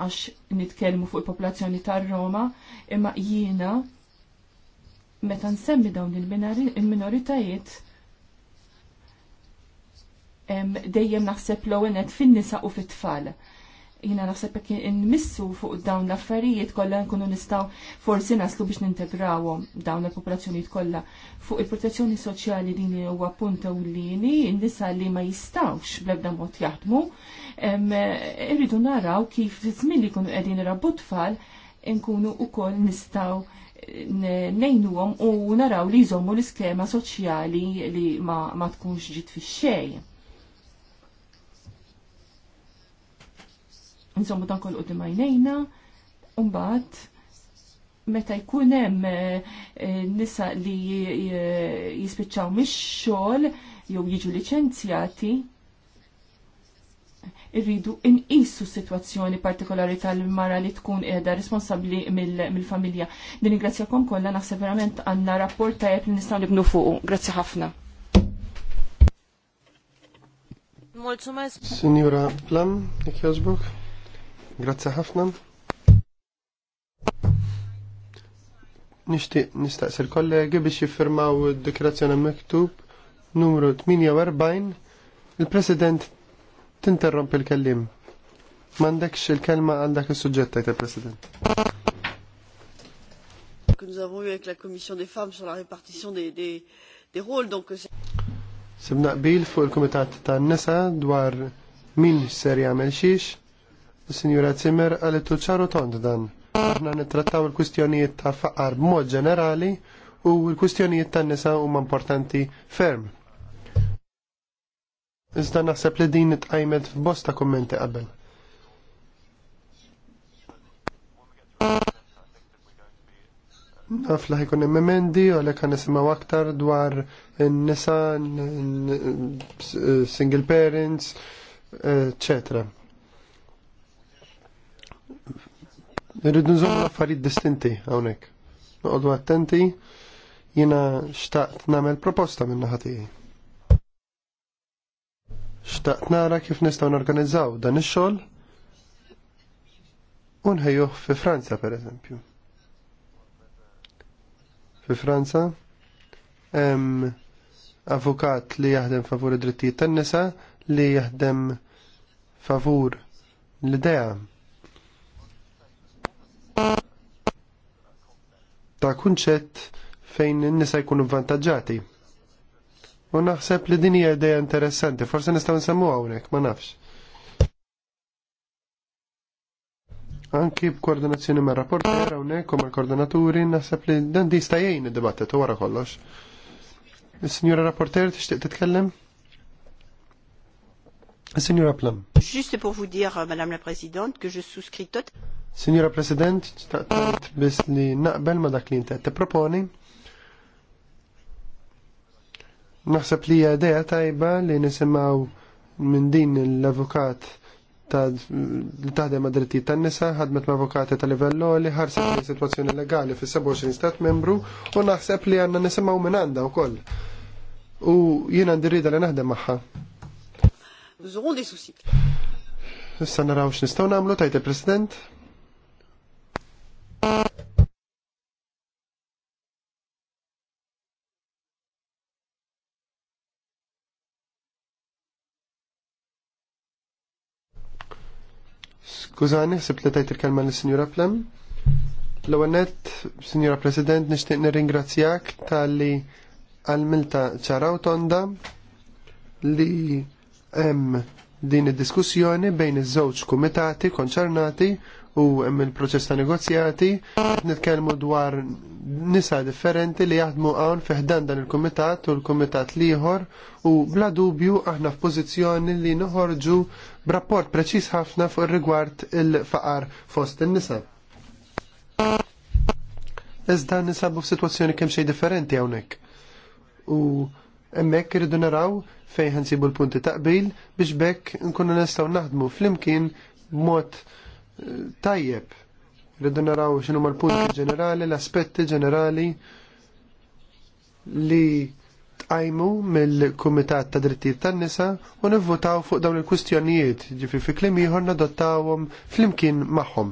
għax nitkellmu fuq il-popolazzjoni tar-Roma, imma jiena meta nsemmi dawn il-minoritajiet dejjem naħseb l-ewwel fin-nisa u fit-tfal jina naħseb jekk nmissu fuq dawn l-affarijiet kollha nkunu nistgħu forsi naslu biex nintegrawhom dawn il-popolazzjonijiet kollha. Fuq il-protezzjoni soċjali din huwa punt ewlieni, n-nisa li ma jistgħux bl-ebda mod jaħdmu, irridu naraw kif żmien li jkunu qegħdin irabbu tfal nkunu wkoll nistgħu nejnuhom u naraw li jżommu l-iskema soċjali li ma, ma tkunx ġit fix xejn Insomma, dan kol d għajnejna, umbat, meta jkun hemm eh, nisa li eh, jispiċċaw mix-xogħol jew jiġu liċenzjati, irridu inqisu situazzjoni partikolari tal-mara li tkun qiegħda responsabbli mill-familja. Mil Din ingrazzjakom kollha naħseb verament għandna rapport tajjeb li nistgħu nibnu fuqu. Grazzi ħafna. Mulțumesc. Signora Plam, jek jazbuk? Grazzi ħafna. Nixtieq nistaqsi l-kollegi biex jiffirmaw id-dikrazzjoni miktub numru 48. Il-President tinterrompi il kellim M'għandekx il-kelma għal dak is-suġġett tajt il-President. Euh, Sibna qbil fuq il-Kumitat tan-Nisa dwar min ser jagħmel xiex Signora Zimmer għalitu ċaru tond dan. Aħna nittrattaw il-kustjonijiet ta' faqar b'mod ġenerali u l-kustjonijiet ta' nisa huma importanti ferm. Iżda naħseb li din it-għajmet f'bosta kummenti qabel. Naf li ħajkun hemm emendi u għan nisimgħu aktar dwar in-nisa, single parents, eccetera. Nirridu nżommu affarijiet distinti hawnhekk. Noqogħdu attenti jiena xtaqt nagħmel proposta minn naħa tiegħi. Xtaqt nara kif nistgħu norganizzaw dan ix-xogħol u nħejjuh fi Franza pereżempju. Fi Franza hemm avukat li jaħdem favur id-drittijiet tan-nisa li jaħdem favur l-idea ta' kunċett fejn n-nisa jkunu vantaġġati. U naħseb li din hija ideja interessanti, forse nistgħu nsemmu hawnhekk, ma nafx. Anki b'koordinazzjoni ma' rapporter hawnhekk u mal-koordinaturi naħseb li dan dista jgħin id-dibattitu wara kollox. Is-Sinjura Rapporter tixtieq titkellem? Is-Sinjura Plum. Juste pour vous dire, euh, Madame la Présidente, que je souscris totalement. Signora President, staqtant bis li naqbel ma dak li inti te proponi. Naħseb li hija idea tajba li nisimgħu minn din l-avukat li taħdem ma' drittijiet tan-nisa, ħadmet ma' avukati ta' livell li ħarsa li sitwazzjoni legali fis 27 stat membru u naħseb li għandna nisimgħu minn għandha wkoll. U jiena ndirrida li naħdem magħha. Nous aurons des Issa naraw x'nistgħu nagħmlu tajt il-President. Skużani, ħsib li tajt il-kelma l-Sinjura Plem. L-għonet, Sinjura President, nishtiq nirringrazzjak tal-li għal-milta ċaraw tonda li hemm din id-diskussjoni bejn iż-żewġ kumitati konċernati u il proċess ta' negozjati, nitkellmu dwar nisa differenti li jaħdmu għan fiħdan dan il-komitat u l-komitat liħor u bla dubju aħna f'pożizzjoni li noħorġu b'rapport preċis ħafna fuq rigward il-faqar fost in-nisa. Iżda nisabu f'sitwazzjoni kemm xejn differenti hawnhekk. U Emmek irridu naraw fejn ħansibu l-punti taqbil biex bekk nkunu nistgħu naħdmu flimkien mod tajjeb. Rridu naraw ma l-punti ġenerali, l-aspetti ġenerali li tqajmu mill-Kumitat ta' Drittijiet tan-Nisa u nivvotaw fuq dawn il-kwistjonijiet ġifi fi klim ieħor nadottawhom flimkien magħhom.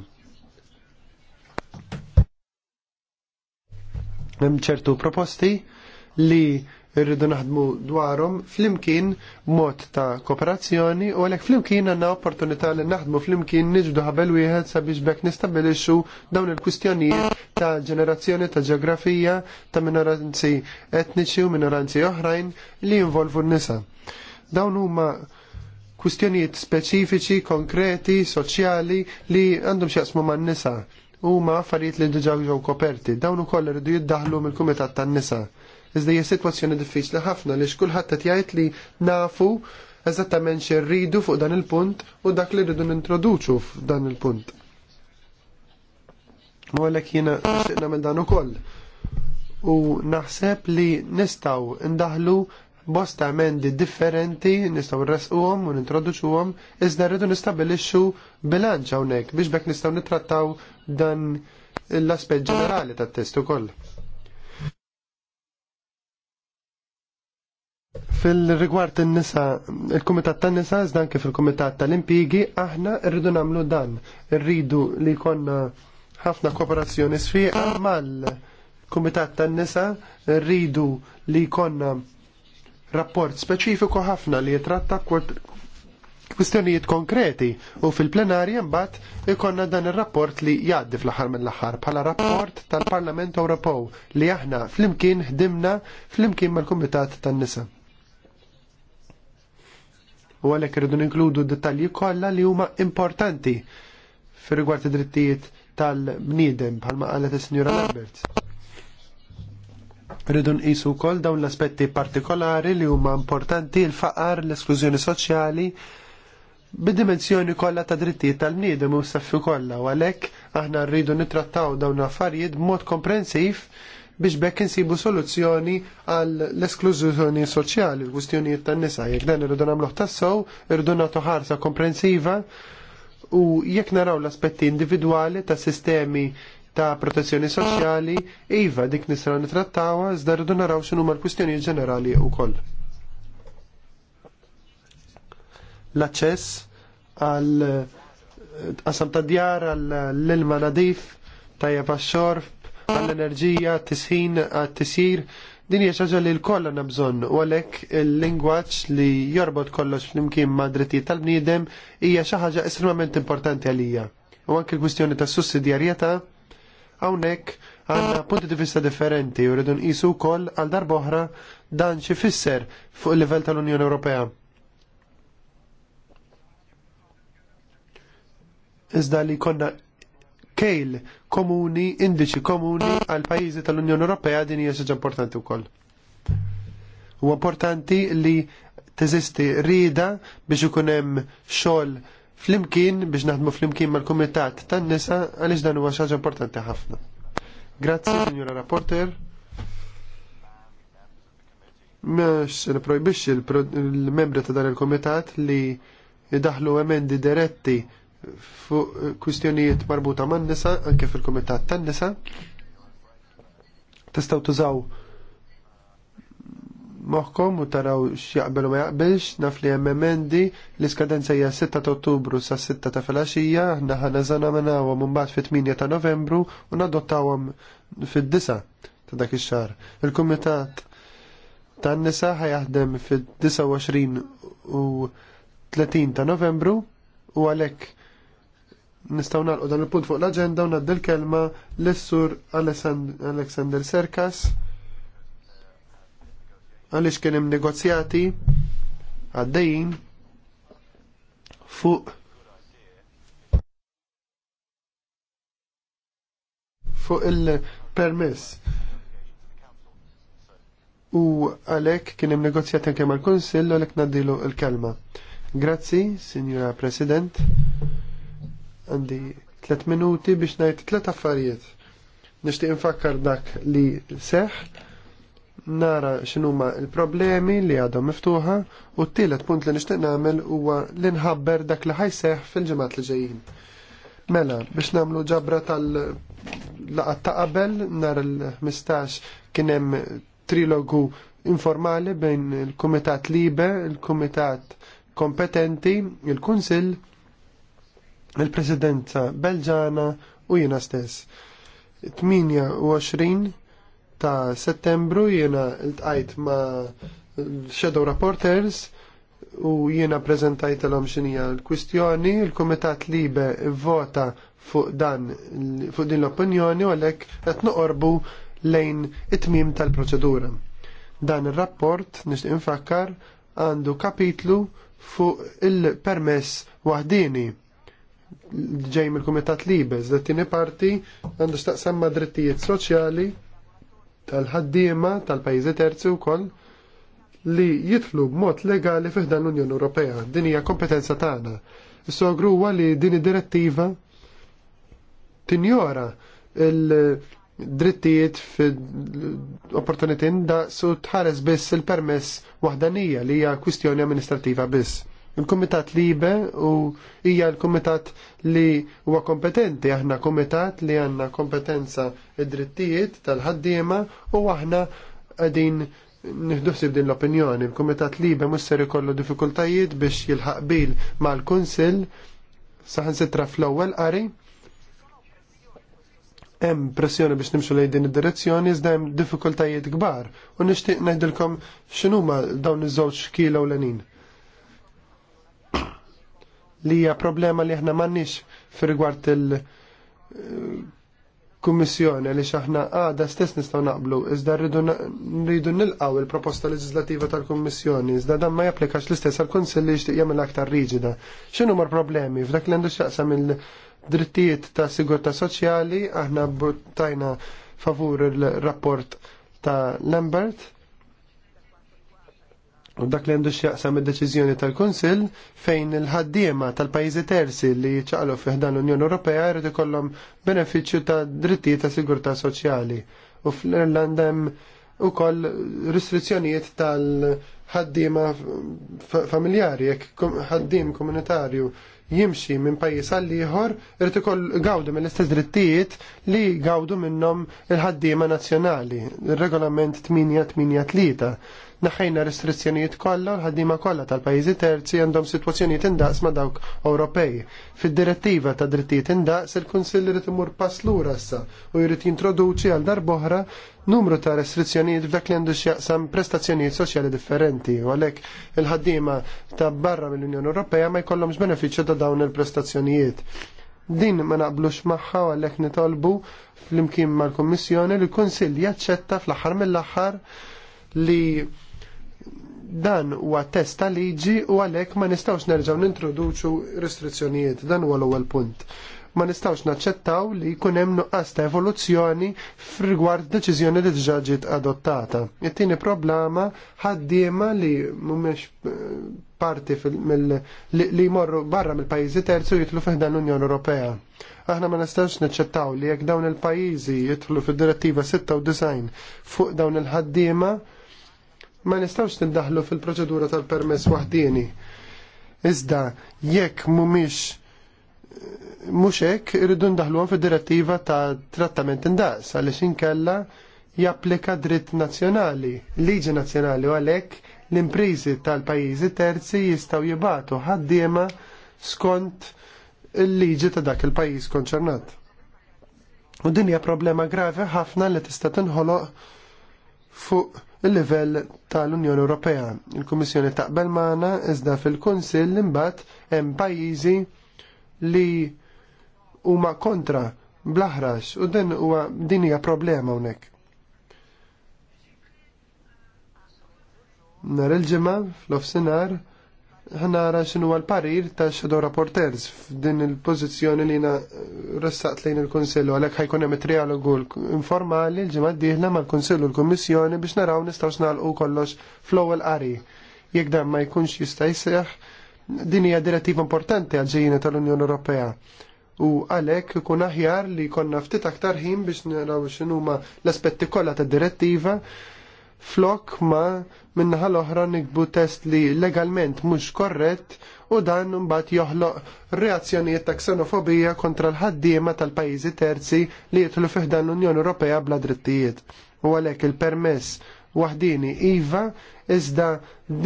Hemm ċertu proposti li irridu naħdmu dwarhom flimkien mod ta' kooperazzjoni u għalhekk flimkien għandna opportunità li naħdmu flimkien niġdu ħabel wieħed sabiex bekk nistabilixxu dawn il-kwistjonijiet ta' ġenerazzjoni ta' ġeografija ta' minoranzi etniċi u minoranzi oħrajn li jinvolvu n-nisa. Dawn huma kwistjonijiet speċifiċi, konkreti, soċjali li għandhom xjaqsmu man-nisa huma affarijiet li diġà ġew koperti. Dawn ukoll irridu jiddaħlu mill-Kumitat tan-nisa Iżda hija sitwazzjoni diffiċli ħafna li xkulħadd qed jgħid li nafu eżattament xi rridu fuq dan il-punt u dak li rridu nintroduċu f'dan il-punt. U għalhekk jiena nixtieq nagħmel dan ukoll. U naħseb li nistgħu ndaħlu bosta emendi differenti nistaw nresquhom u nintroduċuhom iżda rridu nistabilixxu bilanċ hawnhekk biex bekk nistgħu nittrattaw dan l-aspett ġenerali tat-test ukoll. Fil-rigward in-nisa, il-Kumitat tan-nisa iżda fil-Kumitat tal impigi aħna rridu nagħmlu dan. Irridu li jkollna ħafna kooperazzjoni sfiqa mal-Kumitat tan-nisa, rridu li jkollna rapport speċifiku ħafna li jitratta kwistjonijiet konkreti u fil-plenarja mbagħad ikonna dan ir-rapport li jgħaddi fl-aħħar mill-aħħar bħala rapport tal-Parlament Ewropew li aħna flimkien ħdimna flimkien mal-Kumitat tan-Nisa u għalhekk rridu ninkludu dettalji kollha li huma importanti fir-rigward id-drittijiet tal-bniedem bħalma qalet is-Sinjura Lambert. Rridu nqisu wkoll dawn l-aspetti partikolari li huma importanti l-faqar, l-esklużjoni soċjali bid-dimensjoni kollha ta' drittijiet tal-bniedem u s-saffi kollha u għalhekk aħna rridu nittrattaw dawn l-affarijiet b'mod komprensiv biex bekk insibu soluzzjoni għal l-esklużjoni soċjali, l-kwistjonijiet tan-nisa. Jekk dan irridu nagħmluh tassew, irridu nagħtu ħarsa komprensiva u jekk naraw l-aspetti individwali ta' sistemi ta' protezzjoni soċjali, iva dik nisra nitrattawa, iżda rridu naraw x'inhu l-kwistjonijiet ġenerali wkoll. L-aċċess għal qasam ta' djar għall ilma nadif tajjeb għax-xorf, għall-enerġija, tisħin, għat-tisjir. Din hija xaġa li l-koll għandna bżonn u għalhekk il-lingwaġġ li jorbot kollox flimkien ma' drittijiet tal-bniedem hija xi ħaġa estremament importanti għalija. U anke l-kwistjoni tas sussidjarjetà hawnhekk għandna punti di vista differenti u rridu nqisu wkoll għal darb'oħra dan xi fisser fuq il-livell tal-Unjoni Ewropea. Iżda li konna kejl komuni, indiċi komuni għal pajjiżi tal-Unjoni Ewropea din hija xi importanti wkoll. Huwa importanti li teżisti rida biex ikun hemm xogħol flimkien biex naħdmu flimkien mal-Kumitat tan-nisa għaliex dan huwa xaġa importanti ħafna. Grazzi, Signora Rapporter. Mux niprojbix il-membri ta' dan il-Kumitat li jidaħlu emendi diretti fuq kwistjonijiet marbuta man nisa, anke fil-komitat tan nisa. Tistgħu tużaw moħkom u taraw x'jaqbel u ma jaqbilx, naf li hemm emendi l-iskadenza hija 6 ta' Ottubru sa 6 ta' filgħaxija, aħna nażana żanamanawhom imbagħad fit-8 ta' Novembru u nadottawhom fid-9 ta' dak ix-xahar. Il-Kumitat tan-nisa ħajaħdem fid-29 u 30 ta' Novembru u għalhekk Nistaw nalqu dan il-punt fuq l-agenda u naddil kelma l-sur Alexander Serkas għalix kienem negozjati għaddejjin fuq fuq il-permess. U għalek kienem negozjati kemm għal-Konsill u għalek naddilu il-kelma. Grazzi, Signora President għandi 3 minuti biex ngħid tliet affarijiet. Nixtieq infakkar dak li seħ, nara x'inhuma l-problemi li għadhom miftuħa u t-tielet punt li nixtieq nagħmel huwa li nħabber dak li ħajseħ fil-ġimgħat li ġejjin. Mela, biex nagħmlu ġabra tal-laqat ta' qabel nhar il-15 kien hemm trilogu informali bejn il-Kumitat Libe, il-Kumitat kompetenti, il-Kunsill mill-Presidenza Belġana u jiena stess. 28 ta' settembru jiena l-tqajt ma' Shadow Reporters u jiena prezentajt l-om xinija l-kwistjoni, l komitat Libe vota fuq dan fuq din l-opinjoni u għalek qed noqorbu lejn it-tmim tal-proċedura. Dan ir-rapport nixtieq infakkar għandu kapitlu fuq il-permess waħdini ġej mill-Kumitat Libes, da tieni parti għandu staqsam drittijiet soċjali tal-ħaddiema tal-pajjiżi terzi wkoll li jitlu b'mod legali fiħdan l-Unjoni Ewropea. Din hija kompetenza tagħna. is sogruwa huwa li din id-direttiva tinjora il-drittijiet fil-opportunitin da su tħares biss il-permess wahdanija li hija kwistjoni amministrativa biss. Il-Kumitat Libe u hija l-Kumitat li huwa kompetenti, aħna Kumitat li għandna kompetenza id-drittijiet tal-ħaddiema u aħna għadin nħduħsib din l-opinjoni. Il-Kumitat Libe musser ikollu diffikultajiet biex jilħaq bil mal-Kunsill saħan sitra fl-ewwel qari hemm pressjoni biex nimxu lejn din id-direzzjoni iżda hemm diffikultajiet kbar u nixtieq ngħidilkom x'inhuma dawn iż-żewġ kila ewlenin li hija problema li aħna m'għandniex fir-rigward il-Kummissjoni eh, li aħna għada stess nistgħu naqblu iżda rridu nilqgħu il-proposta leġislativa tal-Kummissjoni iżda dan ma japplikax l-istess għall-Kunsill li jixtieq jagħmel aktar riġida. X'inhu problemi f'dak li għandu x'jaqsam il-drittijiet ta' sigurtà soċjali aħna buttajna favur il-rapport ta' Lambert U dak li għandu xjaqsam id-deċiżjoni tal-Kunsill fejn il-ħaddiema tal-pajjiżi terzi li ċaqlu fiħdan l-Unjoni Ewropea jrid ikollhom benefiċċju ta' drittijiet ta' sigurtà soċjali. U fl-Irlanda hemm ukoll restrizzjonijiet tal-ħaddiema familjari jekk ħaddiem komunitarju jimxi minn pajjiż għal ieħor irid ikoll gawdu mill-istess drittijiet li gawdu minnhom il-ħaddiema nazzjonali, ir-regolament 883 naħajna restrizzjonijiet kollha u l-ħaddiema kollha tal-pajjiżi terzi għandhom sitwazzjonijiet indaqs ma' dawk Ewropej. Fid-direttiva ta' drittijiet indaqs il-Kunsill irid imur pass lura issa u jrid jintroduċi għal darb'oħra numru ta' restrizzjonijiet f'dak li għandu x'jaqsam prestazzjonijiet soċjali differenti u għalhekk il-ħaddiema ta' barra mill-Unjoni Ewropea ma jkollhomx benefiċċju ta' dawn il-prestazzjonijiet din ma naqblux maħħa għalhekk nitolbu fl-imkien mal kummissjoni li l kunsill jaċċetta fl aħħar mill aħħar li dan huwa test ta' liġi u għalhekk ma nistgħux nerġgħu nintroduċu restrizzjonijiet. Dan huwa l-ewwel punt. Ma nistgħux naċċettaw li jkun hemm nuqqas ta' evoluzzjoni f'rigward deċiżjoni li diġà ġiet adottata. It-tieni problema ħaddiema li mhumiex eh, parti li jmorru barra mill-pajjiżi terzu jitlu fiħdan l-Unjoni Ewropea. Aħna ma nistgħux naċċettaw li jekk dawn il-pajjiżi jidħlu fid-direttiva 96 fuq dawn il-ħaddiema ma nistawx nindaħlu fil-proċedura tal-permess waħdieni. Iżda jekk mhumiex mhux hekk irridu ndaħluhom fil direttiva ta' trattament indaqs għaliex inkella japplika dritt nazzjonali, liġi nazzjonali u għalhekk l-imprizi tal-pajjiżi terzi jistgħu jibatu ħaddiema skont il-liġi ta' dak il-pajjiż konċernat. U din hija problema gravi ħafna li tista' tinħoloq fuq il level tal-Unjoni Ewropea. Il-Kummissjoni taqbel magħna iżda fil-Kunsill imbagħad hemm pajjiżi li huma kontra blaħrax u din huwa din hija problema hawnhekk. Nar il-ġimgħa fl-ofsinhar ħanara xinu għal-parir ta' Shadow Rapporters f'din il-pozizjoni li na rassat lejn il-Konsillu għalek ħajkun hemm trialogu informali l-ġimgħa dieħla mal-Konsillu l-Kummissjoni biex naraw nistgħu snalqu kollox fl-ewwel qari. Jekk dan ma jkunx jista' jseħħ, din hija direttiva importanti għal-ġejjina tal-Unjoni Ewropea. U għalek kun aħjar li konna ftit aktar ħin biex naraw x'inhuma l-aspetti kollha tad-direttiva flok ma minnaħal oħra nikbu test li legalment mhux korrett u dan mbagħad joħloq reazzjonijiet ta' ksenofobija kontra l-ħaddiema tal-pajjiżi terzi li jidħlu fiħdan l-Unjoni Ewropea bla drittijiet. U għalhekk il-permess waħdini iva iżda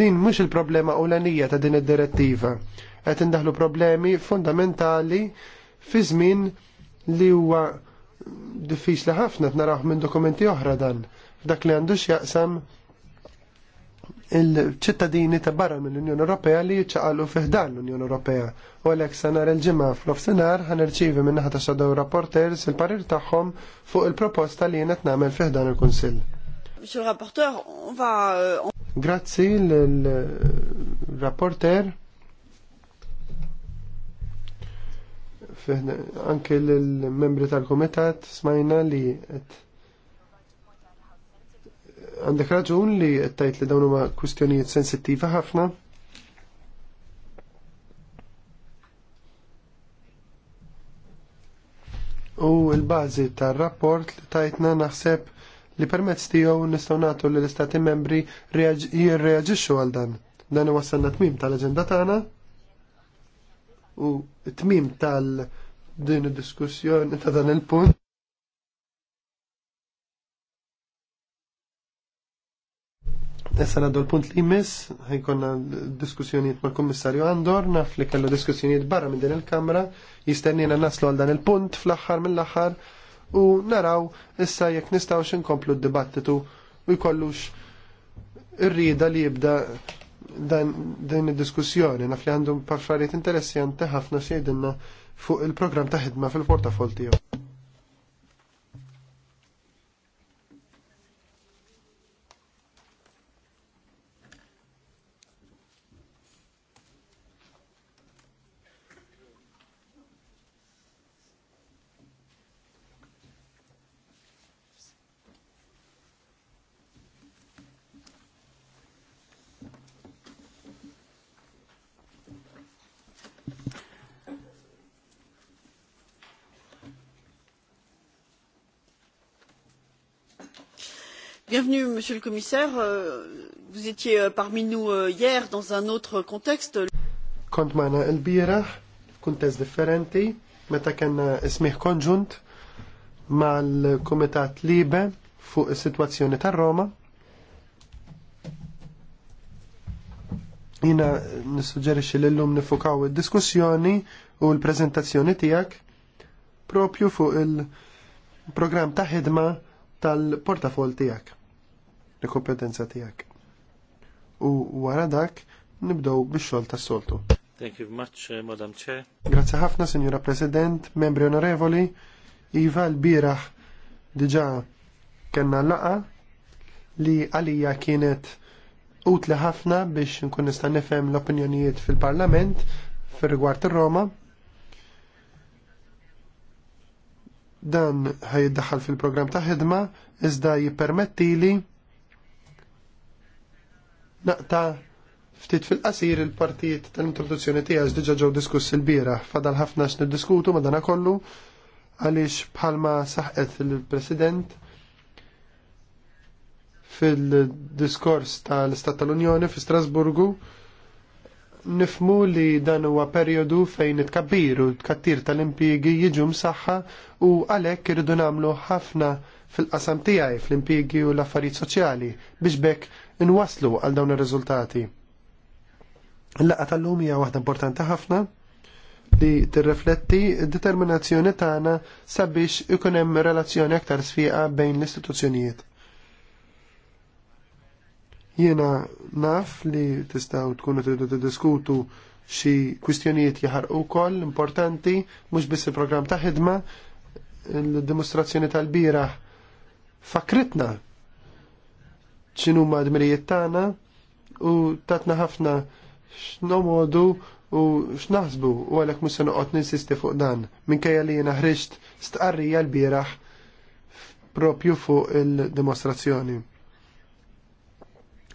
din mhux il-problema ewlenija ta' din id-direttiva. Qed indaħlu problemi fundamentali fi żmien li huwa diffiċli ħafna naraw minn dokumenti oħra dan Dak li għandux jaqsam il-ċittadini ta' barra mill-Unjoni Ewropea li jċaqalu fiħdan l-Unjoni Ewropea. U għalhekk sa il-ġimgħa f'lof ofsinhar ħanerċievi minn naħa Shadow Rapporters il-parir tagħhom fuq il-proposta li jien qed nagħmel fiħdan il-Kunsill. Monsieur le rapporteur, on va... Euh, Grazzi l-rapporter. Anke l-membri tal-komitat smajna li għandek raġun li tajt li dawn huma kwistjonijiet sensittiva ħafna. U l-bażi tar-rapport li tajtna naħseb li permezz tiegħu nistgħu nagħtu li l-istati membri jirreaġixxu għal dan. Dan wasalna tmim tal-aġenda tagħna u tmim tal- din id-diskussjoni ta' dan il-punt. Issa għaddu l-punt li jmiss, ħajkonna diskussjoniet mal kommissarju Andor, naf li kellu diskussjoniet barra minn din il-kamra, jistennina naslu għal dan il-punt fl-axħar mill-axħar u naraw issa jekk nistaw xinkomplu d-dibattitu u jkollux irrida li jibda dan din id-diskussjoni, naf li għandhom parfariet interessanti ħafna xejdinna fuq il-program ta' ħidma fil-portafol tiegħu. Monsieur le Commissaire, euh, vous étiez euh, parmi nous euh, hier dans un autre contexte. Kont mana il-biraħ, kuntest differenti, meta kena ismiħ konġunt mal-Komitat Libe fuq is-sitwazzjoni tar Roma. Jina nissuġġerixxi lum nifukaw id-diskussjoni u l-preżentazzjoni tijak propju fuq il-programm ta' ħidma tal-portafol tiegħek l-kompetenza tiegħek. U wara dak nibdew bix-xogħol tas-soltu. Thank you much, eh, Madam Chair. Grazzi ħafna, Signora President, membri onorevoli, Iva l-biraħ diġa kena laqa li għalija kienet utli ħafna biex nkun nista' nifhem l-opinjonijiet fil-Parlament fir-rigward ir-Roma. Dan ħajiddaħħal fil-programm ta' ħidma iżda jippermettili naqta ftit fil-qasir il-partijiet tal-introduzzjoni tiegħu diġà ġew diskuss il bieraħ fadal ħafna x niddiskutu madana kollu għaliex bħalma saħqet il-President fil-diskors tal-Istat tal-Unjoni fi Strasburgu nifmu li dan huwa perjodu fejn it u tkattir tal-impjiegi jiġu msaħħa u għalhekk irridu nagħmlu ħafna fil-qasam tiegħi fl-impjiegi u l-affarijiet soċjali biex bekk inwaslu għal dawn ir-riżultati. Il-laqgħa tal-lum hija waħda importanti ħafna li tirrifletti determinazzjoni tagħna sabiex ikun hemm relazzjoni aktar sfiqa bejn l-istituzzjonijiet. Jiena naf li tistgħu tkunu tridu tiddiskutu xi kwistjonijiet jaħarqu wkoll importanti mhux biss il-programm ta' ħidma l dimostrazzjoni tal-bieraħ fakritna ċinu ma dmirijiet tagħna u tatna ħafna x'nomodu u x'naħsbu u għalhekk mhux se noqgħod ninsisti fuq dan minkejja li jiena ħriġt stqarrija l-bieraħ propju fuq il-dimostrazzjoni.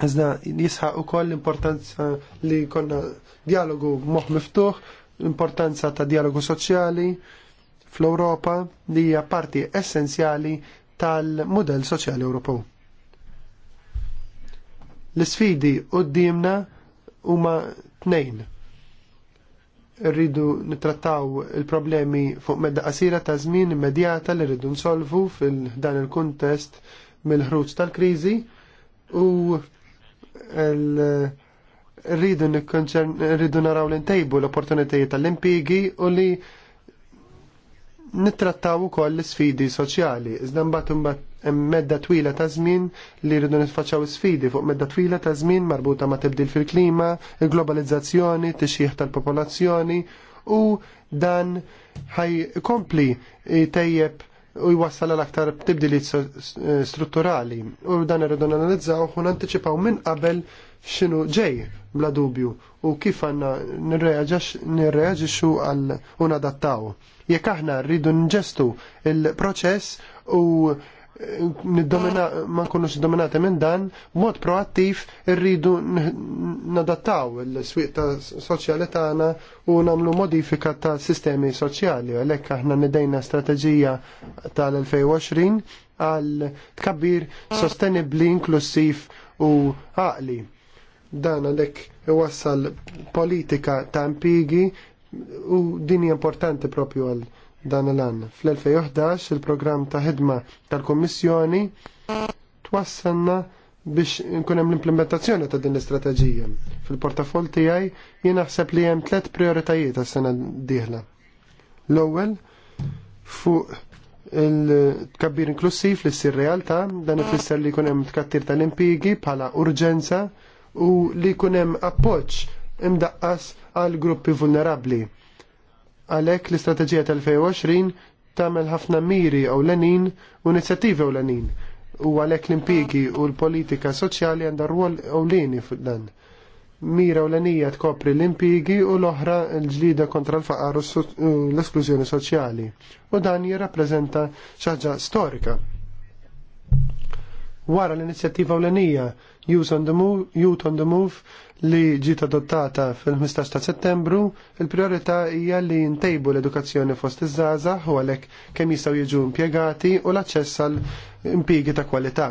jisħa jisħaq ukoll l-importanza li konna dialogu moħ miftuħ, l-importanza ta' dialogu soċjali fl-Ewropa li hija parti essenzjali tal-modell soċjali Ewropew. L-sfidi qoddimna huma tnejn. Rridu nitrattaw il-problemi fuq medda qasira ta' żmien immedjata li rridu nsolvu fil-dan il-kuntest mill-ħruġ tal-kriżi u l- rridu rridu naraw l-intejbu l-opportunitajiet tal-impigi u li nittrattaw ukoll l-sfidi soċjali. Iżda mbagħad hemm medda twila ta' żmien li rridu nitfaċċaw sfidi fuq medda twila ta' żmien marbuta ma' tibdil fil-klima, il-globalizzazzjoni, tixjih tal-popolazzjoni u dan ħaj kompli tejjeb u jwassal għal aktar tibdiliet strutturali. U dan irridu nanalizzaw u nanticipaw minn qabel xinu ġej bla dubju u kif għanna xu għal unadattaw. Jekk aħna rridu nġestu il-proċess u ma nkunux dominati minn dan, mod proattiv irridu nadattaw il-swiq ta' soċjali tagħna u nagħmlu modifika ta' sistemi soċjali. Għalhekk aħna nidejna strateġija tal-2020 għal tkabbir sostenibli, inklusiv u għaqli. Dan għalhekk iwassal politika ta' impigi u din importanti propju għal dan l-an. Fl-2011 il-programm ta' ħidma tal-Kommissjoni twassanna biex nkunem hemm l-implementazzjoni ta' din l-istrateġija. Fil-portafol tiegħi jien naħseb li hemm tliet prioritajiet għas-sena d-dieħla. L-ewwel fuq il-tkabbir inklusiv li ssir realtà dan ifisser li jkun hemm tkattir tal-impigi bħala urġenza u li jkun hemm appoġġ imdaqqas għal gruppi vulnerabbli Għalhekk l-istrateġija tal-2020 tagħmel ħafna miri ewlenin u inizjattivi ewlenin u għalhekk l-impigi u l-politika soċjali għandha rwol ewlieni fuq dan. Mira ewlenija tkopri l-impigi u l-oħra l-ġlida kontra l-faqar u l-esklużjoni soċjali. U dan jirrappreżenta xaġa storika. Wara l-inizjattiva ewlenija Youth on the Move, Youth on the Move li ġiet adottata fil-15 ta' settembru, il-priorità hija li ntejbu l-edukazzjoni fost iż-żgħażagħ u għalhekk kemm jistgħu jiġu impjegati u l-aċċess għal impjiegi ta' kwalità.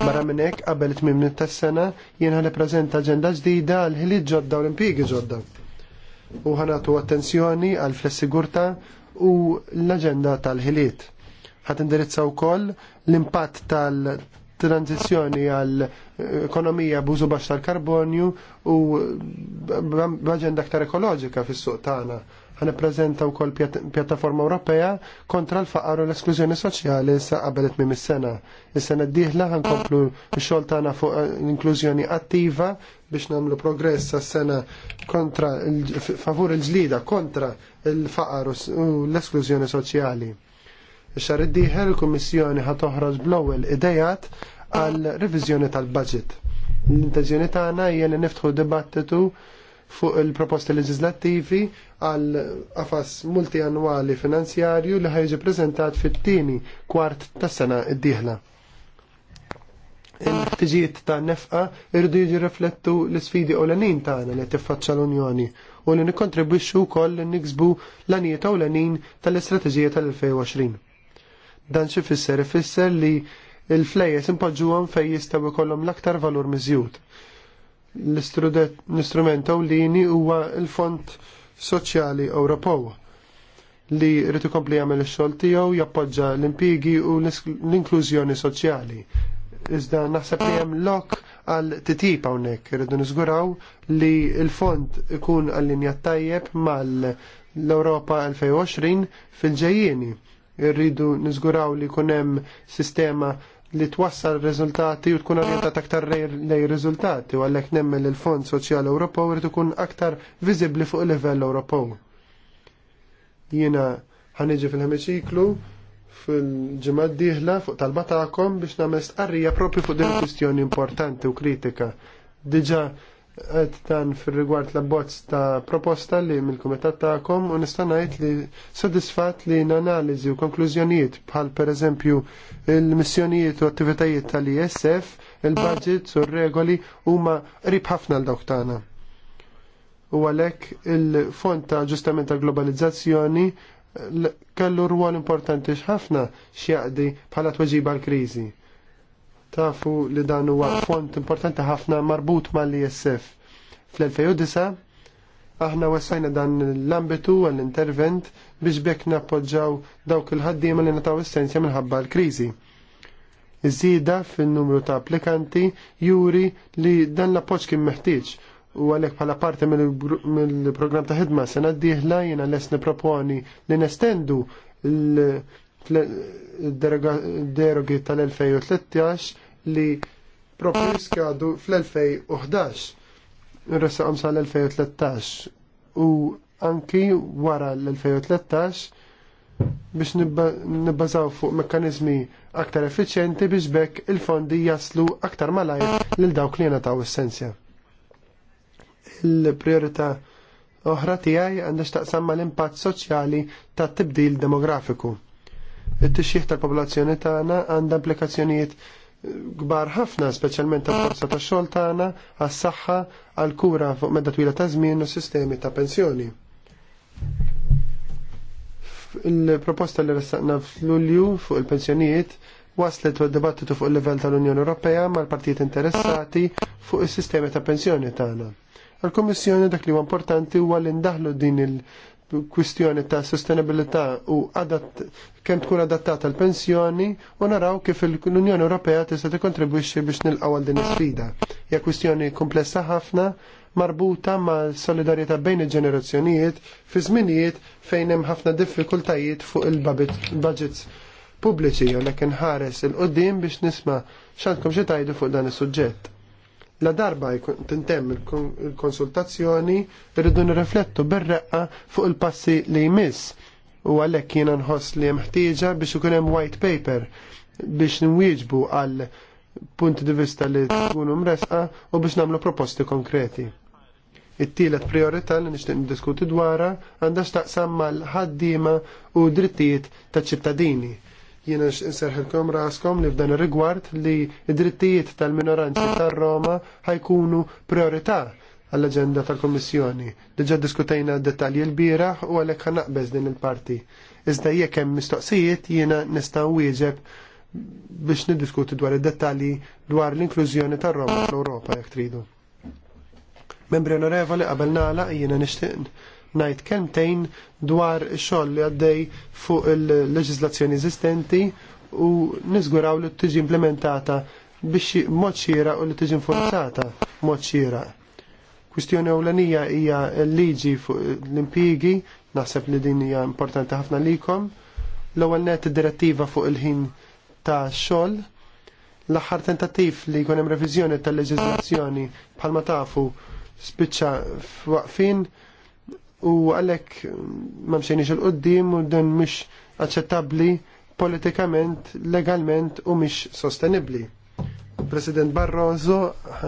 Barra minn hekk qabel tmiem tas-sena jien ħanippreżenta aġenda ġdida għal ħiliet ġodda u l-impjiegi ġodda. U ħanatu attenzjoni għal flessigurta u l-aġenda tal-ħiliet. Ħat indirizzaw ukoll l-impatt tal- Transizzjoni għal eh, ekonomija b'użu baxx tal-karbonju u b'aġenda aktar ekoloġika fis-suq tagħna. nippreżenta wkoll pjattaforma Ewropea kontra l-faqar u l-esklużjoni soċjali sa qabel tmiem is-sena. Is-sena d-dieħla ħankomplu x-xogħol tagħna fuq eh, l-inklużjoni attiva biex nagħmlu progress sas-sena kontra favur il-ġlida kontra l-faqar u l-esklużjoni soċjali Ix-xar il-Kummissjoni ħat toħroġ bl-ewwel idejat għal reviżjoni tal-budget. L-intenzjoni tagħna hija li niftħu dibattitu fuq il-proposti leġislattivi għal qafas multiannwali finanzjarju li ħajġi preżentat fit-tieni kwart tas-sena d dieħla il-ħtiġijiet ta' nefqa irridu jiġi riflettu l-sfidi ewlenin tagħna li tiffaċċa l-Unjoni u li nikkontribwixxu wkoll niksbu l-anijiet l-anin tal-istrateġija tal-2020. Dan xi fisser ifisser li il-flejes impoġġuhom fejn jistgħu jkollhom l-aktar valur miżjud. L-istrument ewlieni huwa l-Fond Soċjali Ewropew li rritu ikompli jagħmel ix-xogħol tiegħu jappoġġa l impigi u l-inklużjoni soċjali. Iżda naħseb li hemm lok għal titjib hawnhekk irridu niżguraw li l-fond ikun għall-linja tajjeb mal l-Europa 2020 fil-ġejjieni Irridu niżguraw li jkun hemm sistema li twassal riżultati u tkun orientat aktar lej rizultati u għalhekk nemmen l fond Soċjali Ewropew irid ikun aktar viżibbli fuq il-livell Ewropew. Jiena ħaniġi fil-ħemiċiklu fil-ġimgħa d-dieħla fuq tal-batakom biex namest arrija propri fuq din kwistjoni importanti u kritika. Diġà għed dan fil-rigward la bozz ta' proposta li mill-kumitat ta'kom u nistanajt li sodisfat li n-analizi u konklużjonijiet bħal per eżempju il-missjonijiet u attivitajiet tal-ISF, il-budget u regoli huma qrib ħafna l dawk tagħna. U għalhekk il-fond ta' ġustament ta' globalizzazzjoni kellu rwol importanti x'ħafna x'jaqdi bħala tweġiba l-kriżi tafu li dan huwa font importanti ħafna marbut mal-ISF. Fl-2009 aħna wassajna dan l-ambitu għall-intervent biex bekk nappoġġaw dawk il-ħaddiema li nataw essenzja minħabba l-kriżi. iż fil fin-numru ta' applikanti juri li dan l-appoġġ kien meħtieġ u għalhekk bħala parti mill-programm ta' ħidma sena d-dieħla jiena les niproponi li nestendu l derogi tal-2013 li propju fl-2011, rressaqom sal-2013 u anki wara l-2013 biex nibbażaw fuq mekkanizmi aktar effiċjenti biex bekk il-fondi jaslu aktar malajr lil dawk li nataw essenzja. Il-priorità oħra tiegħi għandha x'taqsam mal-impatt soċjali ta' tibdil demografiku. It-tixjih tal-popolazzjoni tagħna għandha implikazzjonijiet kbar ħafna, speċjalment ta' forza ta' xogħol tagħna, għas-saħħa, għall-kura fuq medda twila ta' żmien u sistemi ta' pensjoni. Il-proposta li ressaqna f'Lulju fuq il-pensjonijiet waslet u dibattitu fuq il-livell tal-Unjoni Ewropea mal-partijiet interessati fuq is-sistemi ta' pensjoni tagħna. għal komissjoni dak li huwa importanti huwa li ndaħlu din il- kwistjoni ta' sostenibilità u adatt kemm tkun adattata l-pensjoni u naraw kif l-Unjoni Ewropea tista' tikkontribwixxi biex nilqgħu għal din is-sfida. Hija kwistjoni komplessa ħafna marbuta ma' solidarjetà bejn il-ġenerazzjonijiet fi żminijiet fejn hemm ħafna diffikultajiet fuq il-budgets pubbliċi u nekk inħares il-qudiem biex nisma' x'għandkom xi tajdu fuq dan is-suġġett. La darba tintem il-konsultazzjoni irridu nirriflettu bir-reqqa fuq il-passi li jmiss u għalhekk jiena nħoss li hemm ħtieġa biex ikun hemm white paper biex nwieġbu għal punti di vista li tkunu mresqa u biex namlu proposti konkreti. It-tielet priorità li nixtieq diskuti dwarha għandha x'taqsam mal-ħaddiema u drittijiet ta' ċittadini. Jiena nserħilkom raskom li f'dan ir-rigward li id-drittijiet tal-minoranzi tar-Roma ħajkunu priorità għall-agenda tal-Komissjoni. Diġa diskutajna dettalji l-bira u għalek ħanaqbez din il-parti. Iżda jekk hemm mistoqsijiet jiena nista' wieġeb biex niddiskuti dwar id-dettalji dwar l-inklużjoni tar-Roma fl-Ewropa jekk tridu. Membri onorevoli qabel nagħlaq jiena nixtieq ngħid kemtejn dwar xogħol li għaddej fuq il-leġiżlazzjoni eżistenti u niżguraw li tiġi implementata biex mod xira u li tiġi forzata mod xieraq. Kwistjoni ewlenija hija l-liġi fuq l impjiegi naħseb li din hija importanti ħafna likom. L-ewwel net direttiva fuq il-ħin ta' xogħol. L-aħħar tentattiv li jkun hemm reviżjoni tal-leġiżlazzjoni bħalma tafu spiċċa waqfien u għalhekk m'hemmx il-qoddim u dan mish aċċettabbli politikament, legalment u mhix sostenibbli. President Barroso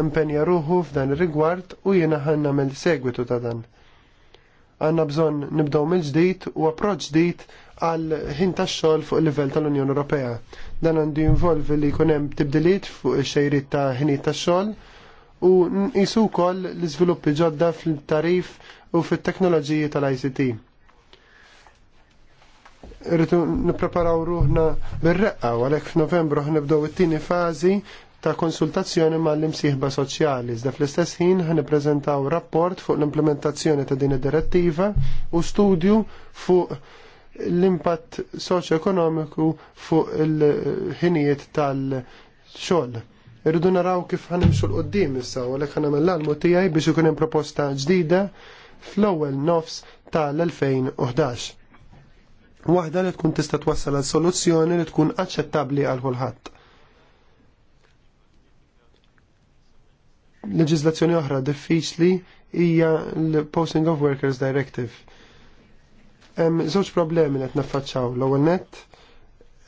impenja ruħu f'dan ir-rigward u jiena ħanna nagħmel segwitu ta' dan. Għanna bżonn nibdew mill-ġdid u approċ ġdijt għal ħin tax-xogħol fuq il-livell tal-Unjoni Ewropea. Dan għandu jinvolvi li jkun hemm tibdiliet fuq ix-xejrid ta' ħin tax-xogħol u jisu wkoll l-iżviluppi ġodda fil-tarif u fit-teknoloġiji tal-ICT. Rritu nippreparaw ruħna bir-reqqa għalhekk f'Novembru ħnibdew it-tieni fażi ta' konsultazzjoni mal l-imsieħba soċjali. Iżda fl-istess ħin ħanippreżentaw rapport fuq l-implementazzjoni ta' din id-direttiva u studju fuq l-impatt soċjoekonomiku fuq il-ħinijiet tal-xogħol. Irridu naraw kif ħanimxu l-qoddim issa, u għalhekk l-almu tiegħi biex ikun hemm proposta ġdida fl-ewwel nofs tal-2011. Waħda li tkun tista' twassal għal soluzzjoni li tkun aċċettabbli għal kulħadd. Leġiżlazzjoni oħra diffiċli hija l-Posting of Workers Directive. Hemm żewġ problemi li qed naffaċċaw l-ewwel nett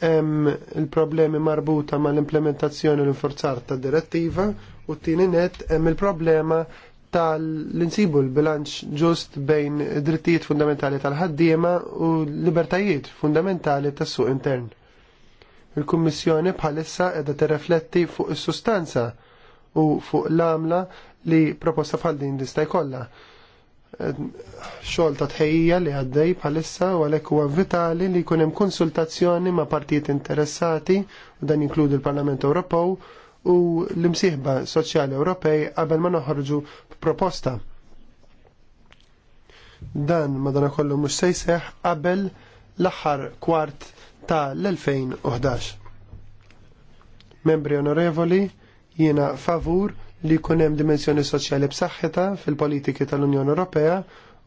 hemm il-problemi marbuta mal-implementazzjoni l-infurzar tad direttiva u t-tieni net hemm il-problema tal-insibu l-bilanċ ġust bejn drittijiet fundamentali tal-ħaddiema u libertajiet fundamentali tas-suq intern. Il-Kummissjoni bħalissa edha tirrefletti fuq is-sustanza u fuq l-għamla li proposta bħal din tista' jkollha. Xogħol ta' tħejjija li għaddej bħalissa u għalhekk huwa vitali li jkun hemm konsultazzjoni ma' partijiet interessati u dan jinkludi l-Parlament Ewropew u l-imsieħba soċjali Ewropej qabel ma noħorġu proposta. Dan madana mhux se jseħħ qabel l-aħħar kwart ta' l-2011. Membri onorevoli, jiena favur li jkun hemm dimensjoni soċjali b'saħħitha fil-politiki tal-Unjoni Ewropea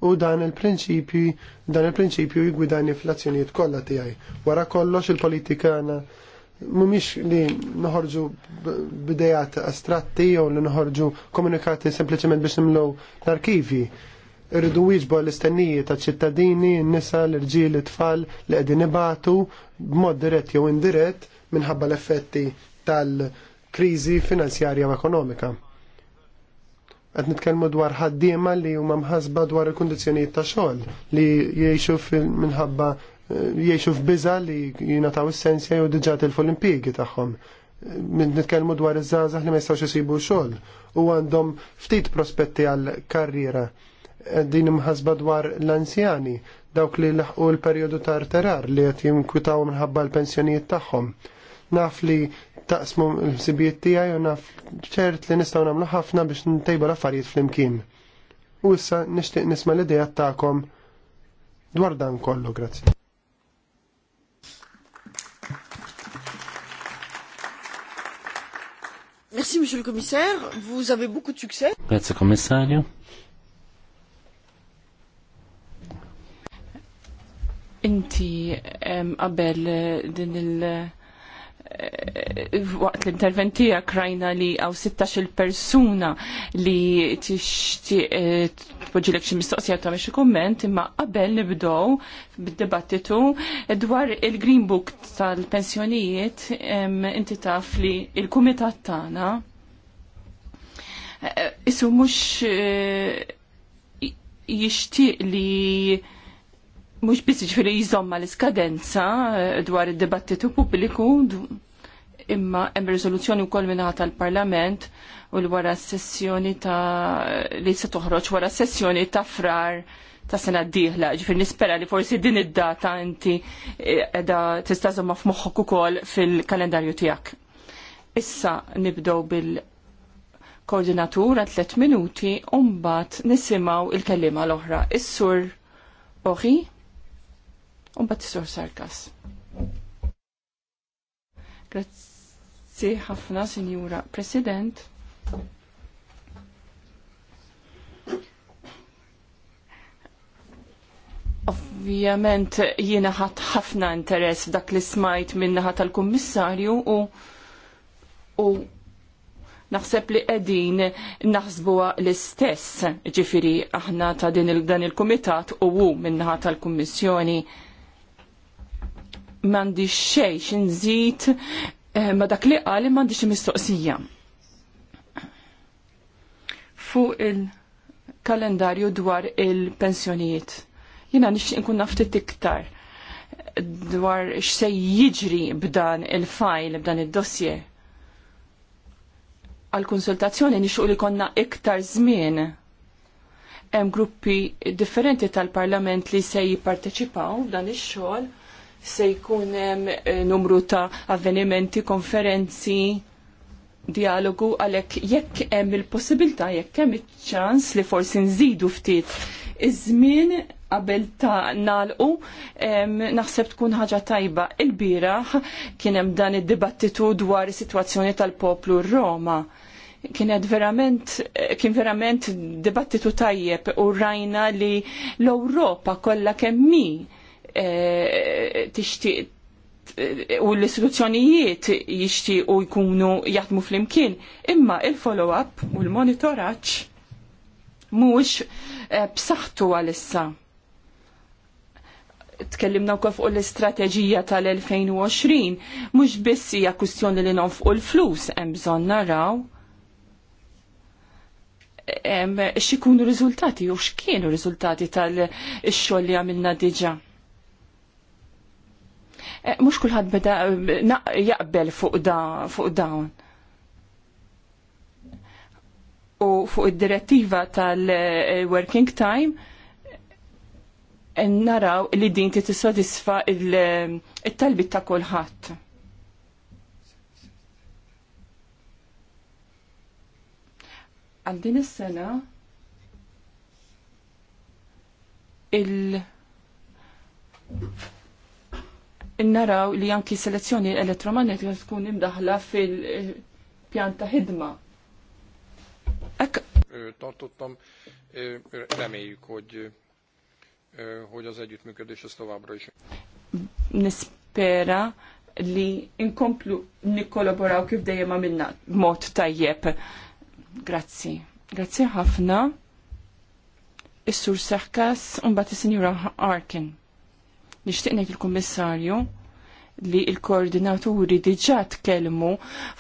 u dan il-prinċipju dan il-prinċipju jgwidani fl-azzjonijiet kollha tiegħi. Wara kollox il-politika mumiex li nħorġu bidejat astratti jew li nħorġu komunikati sempliċement biex nimlu l-arkivi. Irridu wieġbu l-istennijiet ta' ċittadini, n-nisa, l-irġiel, it-tfal li qegħdin ibatu b'mod dirett jew indirett minħabba l-effetti tal-kriżi finanzjarja u ekonomika. Qed nitkellmu dwar ħaddiema li huma mħasba dwar il-kundizzjonijiet ta' xogħol li jgħixu minħabba jiexu f'biża li jingħataw is-sens jew diġà tilfu l-impjiegi tagħhom. Nitkellmu dwar iż-żgħażagħ li ma jistawx isibu xogħol u għandhom ftit prospetti għal karriera. Din imħasba dwar l-anzjani dawk li laħqu l-perjodu ta' arterar li qed jinkwitaw minħabba l-pensjonijiet tagħhom. Naf li taqsmu l sibijiet tiegħi u naf ċert li nistgħu nagħmlu ħafna biex ntejbu l-affarijiet flimkien. U issa nixtieq nisma' l-idea tagħkom dwar dan kollu, grazzi. Merci, monsieur le commissaire. Vous avez beaucoup de succès. Grazie, commissario. Inti Abel, din il- waqt l-intervent tiegħek rajna li għaw 16 persuna li tixtieq eh, tpoġġilek xi mistoqsija ta' meċi kumment imma qabel nibdew bid-dibattitu dwar il-Green Book tal-pensjonijiet inti taf li il-kumitat tagħna eh, isu mux eh, jishtiq li mux biss ġifiri jizomma l-iskadenza eh, dwar id-dibattitu pubbliku imma hemm rizoluzzjoni wkoll minħata tal-Parlament u l-wara sessjoni ta' li se toħroġ wara sessjoni ta' frar ta' sena d-dieħla, ġifir nispera li forsi din id-data inti eh, edha tista' żomma f'moħħok ukoll fil-kalendarju tiegħek. Issa nibdow bil-koordinatur għal tliet minuti u mbagħad nisimgħu il-kelliema l-oħra. Is-sur Oħi? bat sur sarkas. Grazzi ħafna, Signora President. Ovvjament jiena ħadd ħafna interess f'dak li smajt min-naħa tal-Kummissarju u u naħseb li qegħdin naħsbuha l-istess, ġifieri aħna ta' din il-dan il-kumitat u hu min-naħa tal-Kummissjoni m'għandi xej xinżit eh, ma dak li qal mandi xi mistoqsija. Fuq il-kalendarju dwar il-pensjonijiet. Jina nix nkun naftit iktar dwar x'se jiġri b'dan il-fajl, b'dan id-dossier. Il fajl bdan id dossier għal konsultazzjoni nixuq li konna iktar żmien hemm gruppi differenti tal-Parlament li se jipparteċipaw f'dan ix-xogħol se jkun hemm eh, numru ta' avvenimenti, konferenzi, dialogu għalhekk jekk hemm il-possibilità, jekk hemm iċ-ċans li forsi nżidu ftit iż-żmien qabel ta' nalqu naħseb tkun ħaġa tajba. Il-biraħ kien hemm dan id-dibattitu dwar is-sitwazzjoni tal-poplu Roma kienet verament, kien verament dibattitu tajjeb u rajna li l-Europa kollha kemmi E, tixtieq u l-istituzzjonijiet jixtiequ jkunu jaħdmu fl-imkien, imma il-follow-up u l-monitoraġġ mhux e, b'saħħtu għalissa. Tkellimna wkoll fuq l-istrateġija tal-2020, mhux biss hija kwistjoni li nonfqu l-flus hemm bżonn naraw x'ikunu riżultati u x'kienu riżultati tal-xogħol li għamilna diġà Eh, mhux kulħadd beda eh, jaqbel fuq da fuq dawn. U fuq id-direttiva tal-working time eh, naraw li din ti t-sodisfa il-talbit ta' kulħadd. għal din is-sena il naraw li anki selezzjoni elettromagnetika tkun imdaħla fil-pjanta ħidma. Ek... Tartottam, reméljük, hogy, hogy az együttműködés ez továbbra is. Nispera li inkomplu nikkolaboraw kif dejjem għamilna mod tajjeb. Grazzi. Grazzi ħafna. Is-sur Seħkas un bat is Arkin. Nixtieq il-Kummissarju li il-koordinaturi diġà tkellmu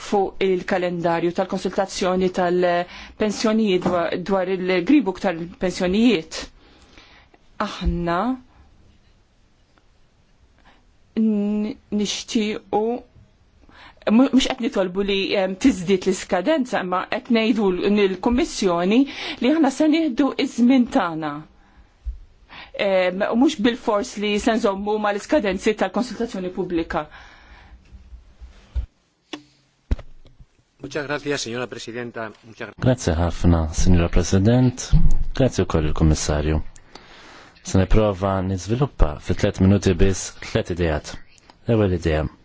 fuq il-kalendarju tal-konsultazzjoni tal-pensjonijiet dwar il-gribuk tal-pensjonijiet. Aħna nixtiequ mux qed nitolbu li tizdit l-iskadenza, ma qed ngħidu l-Kummissjoni li aħna se nieħdu iż-żmien tagħna u mhux bil-fors li se ma l iskadenzi tal-konsultazzjoni pubblika. Grazie ħafna, signora President. Grazie koll il-Kommissarju. Se prova niżviluppa fi tliet minuti biss tliet idejat. Ewel idejam.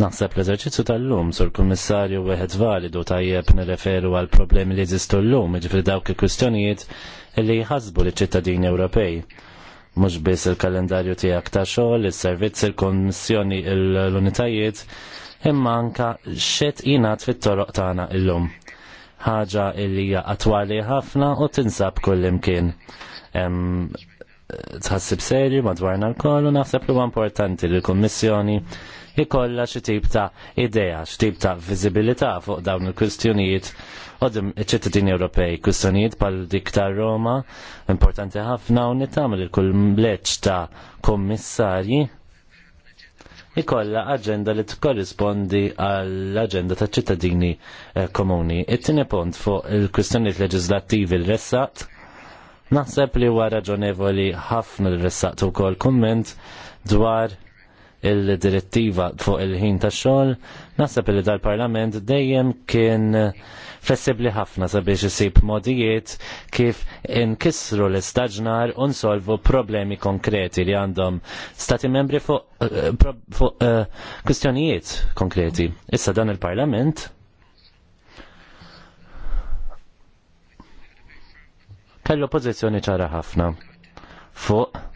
Naħseb l-eżerċizzju tal-lum sur kummissarju wieħed validu tajjeb nirreferu għal problemi li jżistu llum, jiġifieri dawk il-kwistjonijiet li jħasbu liċ ċittadini Ewropej. Mhux biss il-kalendarju tiegħek ta' xogħol, is-servizz, il-kommissjoni, l-unitajiet, imma anka xet jingħad fit-toroq tagħna llum. Ħaġa li hija attwali ħafna u tinsab kullimkien tħassib serju madwarna l u naħseb li huwa importanti li l-Kummissjoni ikollha xi tip ta' idea, xi tip ta' viżibilità fuq dawn il-kwistjonijiet għodim iċ-ċittadini Ewropej, kwistjonijiet bħal dik ta' Roma, importanti ħafna u nitamil il-kull mleċ ta' kommissarji ikolla agenda li t-korrispondi għall-agenda ta' ċittadini eh, komuni. It-tini punt fuq il kwistjonijiet leġislattivi l ressat naħseb li huwa raġonevoli ħafna l-ressaqt kol komment dwar il-direttiva fuq il-ħin ta' xogħol, naħseb li dal-Parlament dejjem kien flessibbli ħafna sabiex isib modijiet kif inkissru l-istaġnar u nsolvu problemi konkreti li għandhom stati membri fuq eh, fu, eh, kwistjonijiet uh, konkreti. Issa dan il-Parlament kellu pozizjoni ċara ħafna fuq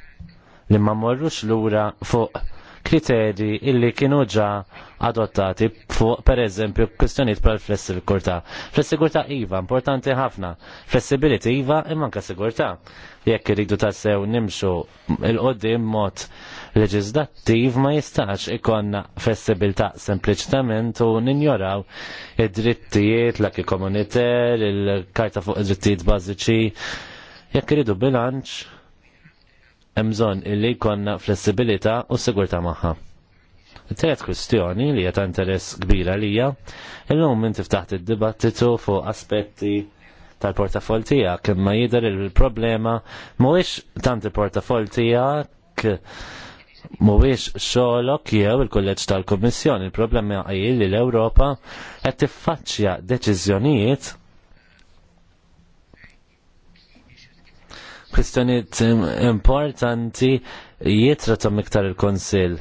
li ma morrux lura fuq kriteri illi kienu ġa adottati fuq per eżempju kwistjoniet bħal flessibilità. Flessibilità iva importanti ħafna, flessibilità iva ka sigurtà. Jekk iridu tassew nimxu il-qoddim mod leġislattiv ma jistax ikonna flessibilità sempliċitament u ninjoraw id-drittijiet l-akki komuniter, il-karta fuq id-drittijiet bażiċi. Jekk iridu bilanċ, emżon illi konna flessibilita u sigurta maħħa. Tret kustjoni li jeta interess kbira lija, illum minn tiftaħt id-dibattitu fuq aspetti tal-portafol tijak, imma jider il-problema muwix tant il-portafol tijak muwix xolok jew il-kolleġ tal komissjoni Il-problema għajil li l-Europa għed tiffaċċja deċizjonijiet kwistjoniet importanti ta' iktar il-Konsil.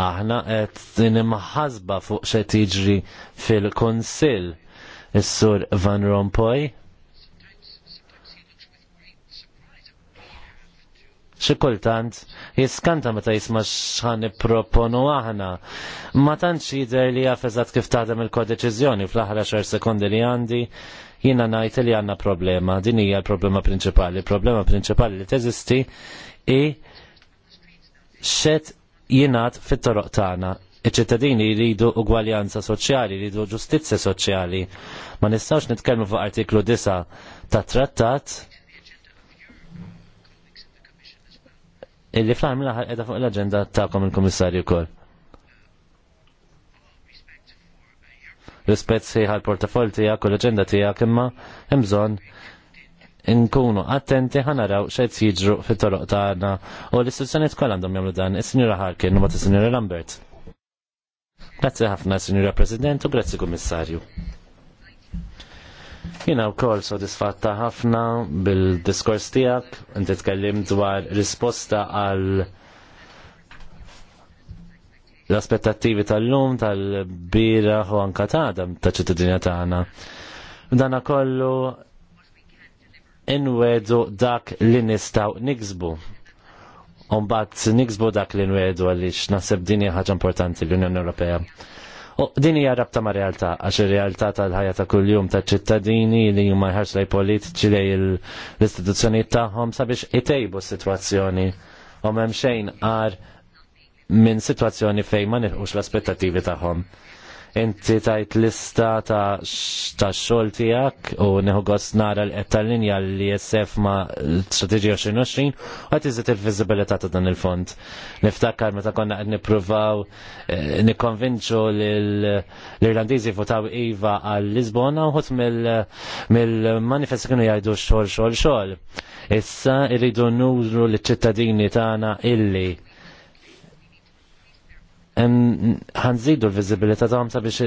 Aħna qed ħasba fuq xe tiġri fil-Konsil. Is-sur Van Rompuy. xi kultant jiskanta meta jisma' x'ħan nipproponu aħna. Ma tantx jidher li jafeżat kif taħdem il-kodeċiżjoni fl-aħħar xar sekundi li għandi Jiena ngħid li għandna problema, din hija l-problema prinċipali. Il-problema prinċipali li teżisti i xed jingħad fit-toroq tagħna. Iċ-ċittadini jridu ugwaljanza soċjali, jridu ġustizzja soċjali. Ma nistgħux nitkellmu fuq artiklu 9 ta' trattat illi fl-għamil qiegħda fuq l agenda tagħkom il-Kummissarju wkoll. rispett sieħa l-portafol tiegħek u l-aġenda tiegħek imma hemm bżonn nkunu attenti ħanaraw xejn jiġru fit-toroq tagħna u l-istituzzjonijiet kollha għandhom jagħmlu dan. Is-Sinjura Harkin u mat-Sinjura Lambert. Grazzi ħafna, Sinjura President, u grazzi Kummissarju. Jina u kol sodisfatta ħafna bil-diskors tijak, inti tkellim dwar risposta għal l-aspettattivi tal-lum, tal-bira u anka ta' ta' ċittadinja tagħna. Dana kollu inwedu dak li nistaw niksbu. Umbat niksbu dak li nwedu għalix nasib dini ħaġa importanti l-Unjoni Ewropea. U din hija rabta ma' realtà, għax ir-realtà tal-ħajja ta' kuljum ta' ċittadini li huma jħarx lej politiċi lej l ta' tagħhom sabiex itejbu s-sitwazzjoni. U m'hemm xejn għar minn situazzjoni fejn ma nilħux l-aspettativi tagħhom. Inti tajt lista ta' xogħol tiegħek u neħu għost nara l-qed tal-linja li jessef ma' strategija 2020 u għat iżid il-viżibilità ta' dan il-fond. Niftakar meta konna qed nippruvaw eh, nikkonvinċu l-Irlandiżi votaw iva għal Lisbona uħut mill manifest kienu jgħidu xogħol xogħol xogħol. Issa irridu nuru l-ċittadini tagħna illi ħanżidu l-viżibilità tagħhom sabiex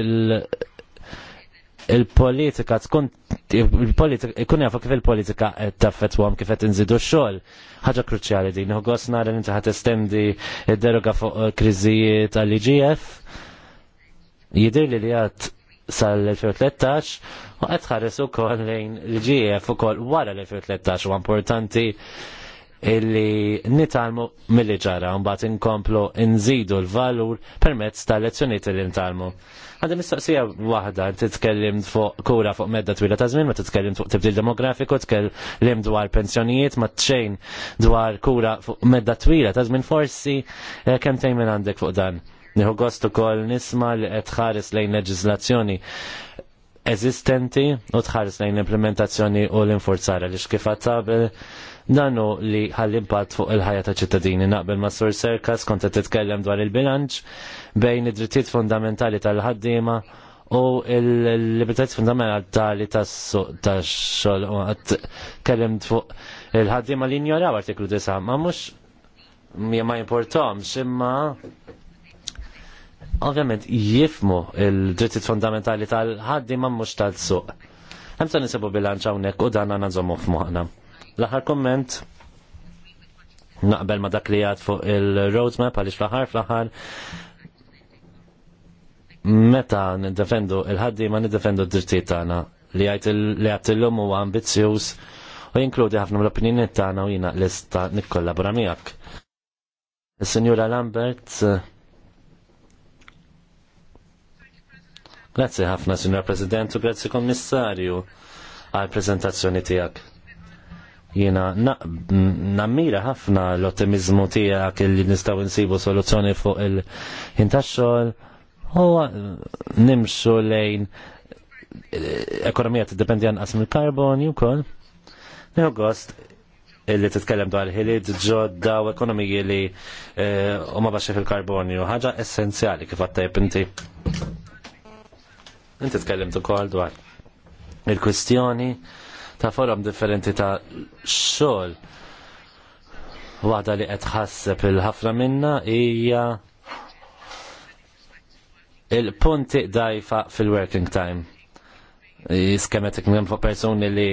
il-politika tkun il-politika ikun jafu kif il-politika qed taffettwhom kif qed inżidu x-xogħol. Ħaġa kruċjali din, u gost nara inti ħad estendi id-deroga fuq kriżijiet għall-IGF. Jidir li li għad sal-2013 u għed ħares u lejn l igf u kol wara l-2013 u importanti illi nitalmu mill-li ġara bat inkomplu nżidu l-valur permezz ta' lezzjonijiet li nitalmu. Għandi mistoqsija waħda titkellim fuq kura fuq medda twila ta' zmin, ma titkellim fuq tibdil demografiku, titkellim dwar pensjonijiet, ma txejn dwar kura fuq medda twila ta' żmien forsi eh, kemm tejn għandek fuq dan. Nieħu gost ukoll nisma' li qed lejn leġiżlazzjoni eżistenti u tħares lejn l-implementazzjoni u l-infurzara li xkifat tabel nanu li ħall fuq il-ħajja ta' ċittadini naqbel ma' Sur Serkas konta titkellem dwar il-bilanċ bejn id-drittijiet fundamentali tal-ħaddiema u l-libertajiet fundamentali tas-xogħol tkellem fuq il-ħaddiema li ignoraw artiklu 9 ma' mhux ma jimportomx imma ovvjament jifmu il-drittijiet fundamentali tal-ħaddiema mhux tal-suq. Hemm se nisibu bilanċ hawnhekk u dan għandna nżommu f'moħħna. L-aħħar komment naqbel ma dak li għad fuq il-roadmap għaliex fl-aħħar fl-aħħar meta nindefendu il-ħaddi ma nindefendu d-dirtiet tagħna li għajt li għat l-lum u ambizjus u jinkludi ħafna mill-opinjoni tagħna u jiena lista nikkollabora miegħek. Is-Sinjura Lambert Grazzi ħafna, Sinjura President, u grazie Kommissarju għal prezentazzjoni tiegħek. Jiena nammira ħafna l-ottimizmu tiegħek li nistgħu nsibu soluzzjoni fuq il-ħin u nimxu lejn eh, ekonomija tiddependi anqas mill-karbonju wkoll. il gost illi titkellem dwar ħilid ġodda u ekonomiji li eh, huma baxi fil-karbonju, ħaġa essenzjali kif għattajb inti. Inti t ukoll dwar il-kwistjoni ta' forum differenti ta' xogħol. Waħda li qed ħasseb il-ħafna minna hija il-punti dajfa fil-working time. Iskematik minn fuq persuni li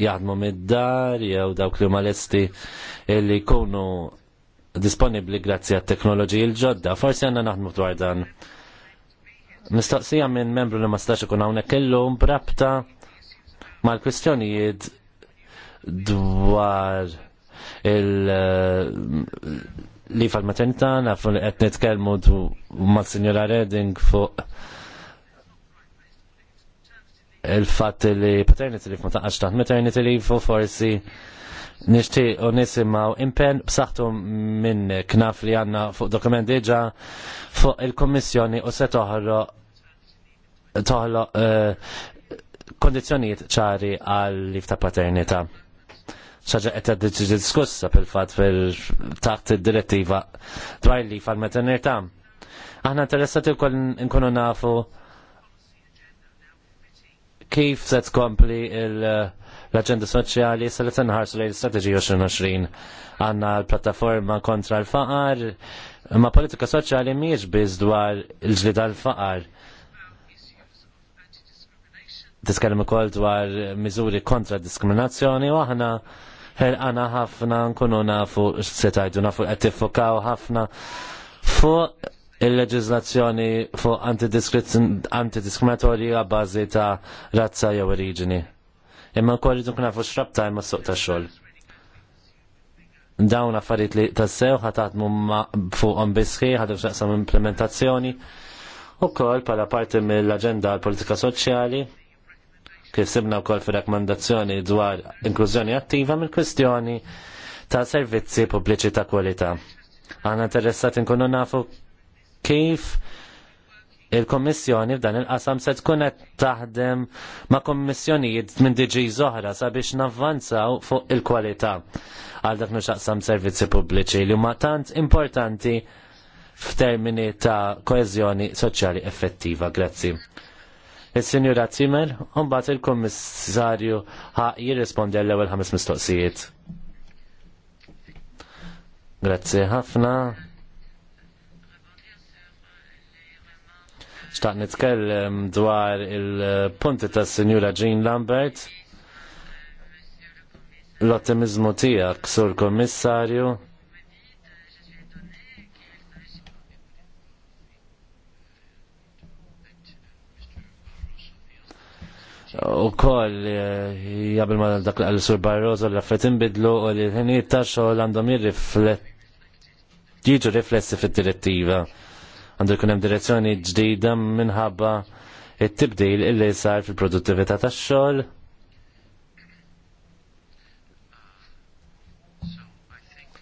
jaħdmu mid-dar jew dawk li huma lesti li jkunu disponibbli grazzi għat teknoloġiji l-ġodda. Forsi għandna naħdmu dwar dan. Mistoqsija minn membru li ma stax ikun hawnhekk illum brabta mal-kwestjonijiet dwar il- eh, li fal-maternità nafu li qed nitkellmu mal-Sinjora Reding fuq il fat li paternity leave ma taqax taħt maternity leave u forsi nishti u nisimaw impen b'saħħtu minn knaf li għanna fuq dokument diġa fuq il-Kommissjoni u se toħlo toħloq eh, kondizjonijiet ċari għal ta' paternita. ċaġa qed diskussa fil-fatt fil-taħt id-direttiva dwar li fal maternità Aħna interessati wkoll nkunu nafu kif se tkompli l agenda soċjali se li tinħarsu lejn l-istrateġi 2020 għandna l-plattaforma kontra l-faqar, ma politika soċjali mhijiex biż dwar il-ġlida l-faqar tiskellem ukoll dwar miżuri kontra diskriminazzjoni u aħna ħelqana ħafna nkunu nafu se tgħidu nafu qed tiffokaw ħafna fuq il-leġiżlazzjoni fuq antidiskriminatorji bażi ta' razza jew oriġini. Imma wkoll idu nafu x'rabta imma suq ta' xogħol. Dawn affarijiet li tassew ħatatmu fuqhom bisħi, ħadu x'aqsam implementazzjoni. U kol pala parti mill-agenda politika soċjali, kisibna u wkoll fir-rakkomandazzjoni dwar inklużjoni attiva mill-kwistjoni ta' servizzi pubbliċi ta' kwalità. Għana interessat inkunu nafu kif il-Kommissjoni f'dan il-qasam se tkun qed taħdem ma' kommissjonijiet minn diġi zoħra sabiex navvanzaw fuq il-kwalità għal dak nuxaqsam servizzi pubbliċi li huma tant importanti f'termini ta' koeżjoni soċjali effettiva. Grazzi il-Sinjura Zimmer, unbat il-Kommissarju ħa jirrispondi għall-ewel ħames mistoqsijiet. Grazzi ħafna. Xtaq nitkellem dwar il-punti tas sinjura Jean Lambert, l-ottimizmu tijak sur kommissarju, u koll eh, jgħabil ma dak l-Sur Barroso l-affet imbidlu u li l-ħinijiet ta' xogħol għandhom jiġu riflessi fid-direttiva. Għandu jkun direzzjoni ġdida minħabba it-tibdil illi sar fil-produttività tax-xogħol.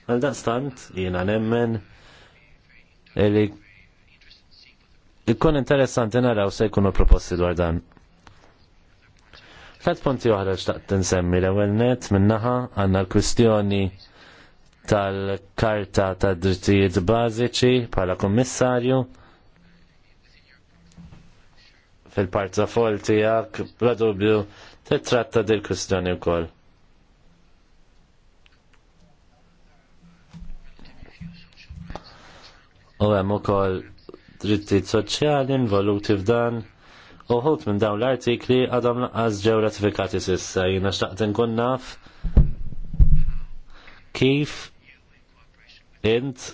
Għal daqstant, jiena nemmen li ikun interessanti naraw se jkunu proposti dwar dan. Fett punti oħra xtaqt nsemmi l-ewwel net minnaħa għandna l-kwistjoni tal-karta ta' drittijiet bażiċi bħala kummissarju fil-portafol tiegħek bla dubju titratta dil kwistjoni wkoll. U hemm ukoll drittijiet soċjali involuti f'dan uħut minn dawn l-artikli għadhom laqqas ġew ratifikati sissa jiena xtaqt nkun naf kif int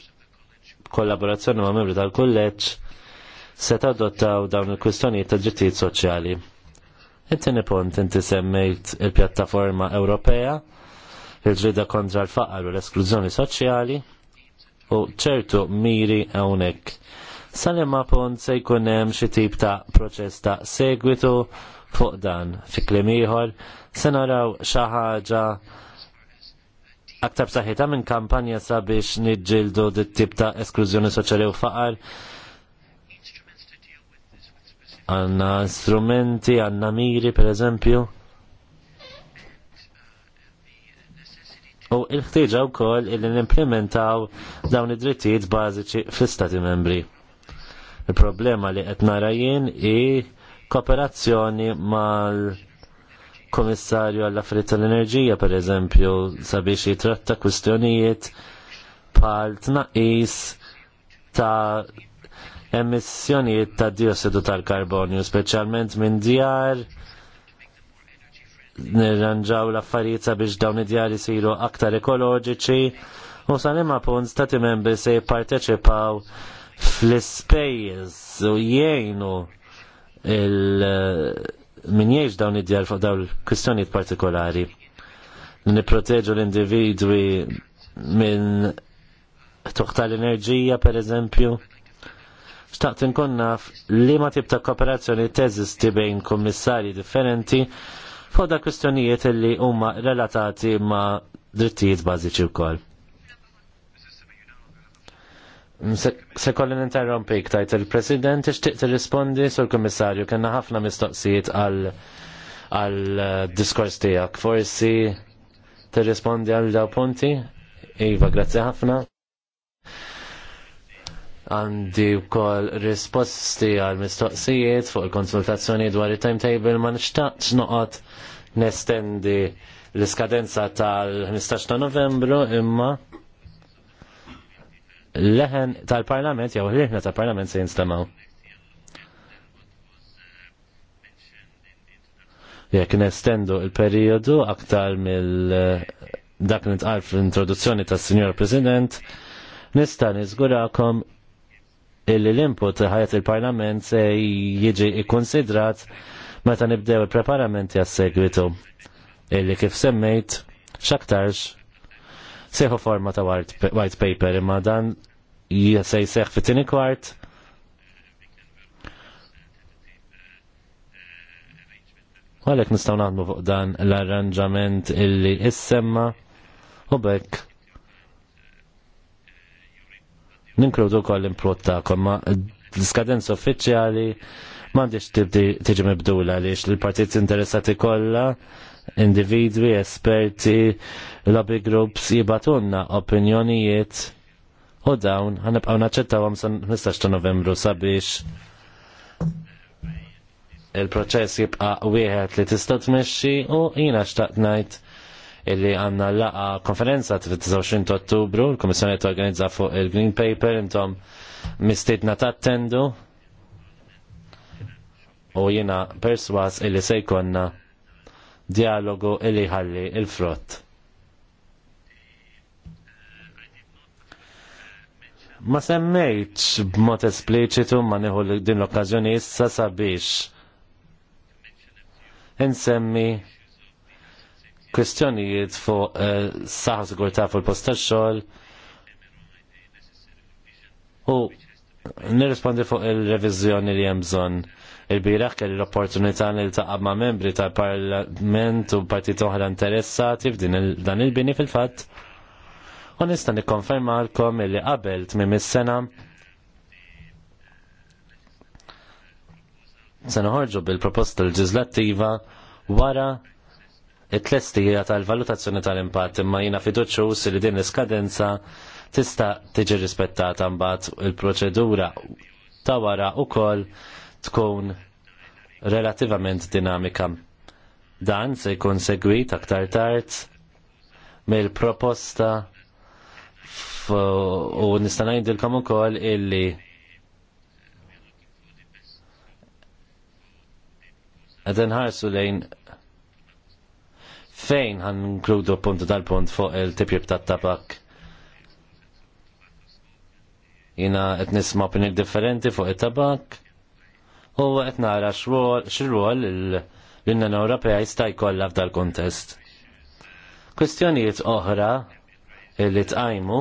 kollaborazzjoni ma' membri tal-kulleġġ se tadottaw dawn il-kwistjonijiet ta' ġittijiet soċjali. Inti punt inti semmejt il-pjattaforma Ewropea il-ġrida kontra l-faqar u l-esklużjoni soċjali u ċertu miri hawnhekk Salema punt se jkun hemm xi tip ta' proċess ta' segwitu fuq dan fi klimiħor ieħor se naraw xi ħaġa aktar saħħita minn kampanja sabiex niġġieldu dit-tip ta' esklużjoni soċjali u faqar għanna strumenti, għanna miri, per eżempju. U il-ħtieġa wkoll illi nimplementaw dawn id-drittijiet bażiċi fl-Istati membri. Il-problema li qed nara jien hi kooperazzjoni mal komissarju għall affarijiet tal-enerġija pereżempju sabiex jitratta kwistjonijiet bħal tnaqqis ta' emissjonijiet ta' diossidu tal-karbonju, speċjalment minn djar nirranġaw l-affarijiet sabiex dawn id-djar isiru aktar ekoloġiċi u sal punt stati membri se jipparteċipaw fl-ispejjeż u jgħinu min jgħix dawn id-djar fuq dawn kwistjonijiet partikolari. Niproteġu l-individwi minn toħta l-enerġija, per eżempju. Xtaqt inkun naf li ma tibta kooperazzjoni teżisti bejn kommissari differenti fuq da kwistjonijiet li huma relatati ma' drittijiet bażiċi wkoll. Se kolli ninterrompi iktajt il-President ixtiq tirrispondi sur Kommissarju. kena ħafna mistoqsijiet għal għal eh, diskors tijak. Forsi tirrispondi għal daw punti? Iva, grazzi ħafna. Għandi wkoll risposti għal mistoqsijiet fuq il-konsultazzjoni dwar il-timetable ma nixtaqx noqot nestendi l-iskadenza tal-15 ta' novembru imma leħen tal-parlament, jew l-leħna tal-parlament se jinstemaw. Jekk nestendu il-periodu aktar mill eh, dak li tqal fl-introduzzjoni tas sinjor President, nista' niżgurakom illi l-input ħajat il-Parlament se jiġi ikkonsidrat meta nibdew il-preparamenti għas segwitu illi kif semmejt xaktarx seħu forma ta' white paper imma dan jisej seħ fit tini kwart. Għalek nistaw naħdmu fuq dan l-arranġament illi jissemma u bekk ninkludu kol l-improt ta'kom l-skadenza uffiċjali mandiċ tiġi mibdula li l partiet interessati kollha individwi, esperti, lobby groups jibatunna opinjonijiet u dawn ħanibqaw naċċettawhom sa 15 ta' Novembru sabiex il-proċess jibqa' wieħed li tista' tmexxi u jiena xtaqt ngħid illi għanna laqa konferenza t-29 ottubru, l-Komissjoni t-organizza fuq il-Green Paper, intom mistidna tattendu u jina perswas illi sejkonna dialogu illi ħalli il-frott. Ma semmejtx b'mod espliċitu ma nieħu din l-okkażjoni issa sabiex insemmi kwestjonijiet fuq eh, saħħa sigurtà fuq il-post tax-xogħol u nirrispondi fuq il-reviżjoni li hemm bżonn. Il-biraħ kelli l-opportunità niltaqa' ma' membri tal-Parlament u partit oħra interessati f'din dan il-bini fil-fatt U nista' għalkom li qabel tmiem is-sena se noħorġu bil-proposta leġislattiva wara it-tlestija tal-valutazzjoni tal-impatt imma jina fiduċus li din l-iskadenza tista' tiġi rispettata mbagħad il-proċedura ta' wara ukoll tkun relativament dinamika. Dan se jkun segwit aktar tard mill-proposta u u nista' ngħidilkom ukoll illi qed inħarsu lejn fejn għan nkludu punt dal-punt fuq il-tipjib tat-tabak. Jina qed nisma' opinjoni differenti fuq it-tabak u qed nara x'rwol l-Unjoni Ewropea jista' jkollha f'dal kuntest. Kwestjonijiet oħra li tqajmu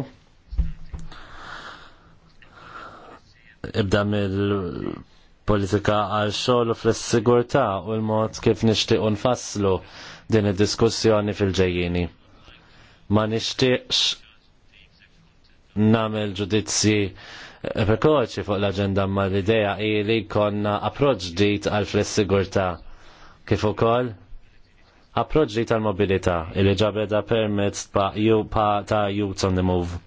ibda mill-politika għal xogħol u fl-sigurtà u l-mod kif nixtiequ nfasslu din id-diskussjoni fil-ġejjini. Ma nixtieqx nagħmel ġudizzji prekoċi fuq l-aġenda ma l-idea hi li konna approċ ġdid għal fl-sigurtà kif ukoll approċ ġdid għal mobilità li ġabeda permezz ta' Youth on the Move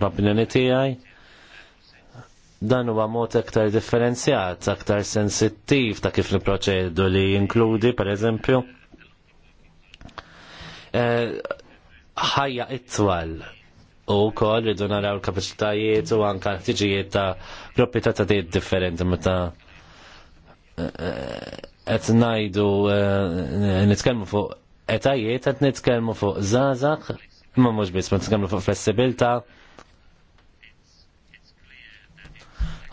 l-opinjoni dan huwa mod aktar differenzjat, aktar sensittiv ta' kif niproċedu li inkludi per eżempju, eh, ħajja it-twal u kol rridu naraw kapacitajiet u anka ħtiġijiet ta' gruppi ta' ta' differenti meta eh, qed ngħidu eh, nitkellmu fuq etajiet qed nitkellmu fuq zazak, imma mhux biss ma nitkellmu fuq flessibilta'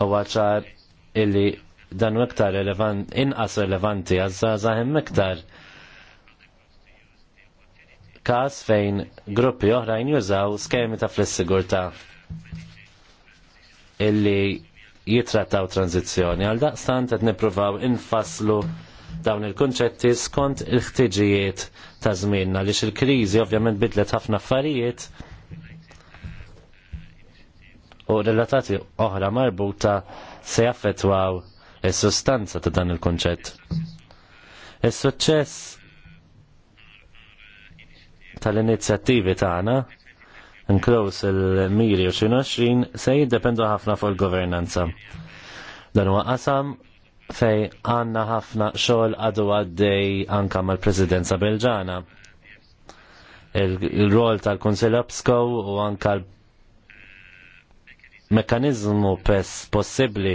u għacħar illi dan iktar relevant, inqas relevanti għazza zaħem iktar kas fejn gruppi oħrajn jużaw skemi ta' flessigurta illi jitrattaw tranzizjoni. Għal daqstant qed nippruvaw infaslu dawn il-konċetti skont il-ħtiġijiet ta' żmienna li il-kriżi ovvjament bidlet ħafna affarijiet u relatati oħra marbuta se jaffetwaw is-sustanza ta' dan il-konċett. Is-suċċess tal-inizjattivi tagħna inkluż il-miri u 2020 se jiddependu ħafna fuq il-governanza. Dan huwa qasam fej għanna ħafna xogħol għadu għaddej anka mal-Presidenza Belġana. Il-rol tal-Kunsill Abskow u anka l mekanizmu pes possibli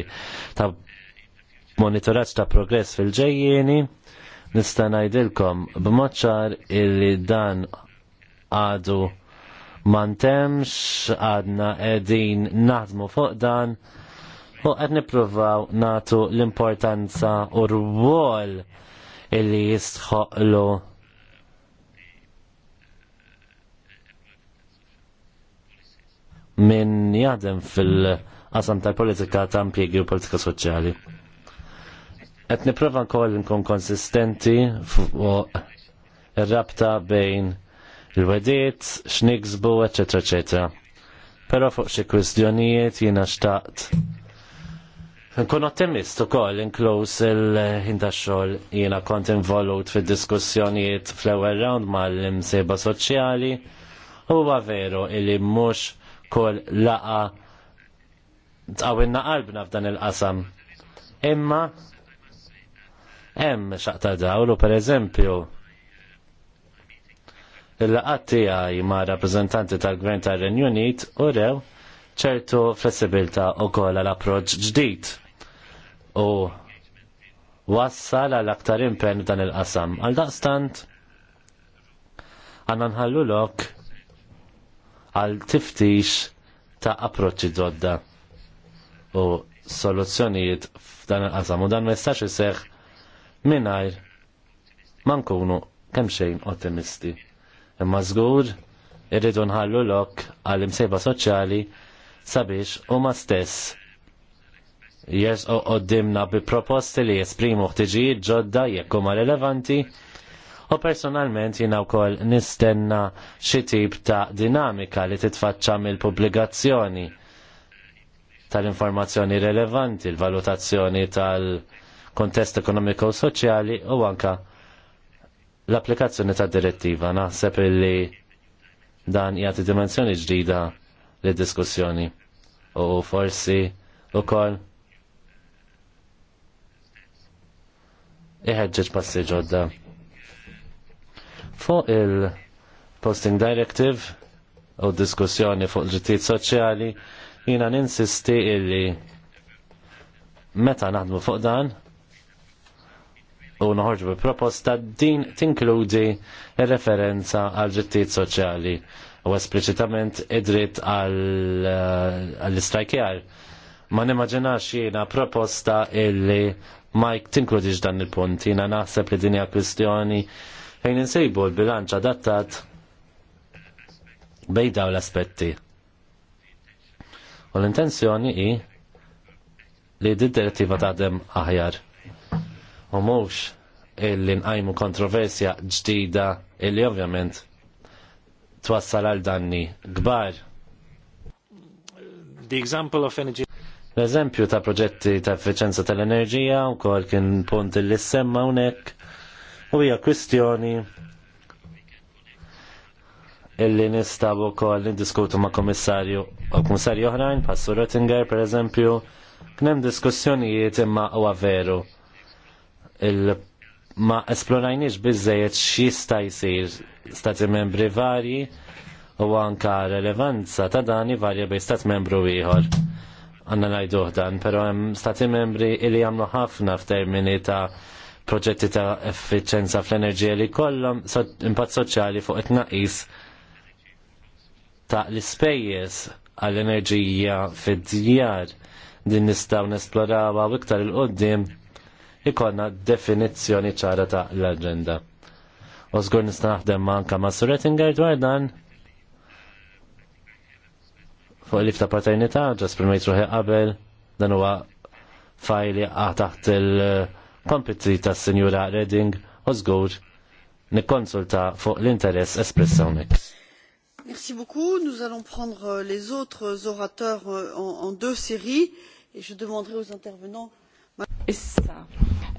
ta' monitoraġġ ta' progress fil ġejjeni nista' ngħidilkom b'moċar ċar illi dan għadu mantemx għadna qegħdin naħdmu fuq dan u qed nippruvaw nagħtu l-importanza u rwol illi jistħoqlu minn jaħdem fil-qasam tal-politika ta' impjegi u politika soċjali. Qed nipprova wkoll nkun konsistenti fuq ir-rabta bejn il-wediet, x'niksbu, eċetera, eċetera. Però fuq xi kwistjonijiet jiena xtaqt Nkun ottimist ukoll inkluż il-ħin tax-xogħol jiena kont involut fid-diskussjonijiet fl-ewwel round mal-imsieba soċjali huwa veru li mhux kol laqa tqawinna qalbna f'dan il-qasam. Imma hemm xaqta dawlu per eżempju il-laqat tiegħi ma' rappreżentanti tal-Gvern tar-Renju Unit u rew ċertu flessibilta u kol għal-approċ ġdid u wassal għal aktar impenn dan il-qasam. Għal daqstant, għanna nħallu lok għal tiftix ta' approċċi ġodda u soluzzjonijiet f'dan il-qasam u dan ma jistax iseħħ mingħajr ma nkunu kemm xejn ottimisti. Imma żgur irridu nħallu lok għal imsejba soċjali sabiex huma stess jersqu qoddimna bi proposti li jesprimu ħtiġijiet ġodda jekk huma relevanti U personalment jina wkoll nistenna xi tip ta' dinamika li titfaċċa mill-pubblikazzjoni tal-informazzjoni rilevanti, l-valutazzjoni tal-kontest ekonomiku u soċjali u anka l-applikazzjoni ta' direttiva. Naħseb illi dan jagħti dimensjoni ġdida li diskussjoni u forsi u kol iħedġeġ passi ġodda. Fuq il-Posting Directive u diskussjoni fuq l-ġittijiet soċjali, jina ninsisti illi meta naħdmu fuq dan u nħorġu bi proposta din tinkludi referenza għal ġittijiet soċjali u esplicitament id-dritt eh, għall-istrajkjar. Ma nimmaġinax jiena proposta illi ma tinkludix dan il-punt, jina naħseb li dinja kwistjoni fejn insejbu l-bilanċ adattat bejn dawn l-aspetti. U l-intenzjoni hi li d direttiva dem aħjar. U mhux illi nqajmu kontroversja ġdida illi ovvjament twassal għal danni kbar. The example of energy. L-eżempju ta' proġetti ta' efficienza tal-enerġija u kol kien punt li semma unek u hija kwistjoni illi nistabu wkoll niddiskutu ma' komissarju u komissarju oħrajn passu Rottinger pereżempju kien hemm diskussjonijiet imma huwa veru il ma esplorajniex biżejjed x'jista' jsir stati membri varji u anka relevanza ta' dani varja bejn stat membru ieħor għanna najduħ dan, pero hemm stati membri ili jagħmlu ħafna f'termini ta' proġetti ta' effiċenza fl-enerġija li kollhom impatt soċjali fuq it-tnaqqis ta' l-ispejjeż għall-enerġija fid-djar din nistgħu nesplorawha u iktar il-qoddim ikonna definizzjoni ċara ta' l-aġenda. U żgur nista' naħdem anke ma' Sur Rettinger dwar dan fuq il-lifta paternità, ġas primajt ruħi qabel, dan huwa fajli taħt il- kompetri ta' Sinjura Redding u zgur nikkonsulta fuq l-interess espress hawnhekk. Merci beaucoup. Nous allons prendre euh, les autres orateurs euh, en, en deux séries et je demanderai aux intervenants. Issa,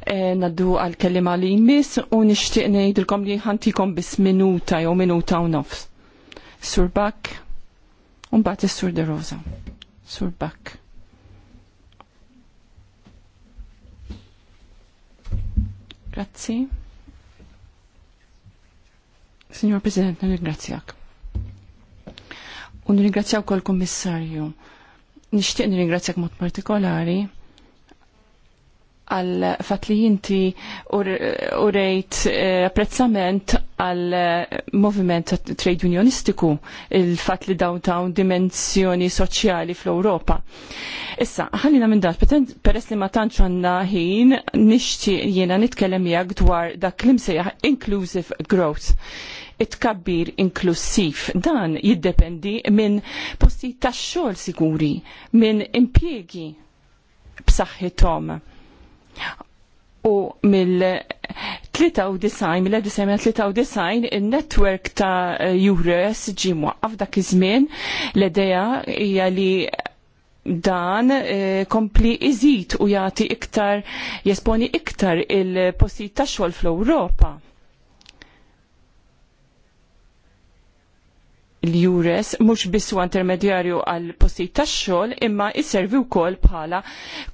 eh, naddu għal-kellima li jimmis u nishtiq nejdilkom li jħantikom bis minuta jew minuta u nofs. Sur Bak, un bat Sur De Rosa. Sur Bak. Grazzi. Signor President, nirringrazzjak. U nirringrazzjaw kol kommissarju. Nishtiq nirringrazzjak mod partikolari għal fat li jinti rejt eh, apprezzament għal eh, moviment trade unionistiku il-fat li dawn dawn dimensjoni soċjali fl-Europa. Issa, ħallina minn dat, peress li ma tantx għandna ħin nixti jiena nitkellem jgħak dwar dak li msejjaħ inclusive growth it-kabbir inklusiv. Dan jiddependi minn posti tax xogħol siguri, minn impjiegi b'saħħithom u mill-93, mill 93 il-network ta' URS ġimu mwaqqaf dak iż-żmien l-idea hija li dan eh, kompli iżid u jagħti iktar jesponi iktar il-postijiet ta' xogħol fl-Ewropa l-jures mhux biss huwa intermedjarju għal postijiet tax-xogħol imma jservi wkoll bħala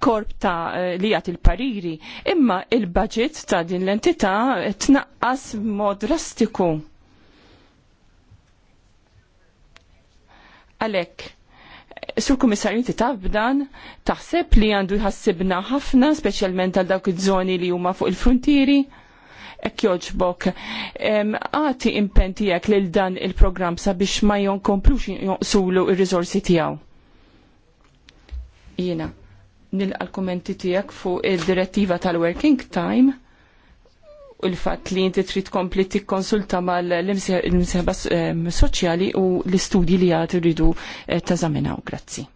korp ta' eh, li jagħti l-pariri. Imma il-budget ta' din l-entità tnaqqas b'mod drastiku. Għalhekk, Sur kummissarju inti tabdan, taħseb li għandu jħassibna ħafna, speċjalment għal dawk iż-żoni li huma fuq il-frontieri, ek joġbok. Għati impentijak lil dan il-program sabiex ma komplux jonqsulu il-rizorsi tijaw. Jina, nilqa l-kommenti tijak fuq il-direttiva tal-working time u l-fat li inti trid kompli tikkonsulta mal-imsieħba soċjali u l-istudji li għad rridu eh, tażaminaw. Grazzi.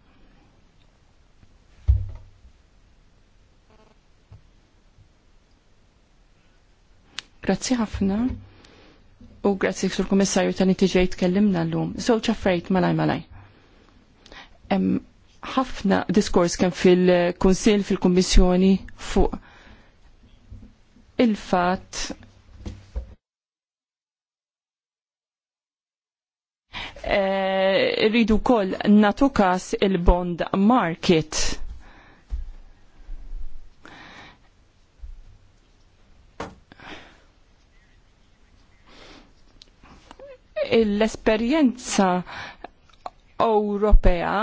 Grazzi ħafna. U grazzi sur kummissarju tani tiġej tkellimna l-lum. So ċaffrejt malaj malaj. Ħafna diskors kemm fil-Kunsill, fil-Kummissjoni fuq il-fatt eh, rridu e, kol il-bond market l-esperjenza Ewropea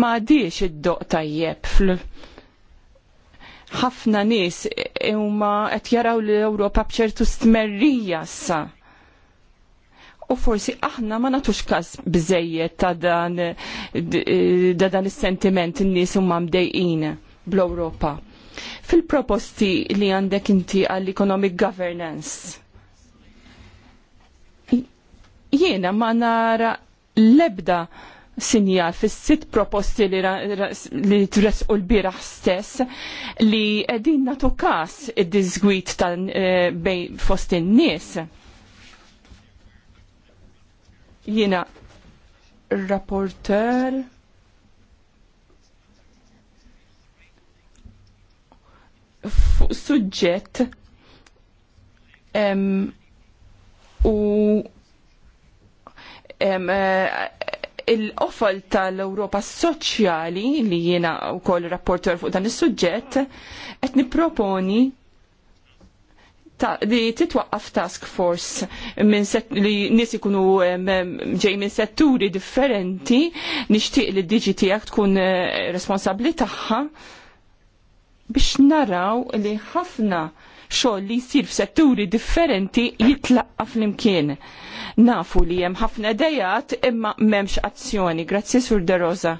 ma diex id-doq tajjeb fl ħafna nies huma qed jaraw l-Ewropa bċertu stmerrija sa. U forsi aħna ma nagħtux każ biżejjed ta' dan da dan is-sentiment in-nies huma mdejqin bl-Ewropa. Fil-proposti li għandek inti għall-economic governance, Jiena ma nara l-ebda sinjal fis sit proposti li, li u l-biraħ stess li edin natu kas id-dizgwit tal eh, bej fost in-nies. Jiena rapporter suġġett u Eh, il-qofol tal-Europa soċjali li jiena wkoll rapporter fuq dan is-suġġett qed nipproponi li titwaqqaf task force li nis ikunu ġej minn setturi differenti nixtieq li d digi tiegħek tkun eh, responsabbli tagħha biex naraw li ħafna xogħol li jsir f'setturi differenti jitlaqqaf flimkien. imkien Nafu li hemm ħafna dejat imma m'hemmx azzjoni. Grazzi Sur De Rosa.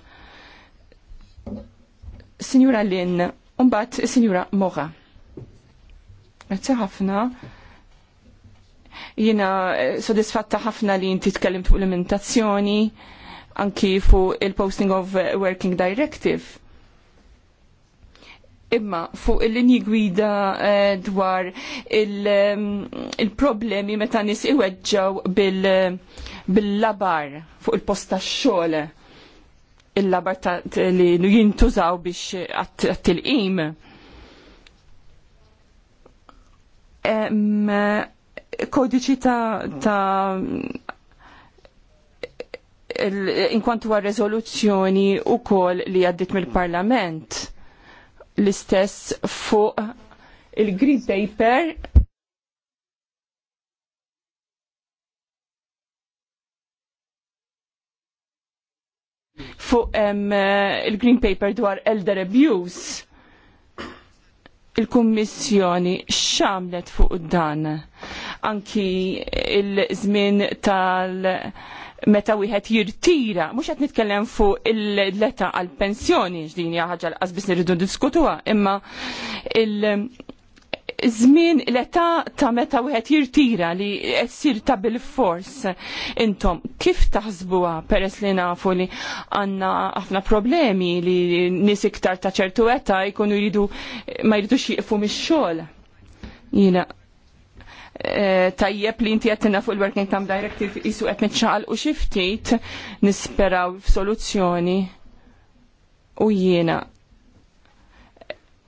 Signora Lin, umbat Signora Moga. Grazzi ħafna. Jiena eh, sodisfatta ħafna li inti tkellimt fuq l-imentazzjoni anki fuq il-posting of working directive imma fuq il-linji gwida eh, dwar ehm, il-problemi il meta nis iweġġaw bil-labar bil fuq il-posta xogħol il-labar li jintużaw biex għat-tilqim. Ehm, kodiċi ta', ta kwantu għal rezoluzzjoni u kol li għaddit mill-parlament l-istess fuq il-green paper fuq eh, il-green paper dwar elder abuse il-Kummissjoni x'għamlet fuq dan anki il-żmien tal- meta wieħed jirtira, mhux qed nitkellem fuq il letta għall pensjoni ġdin hija ħaġa qas biss nirridu diskutuha, imma il- żmien l-età ta' meta wieħed jirtira li jsir ta' bil-fors intom kif taħsbuha peress li nafu li għandna ħafna problemi li nies iktar ta' ċertu età jkunu jridu ma jridux jieqfu mix-xogħol. Jiena Eh, tajjeb li inti għattina fuq il-Working Time Directive jisu għet nitxaqal u xiftit nisperaw soluzzjoni u jiena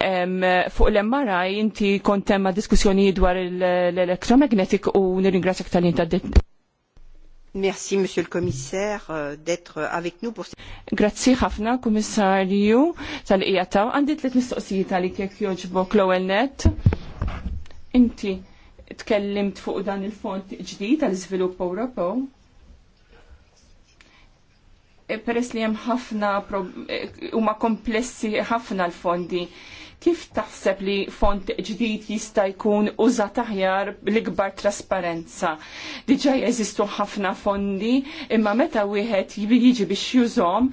fuq l-emmara inti kontemma diskussjoni dwar l-electromagnetic u nirringrazzjak tal-jinta Merci, Monsieur le Commissaire, euh, d'être avec nous pour... Grazzi ħafna, Kummissarju, tal-ijataw. Għandit li t-mistoqsijiet għalik jek joġbok l-ewel net. Inti, tkellimt fuq dan il-fond ġdid tal-iżvilupp Ewropew. E, peress li hemm ħafna e, huma komplessi ħafna l-fondi. Kif taħseb li fond ġdid jista' jkun użat aħjar l-ikbar trasparenza? Diġà jeżistu ħafna fondi, imma meta wieħed jiġi biex jużhom,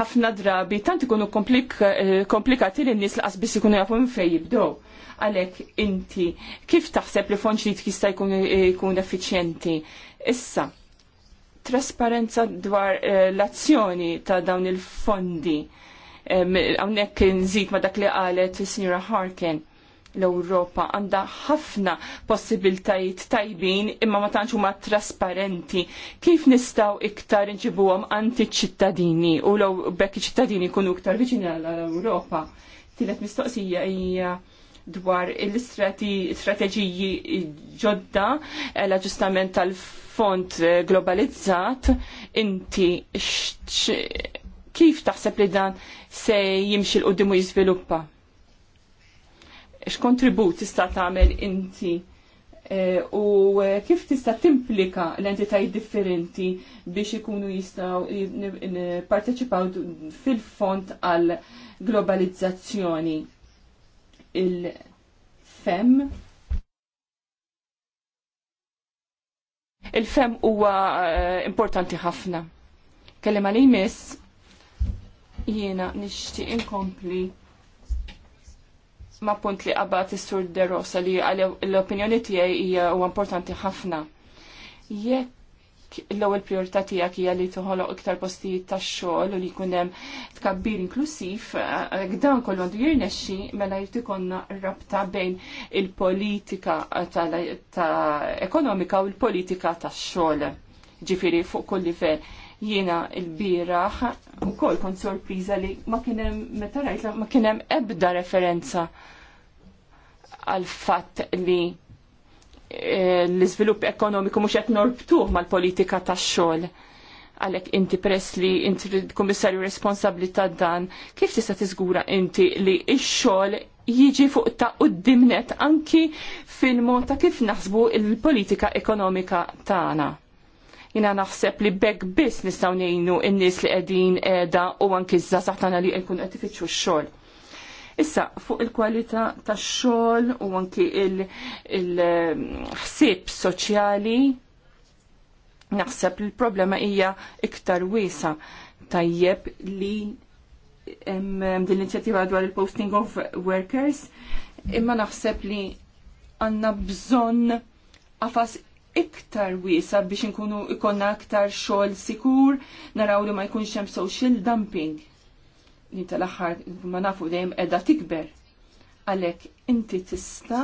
ħafna drabi tant ikunu e, komplikati lin nies laqas biss ikunu jafu minn fejn jibdew Għalek inti, kif taħseb li fond li jista' eh, jkun effiċjenti? Issa, trasparenza dwar eh, l-azzjoni ta' dawn il-fondi. Għawnek nżid ma dak li qalet signora Harkin l-Europa għandha ħafna possibiltajiet tajbin imma ma tantx huma trasparenti. Kif nistgħu iktar inġibuhom anti ċittadini u law bekk iċ-ċittadini jkunu iktar viċini għall-Ewropa? Tielet mistoqsija hija dwar l-istrateġiji ġodda eh, l-aġustament tal-fond eh, globalizzat inti kif taħseb li dan se jimxi l-qoddim u jizviluppa? X'kontribut tista' tagħmel inti eh, u kif tista' timplika l-entitajiet differenti biex ikunu jistgħu parteċipaw fil-fond għal globalizzazzjoni? il-fem il-fem huwa eh, importanti ħafna. Kellem għal miss jiena nixtieq inkompli ma' punt li qabad is-sur Derosa li l-opinjoni tiegħi hija huwa importanti ħafna. Jekk l-ewwel priorità tiegħek hija li toħoloq iktar postijiet tax-xogħol u li jkun hemm tkabbir inklusiv, dan kollu għandu jirnexxi mela jrid ikollna rabta bejn il-politika ta' ekonomika u l-politika tax-xogħol. Ġifieri fuq kull livell jiena l-bieraħ ukoll kont sorpriża li ma kien hemm meta rajt ma kien hemm ebda referenza għal fatt li Eh, l-iżvilupp ekonomiku mhux qed norbtuh mal-politika tax-xogħol. Għalhekk inti press li inti l-kummissarju responsabbli ta' dan, kif tista' tiżgura inti li x-xogħol jiġi fuq ta' qudiemnet anki fil-mod ta' kif naħsbu l politika ekonomika tagħna. Jina naħseb li bekk biss nistgħu ngħinu n-nies li qegħdin qiegħda u anki ż-żasaħ tagħna li jkun qed ifittxu x-xogħol. Issa, fuq il-kwalità tax-xogħol u anki il-ħsieb il soċjali, naħseb li l-problema hija iktar wiesa tajjeb li din l-inizjattiva dwar il-posting of workers, imma naħseb li għanna bżonn għafas iktar wiesa biex nkunu ikonna iktar xogħol sikur, naraw li ma jkunx hemm social dumping li tal-axħar ma nafu dejjem edha tikber. Għalek inti tista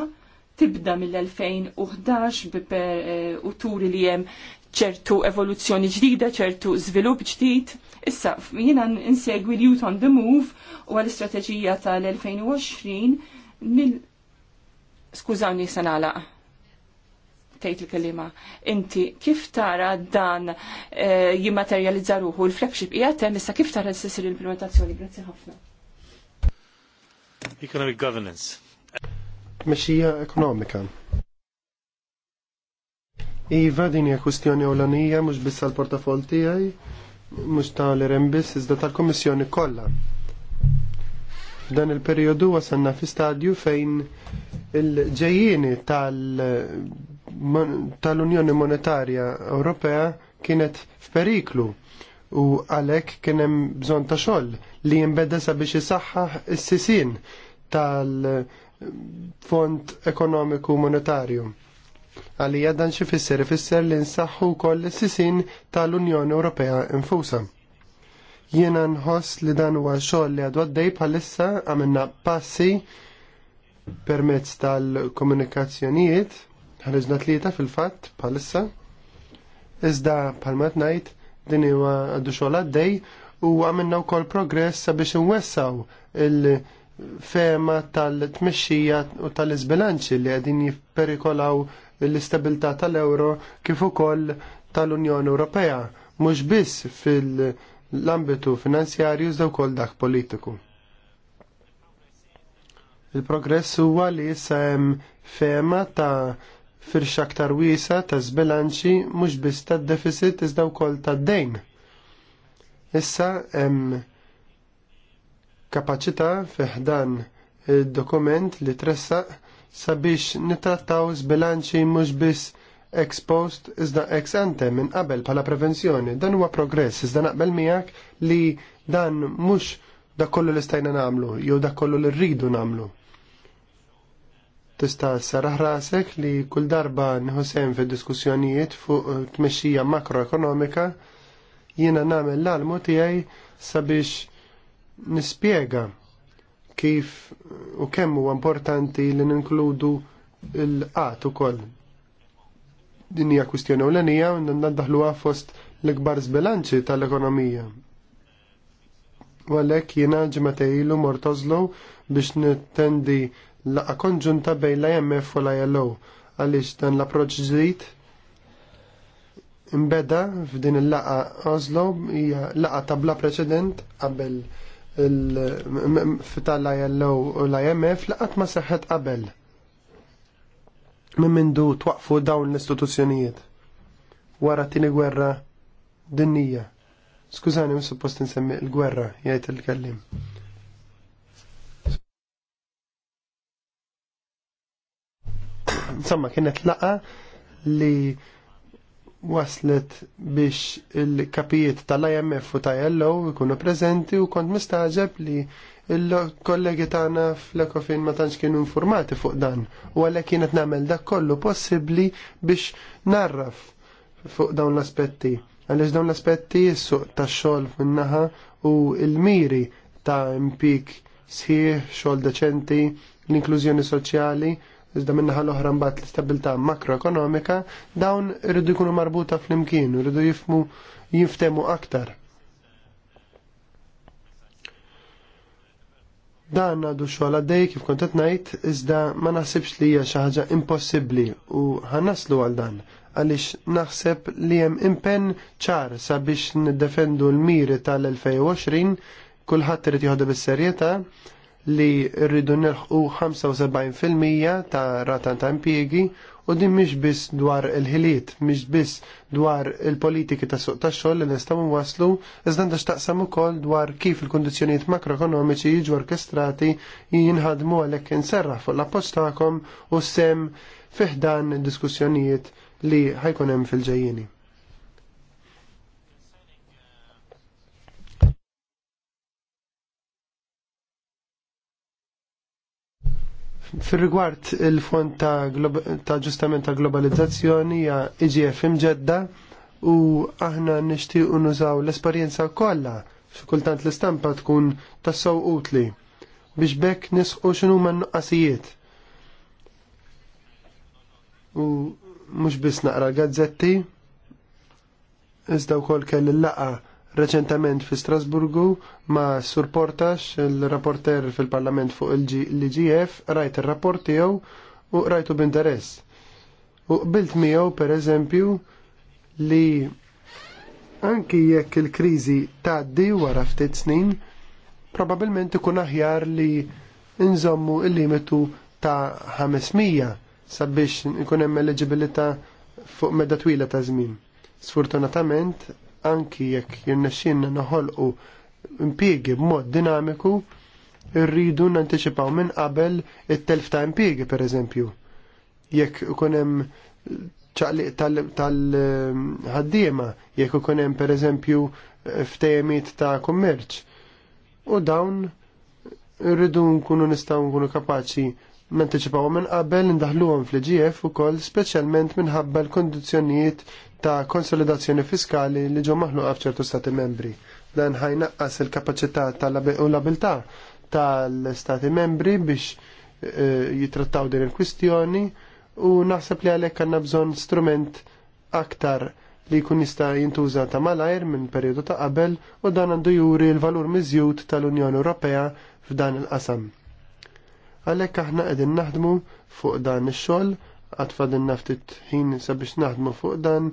tibda mill-2011 eh, u turi li jem ċertu evoluzzjoni ġdida, ċertu zvilup ġdid. Issa, jiena insegwi Youth on the Move u għal-istrateġija tal-2020 nil... Skużawni sanalaq tgħid il-kelima. Inti kif tara dan eh, jimmaterializzaruhu ruħu l-flagship hija hemm issa kif tara s l-implementazzjoni? Grazzi ħafna. Economic governance. Mexija ekonomika. Iva, din hija kwistjoni ewlenija mhux biss għall portafol tiegħi, mhux tal-Rembis, iżda tal-Kummissjoni kollha F'dan il-periodu wasanna fi stadju fejn il-ġejjini tal-Unjoni tal Monetarja Ewropea kienet f'periklu u għalhekk kien hemm bżonn ta' xogħol li jinbeda sabiex isaħħaħ is-sisin tal-Fond Ekonomiku Monetarju. Għalija dan xifisser fisser ifisser li nsaħħu wkoll is-sisin tal-Unjoni Ewropea infusa. Jiena nħoss li dan huwa xogħol li għadu għaddej bħalissa għamilna passi permezz tal-komunikazzjonijiet, ħarġna tlieta fil-fatt bħalissa. Iżda bħalma ngħid din huwa għadu xogħol għaddej u għamilna wkoll progress sabiex inwessaw il- fema tal-tmexxija u tal-izbilanċi li għedin jipperikolaw l-istabilità tal-euro kif ukoll tal-Unjoni Ewropea, mhux biss fil- l-ambitu finanzjarju żew ukoll dak politiku. Il-progress huwa li issa hemm fema ta' firxa aktar wiesa ta' zbilanċi mhux biss tad deficit iżda wkoll tad dejn. Issa hemm kapaċità fiħdan id-dokument li tressaq sabiex nitrattaw zbilanċi mhux biss ex post iżda ex ante minn qabel pala prevenzjoni. Dan huwa progress iżda naqbel miegħek li dan mhux dak kollu li stajna nagħmlu jew dak kollu li rridu nagħmlu. Tista' saraħ rasek li kull darba nħossem fid-diskussjonijiet fuq eh, tmexxija makroekonomika jiena nagħmel l-almu tiegħi sabiex nispjega kif u kemm huwa importanti li ninkludu l-qat ukoll Din hija kwistjoni ewlenija u nandaħluha fost l-ikbar zbilanċi tal-ekonomija. U għalhekk jiena ġimgħa ilu mort Oslo biex nittendi laqa konġunta bejn l-IMF u l-ILO għaliex dan l-approċ ġdid imbeda f'din il-laqa Oslo hija laqa tabla preċedent qabel tal-ILO u l-IMF laqat ma seħħet qabel minn mindu twaqfu dawn l-istituzzjonijiet wara t-tini gwerra dinnija. Skużani, mi suppost nsemmi l-gwerra, jgħid il-kellim. Insomma, kienet laqa li waslet biex il-kapijiet tal-IMF u tal-ILO ikunu prezenti u kont mistaġeb li il-kollegi tagħna fl-ekofin ma tantx kienu informati fuq dan u għalhekk kienet nagħmel dak kollu possibbli biex narraf fuq dawn l-aspetti. Għaliex dawn l-aspetti s-suq tax-xogħol min-naħa u l-miri ta' impik sħiħ, xogħol deċenti, l-inklużjoni soċjali, iżda minnaħa l-oħra mbagħad l-istabilità makroekonomika, dawn irridu jkunu marbuta fl-imkien, irridu jifmu jinftemu aktar Dan għadu xogħol dej kif kont najt, ngħid, iżda ma naħsibx li hija xi ħaġa impossibbli u ħanaslu għal dan għaliex naħseb li hemm impenn ċar sabiex niddefendu l-miri tal-2020 kulħadd irid jieħdu bis-serjetà li rridu nilħqu 75% ta' rata ta' impjiegi U din mhix biss dwar il-ħiliet, mhix biss dwar il-politiki ta' suq ta' xogħol li nistgħu waslu, iżda għandha x'taqsam ukoll dwar kif il-kundizzjonijiet makroekonomiċi jiġu orkestrati jinħadmu għalhekk inserraħ fuq l-appoġġ tagħkom u sem fiħdan id-diskussjonijiet li ħajkun hemm fil ġejjini Fil-rigward il-fond ta' ġustament ta' globalizzazzjoni ja IGF imġedda u aħna nixtiequ nużaw l-esperjenza kollha kultant l-istampa tkun tassaw utli biex bekk nisqu xinu man nuqqasijiet. U mux biss naqra gazzetti, iżda u kol kell laqa reċentament fi Strasburgu ma' Sur Portax, il-rapporter fil-Parlament fuq il-GF, rajt il-rapport tiegħu u rajtu b'interess. U qbilt miegħu per eżempju li anki jekk il-kriżi tgħaddi wara ftit snin, probabbilment ikun aħjar li nżommu il-limitu ta' 500 sabiex ikun hemm eligibilità fuq medda twila ta' żmien. Sfortunatament, anki jekk jirnexxinna naħolqu impiegi b'mod dinamiku, rridu nanticipaw minn qabel it-telf ta' impiegi per eżempju. Jekk ikun hemm ċaqliq tal-ħaddiema, jekk ikun hemm per eżempju ftejemiet ta' kummerċ. U dawn irridu nkunu nistgħu nkunu kapaċi nantiċipaw minn qabel indaħluhom fl-IGF ukoll speċjalment minħabba l-kondizzjonijiet ta' konsolidazzjoni fiskali li ġew maħlu f'ċertu stati membri. Dan ħajnaqqas il-kapaċità u l abilta tal-stati membri biex eh, jitrattaw din il-kwistjoni u naħseb li għalhekk għandna bżonn strument aktar li jkun jista' jintuża ta' malajr minn perjodu ta' qabel u dan għandu juri l-valur miżjud tal-Unjoni Ewropea f'dan il-qasam. Għalhekk aħna qegħdin naħdmu fuq dan ix-xogħol, għatfadilna naftit ħin sabiex naħdmu fuq dan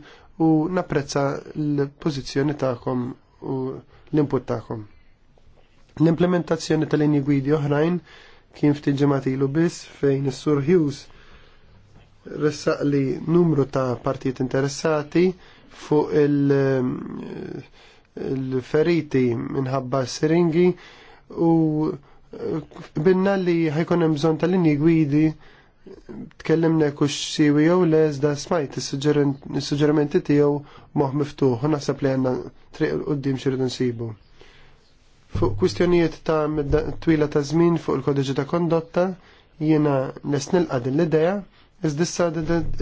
u napprezza l-pożizzjoni tagħkom u l-input taħkom. L-implementazzjoni tal-linji gwidi oħrajn kien ftit ilu biss fejn is-Sur Hughes ressaq li numru ta' partijiet interessati fuq eh, il-feriti il minħabba s-siringi u binna li ħajkun hemm bżonn tal-linji gwidi tkellimna kux siwi jew le da smajt is-suġġerimenti tiegħu moħħ miftuħ u naħseb li għandna triq qudiem ridu nsibu. Fuq kwistjonijiet ta' twila ta' żmien fuq il-kodiġi ta' kondotta jiena nilqa' din l-idea iżdissa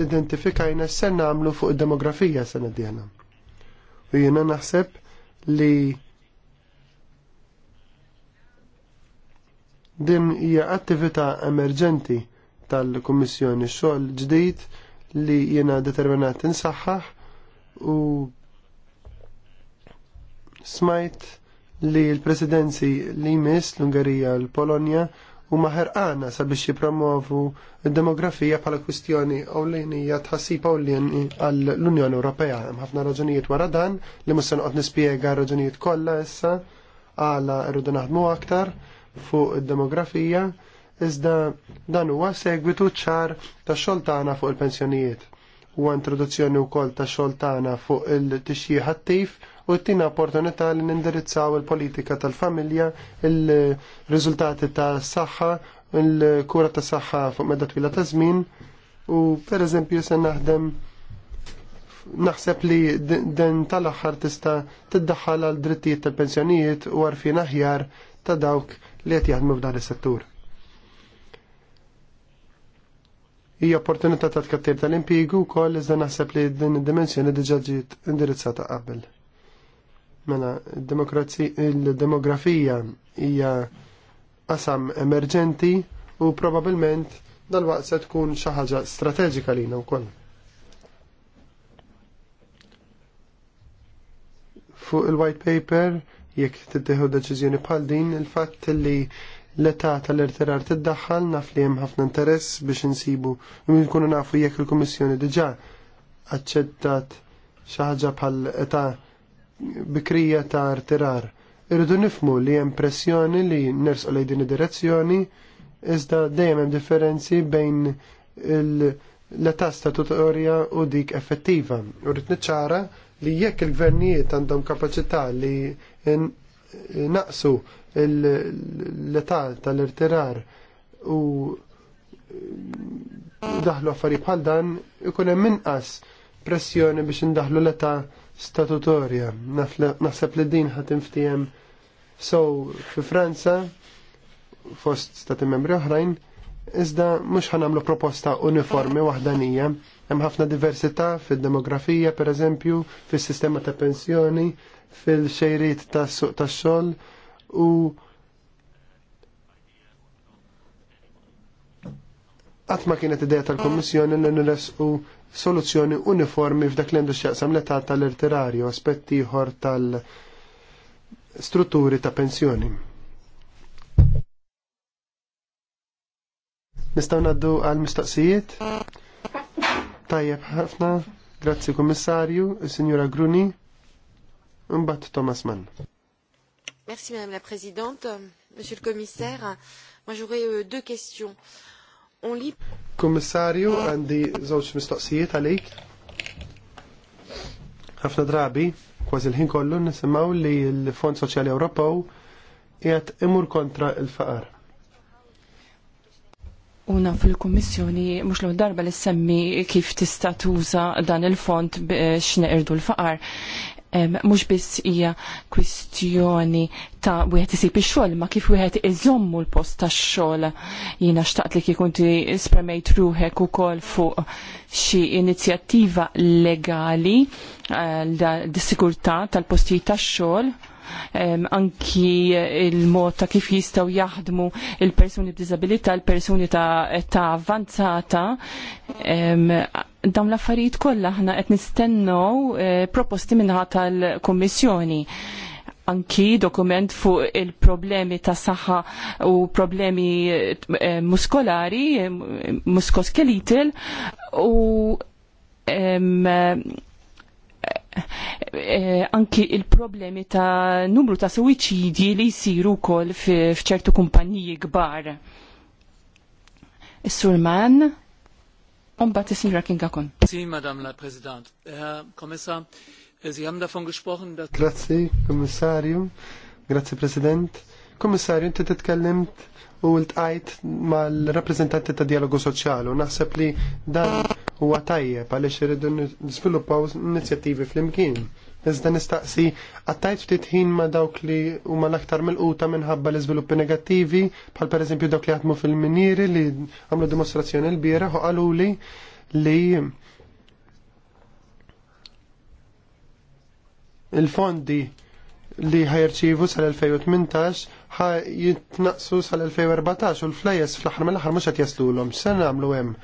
identifikajna s-ser namlu fuq id-demografija sena d U jiena naħseb li Din hija attività emerġenti tal-Kummissjoni xogħol ġdid li jiena determinat insaħħaħ u smajt li l-presidenzi li jmiss l-Ungerija u l-Polonja u maħerqana sabiex jipromovu demografija bħala kwistjoni u tħassib linija u għall-Unjoni Ewropea. ħafna raġunijiet wara dan li musan qed nispjega raġunijiet kollha issa għala rridu naħdmu aktar fuq id-demografija, iżda dan huwa segwitu ċar ta' xoltana fuq il-pensjonijiet. U introduzzjoni wkoll ta' xoltana fuq il-tixjih attiv u t-tina opportunità li nindirizzaw il-politika tal-familja, il-riżultati ta' saħħa, il-kura ta' saħħa fuq medda twila ta' żmien u per eżempju se naħdem naħseb li den tal-aħħar tista' tiddaħħal għal drittijiet tal-pensjonijiet u għarfien aħjar ta' dawk li qed jaħdmu f'dan is-settur. Hija opportunità ta' tkattir tal-impiegu wkoll iżda naħseb li din id-dimensjoni diġà ġiet indirizzata qabel. Mela, il-demografija hija qasam emerġenti u probabbilment dal-waqt se tkun xi ħaġa strateġika lina wkoll. Fuq il-white paper jekk tiddeħu deċiżjoni bħal din il-fatt li l-età tal-irtirar tiddaħħal naf li hemm ħafna interess biex insibu nkunu nafu jekk il-Kummissjoni diġà aċċettat xi ħaġa bħal età bikrija ta' irtirar. Irridu nifmu li hemm pressjoni li nersqu lejn din id-direzzjoni iżda dejjem hemm differenzi bejn l-età statutorja u dik effettiva. U rrid niċċara li jekk il-gvernijiet għandhom kapaċità li naqsu l-età tal-irtirar u daħlu affari bħal dan ikun hemm inqas pressjoni biex indaħlu l-età statutorja. Naħseb li din ħadd inftijem so fi Franza fost stati membri oħrajn, iżda mhux ħanamlu proposta uniformi waħdanija. Hemm ħafna diversità fid-demografija, pereżempju, fis-sistema ta' pensjoni, fil-xejrit tas-suq tax-xogħol u qatt ma kienet idea tal kummissjoni li nilesqu soluzzjoni uniformi f'dak li għandu x'jaqsam l-età tal irterarju aspett ieħor tal-strutturi ta' pensjoni. Nistgħu ngħaddu għal mistoqsijiet? Tajjeb ħafna, grazzi Kummissarju, Sinjura Gruni. Mbatt Thomas Mann. Merci Madame la Présidente, Monsieur le Commissaire. Moi j'aurais euh, deux questions. On lit... Kommissarju, għandi zawċ mistoqsijiet għalik. ħafna drabi, kważi l-ħin kollu nisimaw li l-Fond Soċjali Ewropew qiegħed imur kontra l-faqar. Una fil-Kommissjoni mhux l darba li semmi kif tista' tuża dan il-fond biex neqirdu l-faqar mhux biss hija kwistjoni ta' wieħed isib ix-xogħol ma kif wieħed iżommu l-post tax-xogħol. Jiena xtaqt li kif kunti spremejt ruħek ukoll fuq xi inizjattiva legali għal eh, dis-sigurtà tal-postijiet tax-xogħol anki il-mod ta' kif jistgħu jaħdmu il-persuni b'diżabilità, il-persuni ta', ta avanzata, dawn l-affarijiet kollha aħna qed nistennew eh, proposti minnaħa tal-Kummissjoni anki dokument fuq il-problemi ta' saħħa u problemi eh, muskolari, eh, muskoskeletal u Eh, anki il-problemi ta' numru ta' suwiċidji li jisiru kol f'ċertu kumpaniji gbar. Is-Surman, Umbat is-Sinra Kinga Kun. Si, Madam la President. Herr eh, Kommissar, eh, Sie haben davon gesprochen, dass... Grazie, Kommissario. Grazie, President. Kommissario, inti titkellimt u l ma' mal-rappresentanti ta' dialogu soċjali. Naħseb li dan huwa tajjeb għaliex irridu nisviluppaw inizjattivi flimkien. Iżda nistaqsi għattajt ftit ħin ma dawk li huma l-aktar mill-quta minħabba l-iżviluppi negattivi, bħal pereżempju dawk li għatmu fil-minieri li għamlu dimostrazzjoni l-biera u għaluli li il-fondi li ħajrċivu sal-2018 ħa jitnaqsu sal-2014 u l-flejes fl-ħar mill-ħar mux għat jaslu l-om. Sena għamlu hemm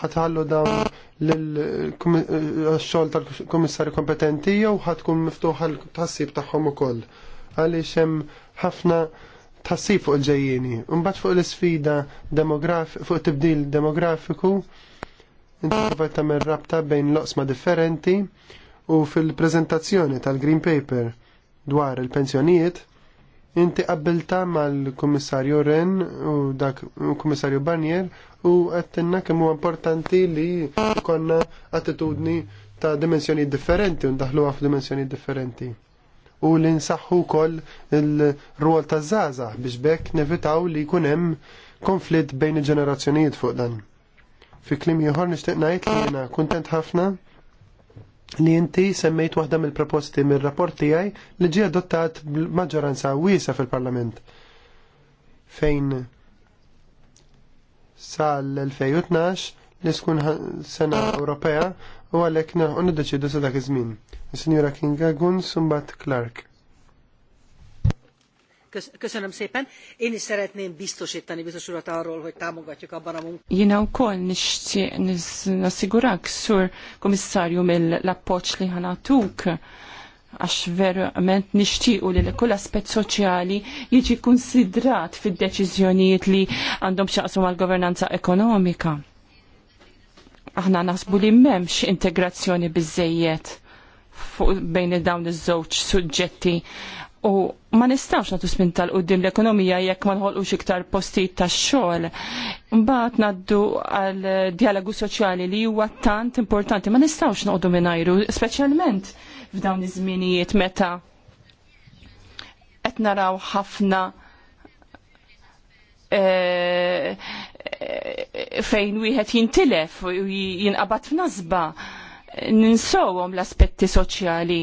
ħatħallu dawn l-xol tal komissari kompetenti jew ħatkun miftuħa l-tassib tagħhom ukoll. Għaliex hemm ħafna tassib fuq ġejjini. ġejjieni Imbagħad fuq l-isfida demografik fuq tibdil demografiku inti kif tagħmel rabta bejn loqsma differenti u fil-preżentazzjoni tal-Green Paper dwar il-pensjonijiet Inti qabbilta mal-Kummissarju Ren u dak Kummissarju Barnier u għattinna kemm huwa importanti li konna attitudni ta' dimensjoni differenti u ndaħluha f'dimensjoni differenti. U li nsaħħu wkoll il ruol ta' zaza biex bekk nevitaw li jkun hemm konflitt bejn il-ġenerazzjonijiet fuq dan. Fi klim ieħor nixtieq ngħid li jena kuntent ħafna li inti semmejt waħda mill-proposti mill-rapport tiegħi li ġie adottat maġġoranza wiesa fil-Parlament fejn sal-2012 li skun sena Ewropea u għalhekk naħu niddeċidu sa dak iż-żmien. Is-Sinjura Kinga Gun Sumbat Clark. Köszönöm szépen. Én is szeretném biztosítani biztos urat arról, hogy támogatjuk abban a munkában. Jina u kol nasigurak sur komissarju mill-appoċ li ħanatuk għax verament u li kull aspet soċjali jiġi konsidrat fid-deċiżjonijiet li għandhom xaqsum għal governanza ekonomika. Aħna naħsbu li m'hemmx integrazzjoni bizzejiet fuq bejn dawn iż-żewġ suġġetti U ma nistawx natu spin tal-qoddim l-ekonomija jekk ma nħolqux iktar postijiet tax-xogħol. Mbagħad naddu għal dialogu soċjali li huwa tant importanti ma nistawx noqogħdu mingħajru, speċjalment f'dawn iż-żminijiet meta qed naraw ħafna eh, eh, fejn wieħed jintilef u jinqabad f'nasba ninsowhom l-aspetti soċjali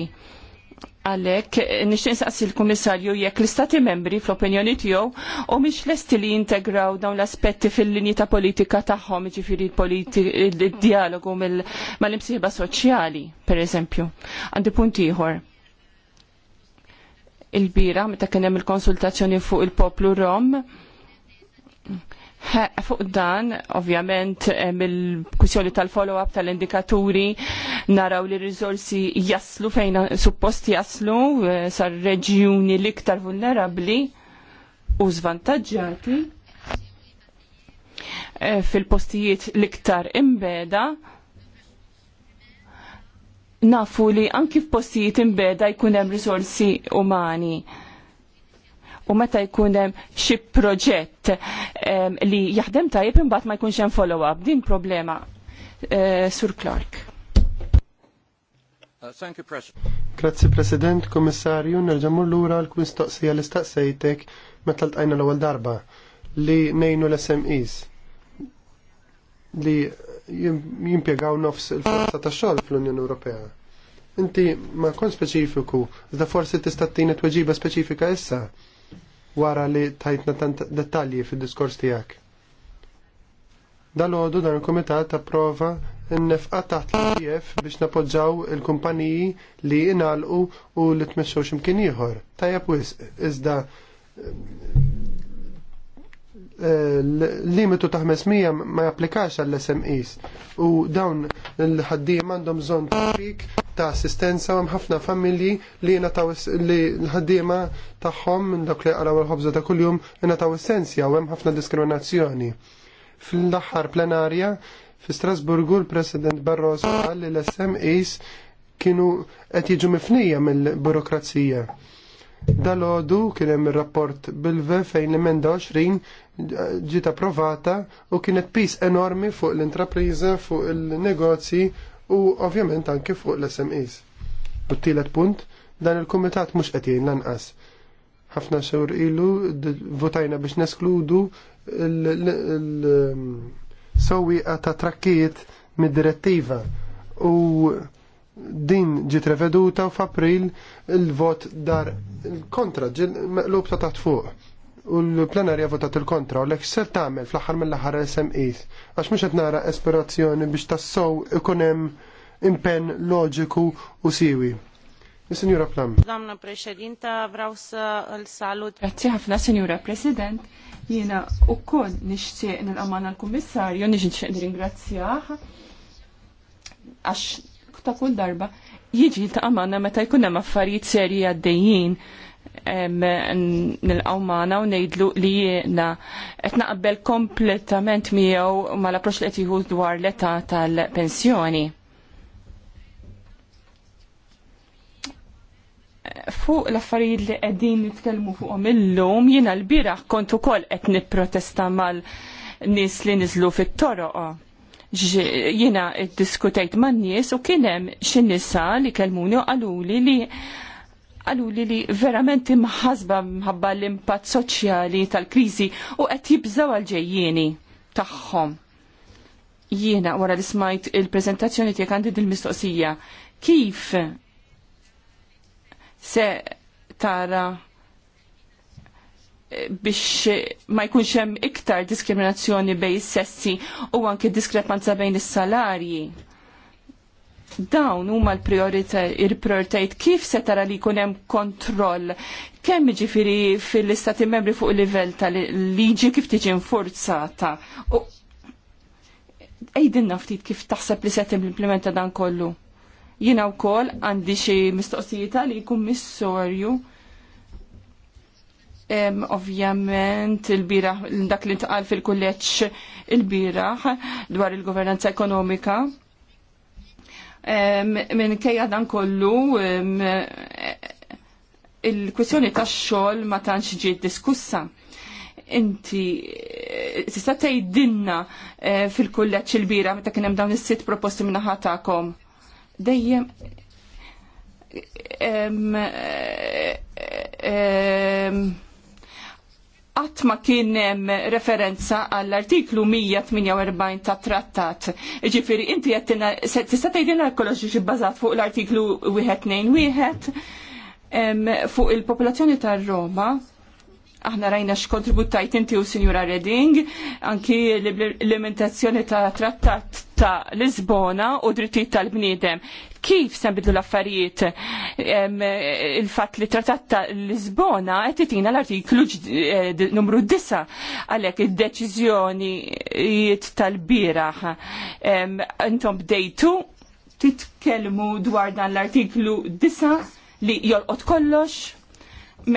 għalek, nixtin saqsi l-Komissarju jekk l-Istati membri fl-opinjoni tiegħu u miex lesti li jintegraw dawn l-aspetti fil-linji ta' politika tagħhom, ġifieri d dialogu mal-imsieba soċjali, per eżempju. Għandi punt ieħor. Il-bira, meta kien hemm il-konsultazzjoni fuq il-poplu Rom, Fuq dan, ovvjament, mill-kwissjoni tal-follow-up tal-indikaturi, naraw li rizorsi jaslu fejn suppost jaslu eh, sar reġjuni l-iktar vulnerabli u zvantagġati eh, fil-postijiet l-iktar imbeda nafu li anki f'postijiet imbeda jkun hemm risorsi umani u meta jkun hemm xi proġett li jaħdem tajjeb imbagħad ma jkunx hemm follow-up. Din problema. Eh, Sur Clark. Uh, thank you, President. Grazzi President, Komissarju, nerġamu l-lura l-kwistaqsija li staqsejtek meta l l-ewwel darba li nejnu l-SMEs li jimpiegaw nofs il-forza ta' xogħol fl-Unjoni Ewropea. Inti ma kon speċifiku, iżda forsi tista' tina tweġiba speċifika issa wara li tajtna tant dettalji fil-diskors tijak. Dal-ħodu dan il-komitat approva n-nefqa taħt l-ITF biex napoġġaw il-kumpaniji li inalqu u li tmexxew x'imkien ieħor. Tajjeb wisq, iżda l-limitu ta' 500 ma applikax għall-SMEs u dawn l-ħaddim għandhom zon fik ta' assistenza għam ħafna familji li jena li l-ħaddima tagħhom minn dak li qaraw l-ħobża ta' kuljum jena ta' essenzja u hemm ħafna diskriminazzjoni. Fl-aħħar plenarja fi Strasburgu l-President Barroso qal li l-SMEs kienu qed jiġu mifnija mill-burokrazija. Dal-ħodu kien hemm ir-rapport bil-ve fejn emenda 20 ġiet approvata u kienet pis enormi fuq l-intrapriża, fuq il-negozji u ovvjament anke fuq l-SMEs. U t-tielet punt, dan il-kumitat mhux qed jgħin lanqas. Ħafna xewr ilu votajna biex neskludu l-sewwieqa ta' trakkiet mid-direttiva u din ġiet reveduta u f'April il-vot dar kontra ġil meqlub ta' taħt fuq u l-plenarja votat il-kontra u l ser tagħmel fl-aħħar mill-aħħar SMEs għax mhux qed nara esperazzjoni biex tassow ikun hemm impenn loġiku u siwi. Signora Plam. Damna președintă, vraw sa l salut. Grazie ħafna, Signora President. Jiena u koll nixtieq nil-amana l-Kummissarju, nixtieq ringrazzjah għax ta' kull darba jiġi ta' amana meta jkun hemm affarijiet serji għaddejjin nilqaw maħna u nejdlu li jena qed kompletament miegħu l-approċ li qed dwar l-età tal-pensjoni. Fuq l-affarijiet li qegħdin nitkellmu fuqhom illum jiena l-bieraħ kont ukoll qed nipprotesta mal-nies li niżlu fit-toroq jina diskutejt man nies u kienem xi nisa li kelmuni u qaluli li għallu li li verament imħazba mħabba l-impat soċjali tal-krizi u qed jibżaw għal-ġejjieni tagħhom. Jiena wara li smajt il-prezentazzjoni tiegħek għandi dil-mistoqsija. Kif se tara biex ma jkunx hemm iktar diskriminazzjoni bejn is-sessi u anke diskrepanza bejn is-salarji? dawn huma l-prioritajt kif se tara li jkun hemm kontroll kemm jiġifieri fil-istati membri fuq il livell tal-liġi kif tiġi infurzata. Ejdinna ftit kif taħseb li se implementa dan kollu. Jiena wkoll għandi xi mistoqsijiet li jkun missorju. Um, ovvjament il-biraħ dak li ntqal fil kulleċ il-biraħ dwar il-governanza ekonomika minn kejja dan kollu il kwestjoni ta' xol ma tantx ġiet diskussa. Inti eh, tista' tgħidilna eh, fil-kulleġġ il-bira meta kien hemm dawn is-sitt proposti minn ħatakom. Dejjem um, um, qatt ma kien hemm referenza għall-artiklu 148 tat trattat. Ġifieri inti qed tista' tgħidilna kollox xi bbażat fuq l-artiklu wieħed wieħed fuq il-popolazzjoni tar-Roma aħna rajna x'kontributajt inti u Sinjura Reding, anki l-implementazzjoni ta' trattat ta' Lisbona u drittijiet tal-bniedem kif se nbidlu l-affarijiet il-fatt li tratatta l-Lisbona qed titina l-artiklu eh, numru 9 għalhekk id-deċiżjonijiet tal-bieraħ intom bdejtu titkellmu dwar dan l-artiklu 9 li jolqot kollox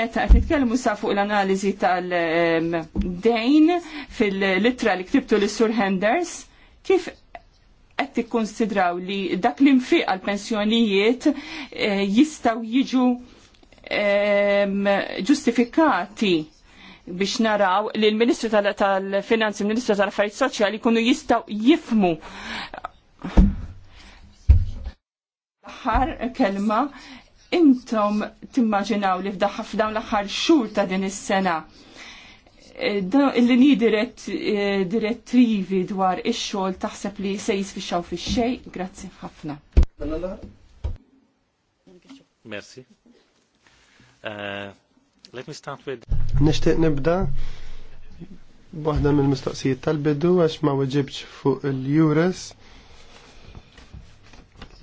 meta qed sa fuq l-analiżi tal-dejn fil-litra li ktibtu l-Sur Henders kif qed tikkonsidraw li dak li infiq għal pensjonijiet eh, jistgħu jiġu ġustifikati biex naraw li l-Ministru tal-Finanzi, l-Ministru tal-Affarijiet Soċjali jkunu jistgħu jifmu l-aħħar kelma intom timmaġinaw li f'daħħa f'dawn l-aħħar xhur ta' din is-sena il-linji direttrivi eh, dwar ix-xogħol taħseb li se jisfixxaw fix xej grazzi ħafna. Merci. Uh, let me start with Nixtieq nibda waħda mill-mistoqsijiet tal-bidu għax ma weġibx fuq il-Jures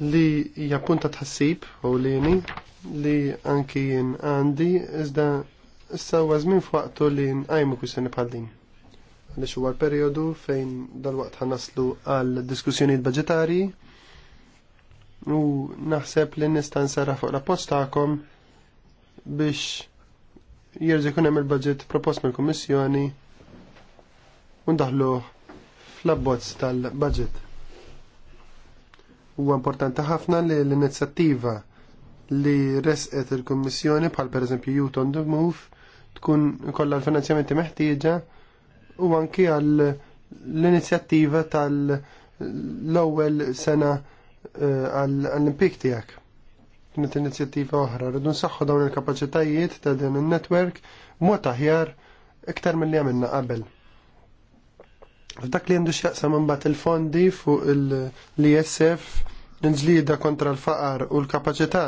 li hija punta tħassib u li anki jien għandi iżda Issa huwa żmien f'waqtu li nqajmu kwistjoni bħal din. Għaliex huwa l-perjodu fejn dal-waqt ħanaslu għal diskussjonijiet budġetarji u naħseb li nista' nsara fuq rapost tagħkom biex jerġa' jkun hemm il-budget propost mill-Kummissjoni u ndaħlu fl-abbozz tal-budget. Huwa importanti ħafna li l-inizjattiva li resqet il-Kummissjoni bħal pereżempju Youth on the Move tkun kollha l-finanzjamenti meħtieġa u anki għal l-inizjattiva tal-ewwel sena eh, għall-impik tiegħek. Kienet inizjattiva oħra, rridu nsaħħu dawn il-kapaċitajiet ta' din in-netwerk mod aħjar iktar mill-li għamilna qabel. F'dak li għandu xaqsa minn bat il-fondi fuq l-ISF, l-ġlida kontra l-faqar u l-kapacità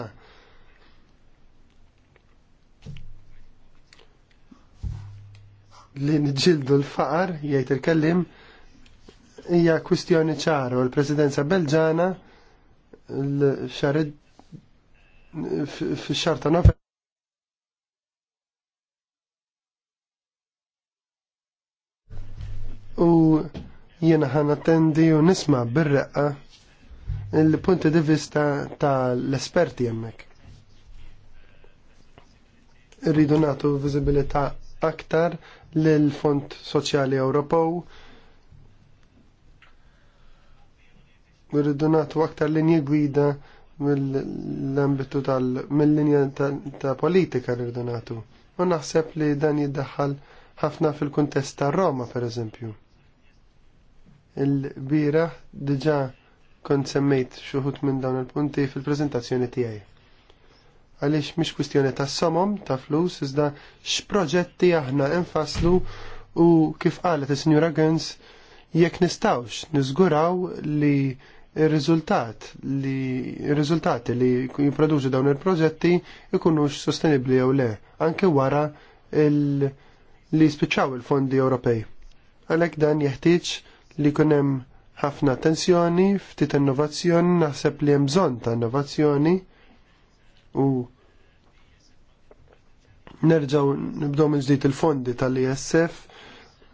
li nġildu l-faqar, jgħid il-kellim, hija kwistjoni ċaru. u l-Presidenza Belġana l-xarid f-xarta ta' U jiena ħan attendi u nisma' bir-reqqa il-punti di vista tal-esperti hemmhekk. Rridu nagħtu viżibilità aktar l-Fond Soċjali Ewropew. Rridu nagħtu aktar linji gwida mill-ambitu mill-linja ta' politika rridu nagħtu. U naħseb li dan jiddaħħal ħafna fil-kuntest ta' Roma, per eżempju. Il-bira diġa kont semmejt xuħut minn dawn il-punti fil preżentazzjoni tiegħi għaliex mhix kwistjoni ta' somom ta' flus iżda x'proġetti aħna infaslu u kif qalet is-Sinjura Gens jekk nistawx niżguraw li il riżultat li il riżultati li jipproduċu dawn il-proġetti ikunux sostenibbli jew le anke wara il- li spiċċaw il-fondi Ewropej. Għalhekk dan jeħtieġ li kunem ħafna attenzjoni, ftit innovazzjoni, naħseb li hemm bżonn ta' innovazzjoni u nerġaw nibdow minn ġdid il-fondi tal-ISF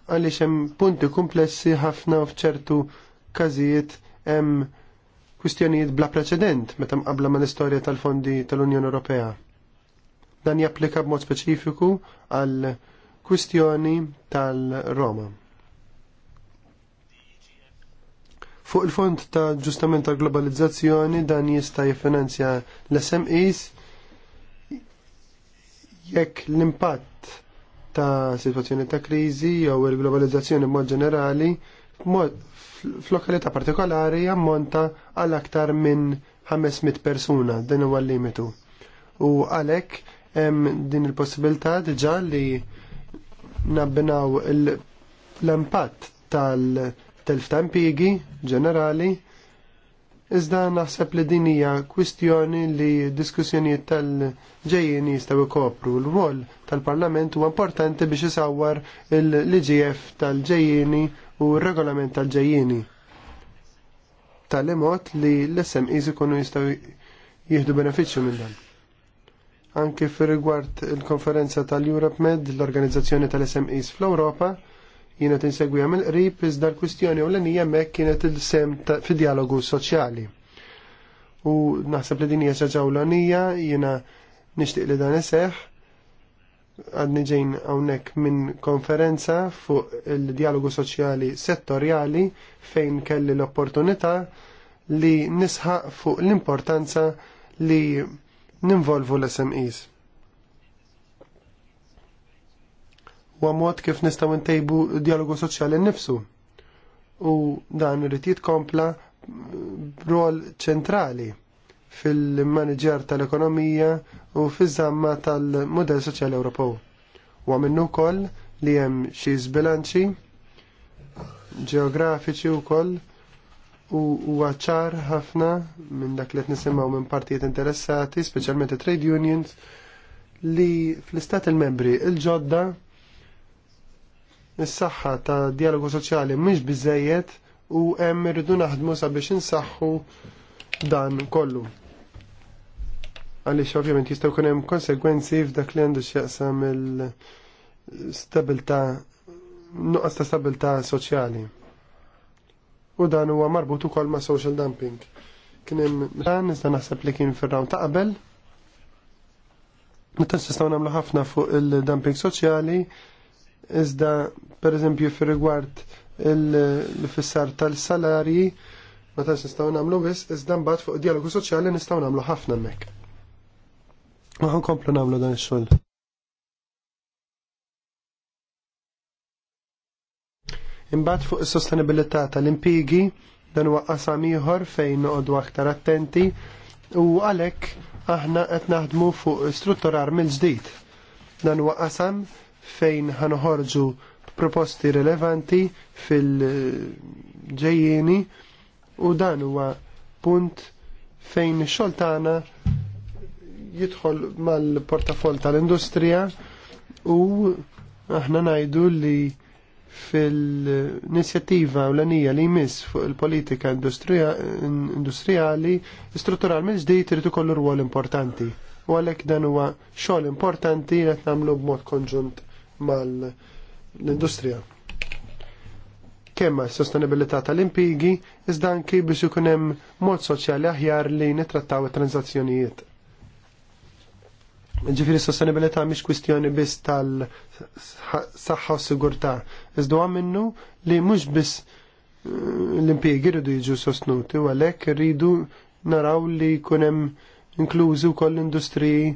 għaliex hemm punti komplessi ħafna u f'ċertu każijiet hemm kwistjonijiet bla preċedent meta mqabla mal-istorja tal-fondi tal-Unjoni Ewropea. Dan japplika b'mod speċifiku għal kwistjoni tal-Roma. Fuq il-fond ta' ġustament tal globalizzazzjoni dan jista' jiffinanzja l-SMEs jekk l-impatt ta' situazzjoni ta' kriżi jew il-globalizzazzjoni mod ġenerali f'lokalità partikolari ammonta għal aktar minn 500 persuna din huwa l-limitu. U għalhekk hemm din il-possibilità diġà li nabbinaw l-impatt tal- tal-ftampigi ġenerali, iżda naħseb li din hija kwistjoni li diskussjonijiet tal-ġejjin jistgħu jkopru. l wol tal-Parlament huwa importanti biex isawwar l-IGF tal-ġejjini u r-regolament tal-ġejjini. tal mod li l-SMEs ikunu jistgħu jieħdu benefiċċju minn dan anke fir rigward il-konferenza tal-Europe Med, l-organizzazzjoni tal-SMEs fl-Europa, jiena tinsegwija mill-qrib iżda l-kwistjoni u l-għanija hemmhekk kienet il-sem fid-dialogu soċjali. U naħseb li din hija l ġawlanija jiena nixtieq li dan iseħħ għadni ġejn hawnhekk minn konferenza fuq il-dialogu soċjali settorjali fejn kelli l-opportunità li nisħaq fuq l-importanza li ninvolvu l-SMEs. huwa mod kif nistgħu ntejbu dialogu soċjali nnifsu. U dan irid jitkompla rol ċentrali fil-manager tal-ekonomija u fiż-żamma tal-modell soċjali Ewropew. Huwa minnu wkoll li hemm xi żbilanċi ġeografiċi wkoll u huwa ċar ħafna minn dak li qed nisimgħu minn partijiet interessati, speċjalment trade unions, li fl-istat il-membri il-ġodda il membri il ġodda is-saħħa ta' dialogu soċjali mhix biżejjed u hemm irridu naħdmu sabiex insaħħu dan kollu. Għaliex ovvjament jistgħu jkun hemm konsegwenzi f'dak li għandu x'jaqsam il-stabilità nuqqas ta' stabilità soċjali. U dan huwa marbut ukoll ma' social dumping. Kien hemm dan iżda naħseb li kien fir-rawn ta' qabel. Meta nistgħu nagħmlu ħafna fuq il-dumping soċjali, iżda per eżempju fi rigward il-fissar tal-salarji, ma ta' nistaw namlu biss, iżda mbagħad fuq dialogu soċjali nistgħu nagħmlu ħafna hemmhekk. Ma ħankomplu nagħmlu dan ix-xogħol. Imbagħad fuq is-sostenibilità tal-impigi dan huwa qasam ieħor fejn noqogħdu aktar attenti u għalhekk aħna qed naħdmu fuq strutturar mill-ġdid. Dan huwa qasam fejn ħanħorġu proposti rilevanti fil-ġejjeni u dan huwa punt fejn xoltana jidħol mal-portafol tal-industrija u aħna najdu li fil-inizjattiva u l-anija li jmiss fuq il-politika industrijali strutturalment ġdijt irid kollu rwol importanti. U għalek dan huwa xogħol importanti li qed nagħmlu b'mod konġunt mal- l-industrija. Kemm s-sostenibilità tal-impigi iżda anki biex ikun hemm mod soċjali aħjar li nitrattaw it-transazzjonijiet. Ġifiri sostenibilità mhix kwistjoni biss tal-saħħa u sigurtà, iżda huwa minnu li mhux biss eh, l impigi rridu jiġu sostnuti u għalhekk rridu naraw li kunem inklużi wkoll industriji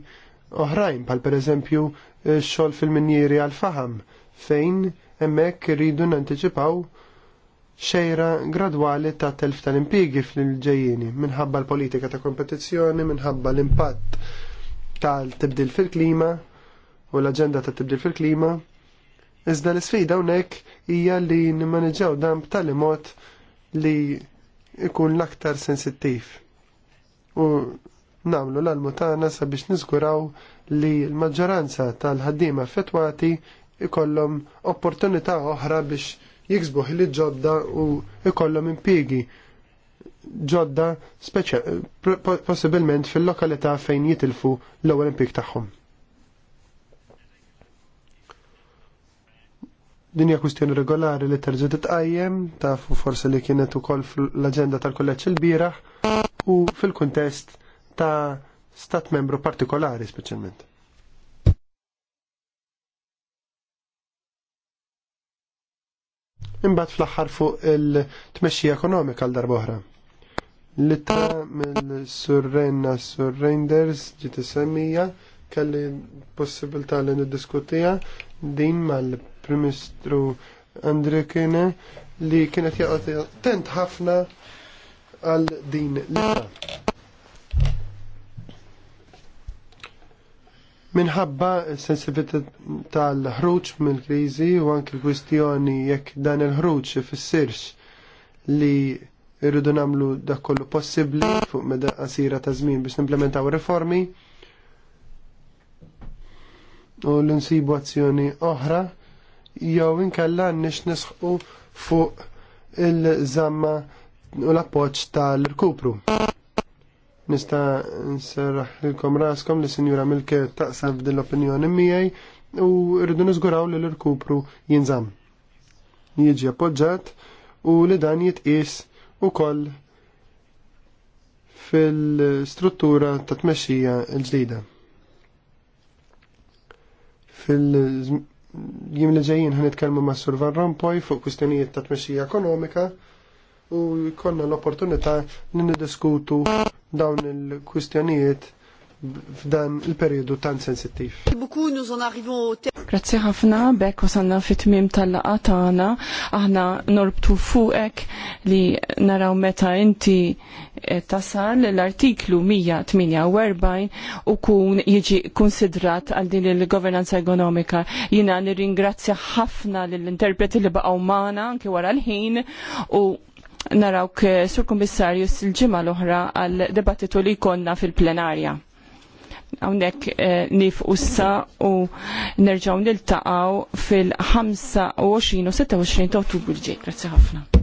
oħrajn, pal pereżempju x-xogħol eh, fil-minjeri għal-faham fejn hemmhekk irridu nanticipaw xejra gradwali ta' telf tal-impigi fil-ġejjini minħabba l-politika ta' kompetizzjoni, minħabba l-impatt tal-tibdil fil-klima u l-aġenda ta' tibdil fil-klima. Iżda l-sfida hawnhekk hija li nimmaneġġaw dan b'tali mod li ikun l-aktar sensittiv. U namlu l-almu tagħna sabiex niżguraw li l-maġġoranza tal-ħaddiema affettwati ikollhom opportunità oħra biex jiksbu li ġodda u ikollhom impjiegi ġodda possibilment fil-lokalità fejn jitilfu l-ewwel impieg tagħhom. Din hija kwistjoni regolari li terġa' titqajjem, tafu forsi li kienet ukoll fl-aġenda tal-kulleġġ il-bieraħ u fil-kuntest ta' stat membru partikolari speċjalment. imbagħad fl-aħħar fuq il-tmexxija ekonomika għal darb'oħra. l ta mill-surrenna surrenders ġiet semmija kelli possibilità li niddiskutija din mal-Primistru Andrekine li kienet jaqgħod tent ħafna għal din l-ittra Minħabba s-sensivita tal-ħruġ mill-kriżi u anki l-kwistjoni jekk dan il-ħruġ ifissirx li irridu namlu dak kollu possibbli fuq meda qasira ta' żmien biex nimplementaw riformi u l-insibu azzjoni oħra jew inkella nix nisħu fuq il-żamma u l appoġġ tal-rkupru. Nista nserraħ lilkom raskom li sinjura Milke taqsam f'din l-opinjoni miegħi u rridu niżguraw li l-irkupru jinżamm. Jiġi appoġġat u li dan jitqies ukoll fil-struttura ta' tmexxija l-ġdida. Fil-jim li ġejjin ħanitkellmu ma' Sur Van Rompuy fuq kwistjonijiet ta' tmexxija ekonomika u jkollna l-opportunità li niddiskutu dawn il-kwistjonijiet f'dan il-periodu tan sensittiv. Grazzi ħafna, bekk wasanna fit-tmim tal-laqa tagħna, aħna norbtu fuqek li naraw meta inti tasal l-artiklu 148 u kun jiġi konsidrat għal din il-governanza ekonomika. Jina nirringrazzja ħafna lill-interpreti li baqgħu magħna anke wara l-ħin u narawk sur kummissarju s-ġimma l-oħra għal debattitu li konna fil-plenarja. Għawnek eh, nif ussa u nerġaw nil-taqaw fil-25 u 26 ta' ottubru ġej. Grazie ħafna.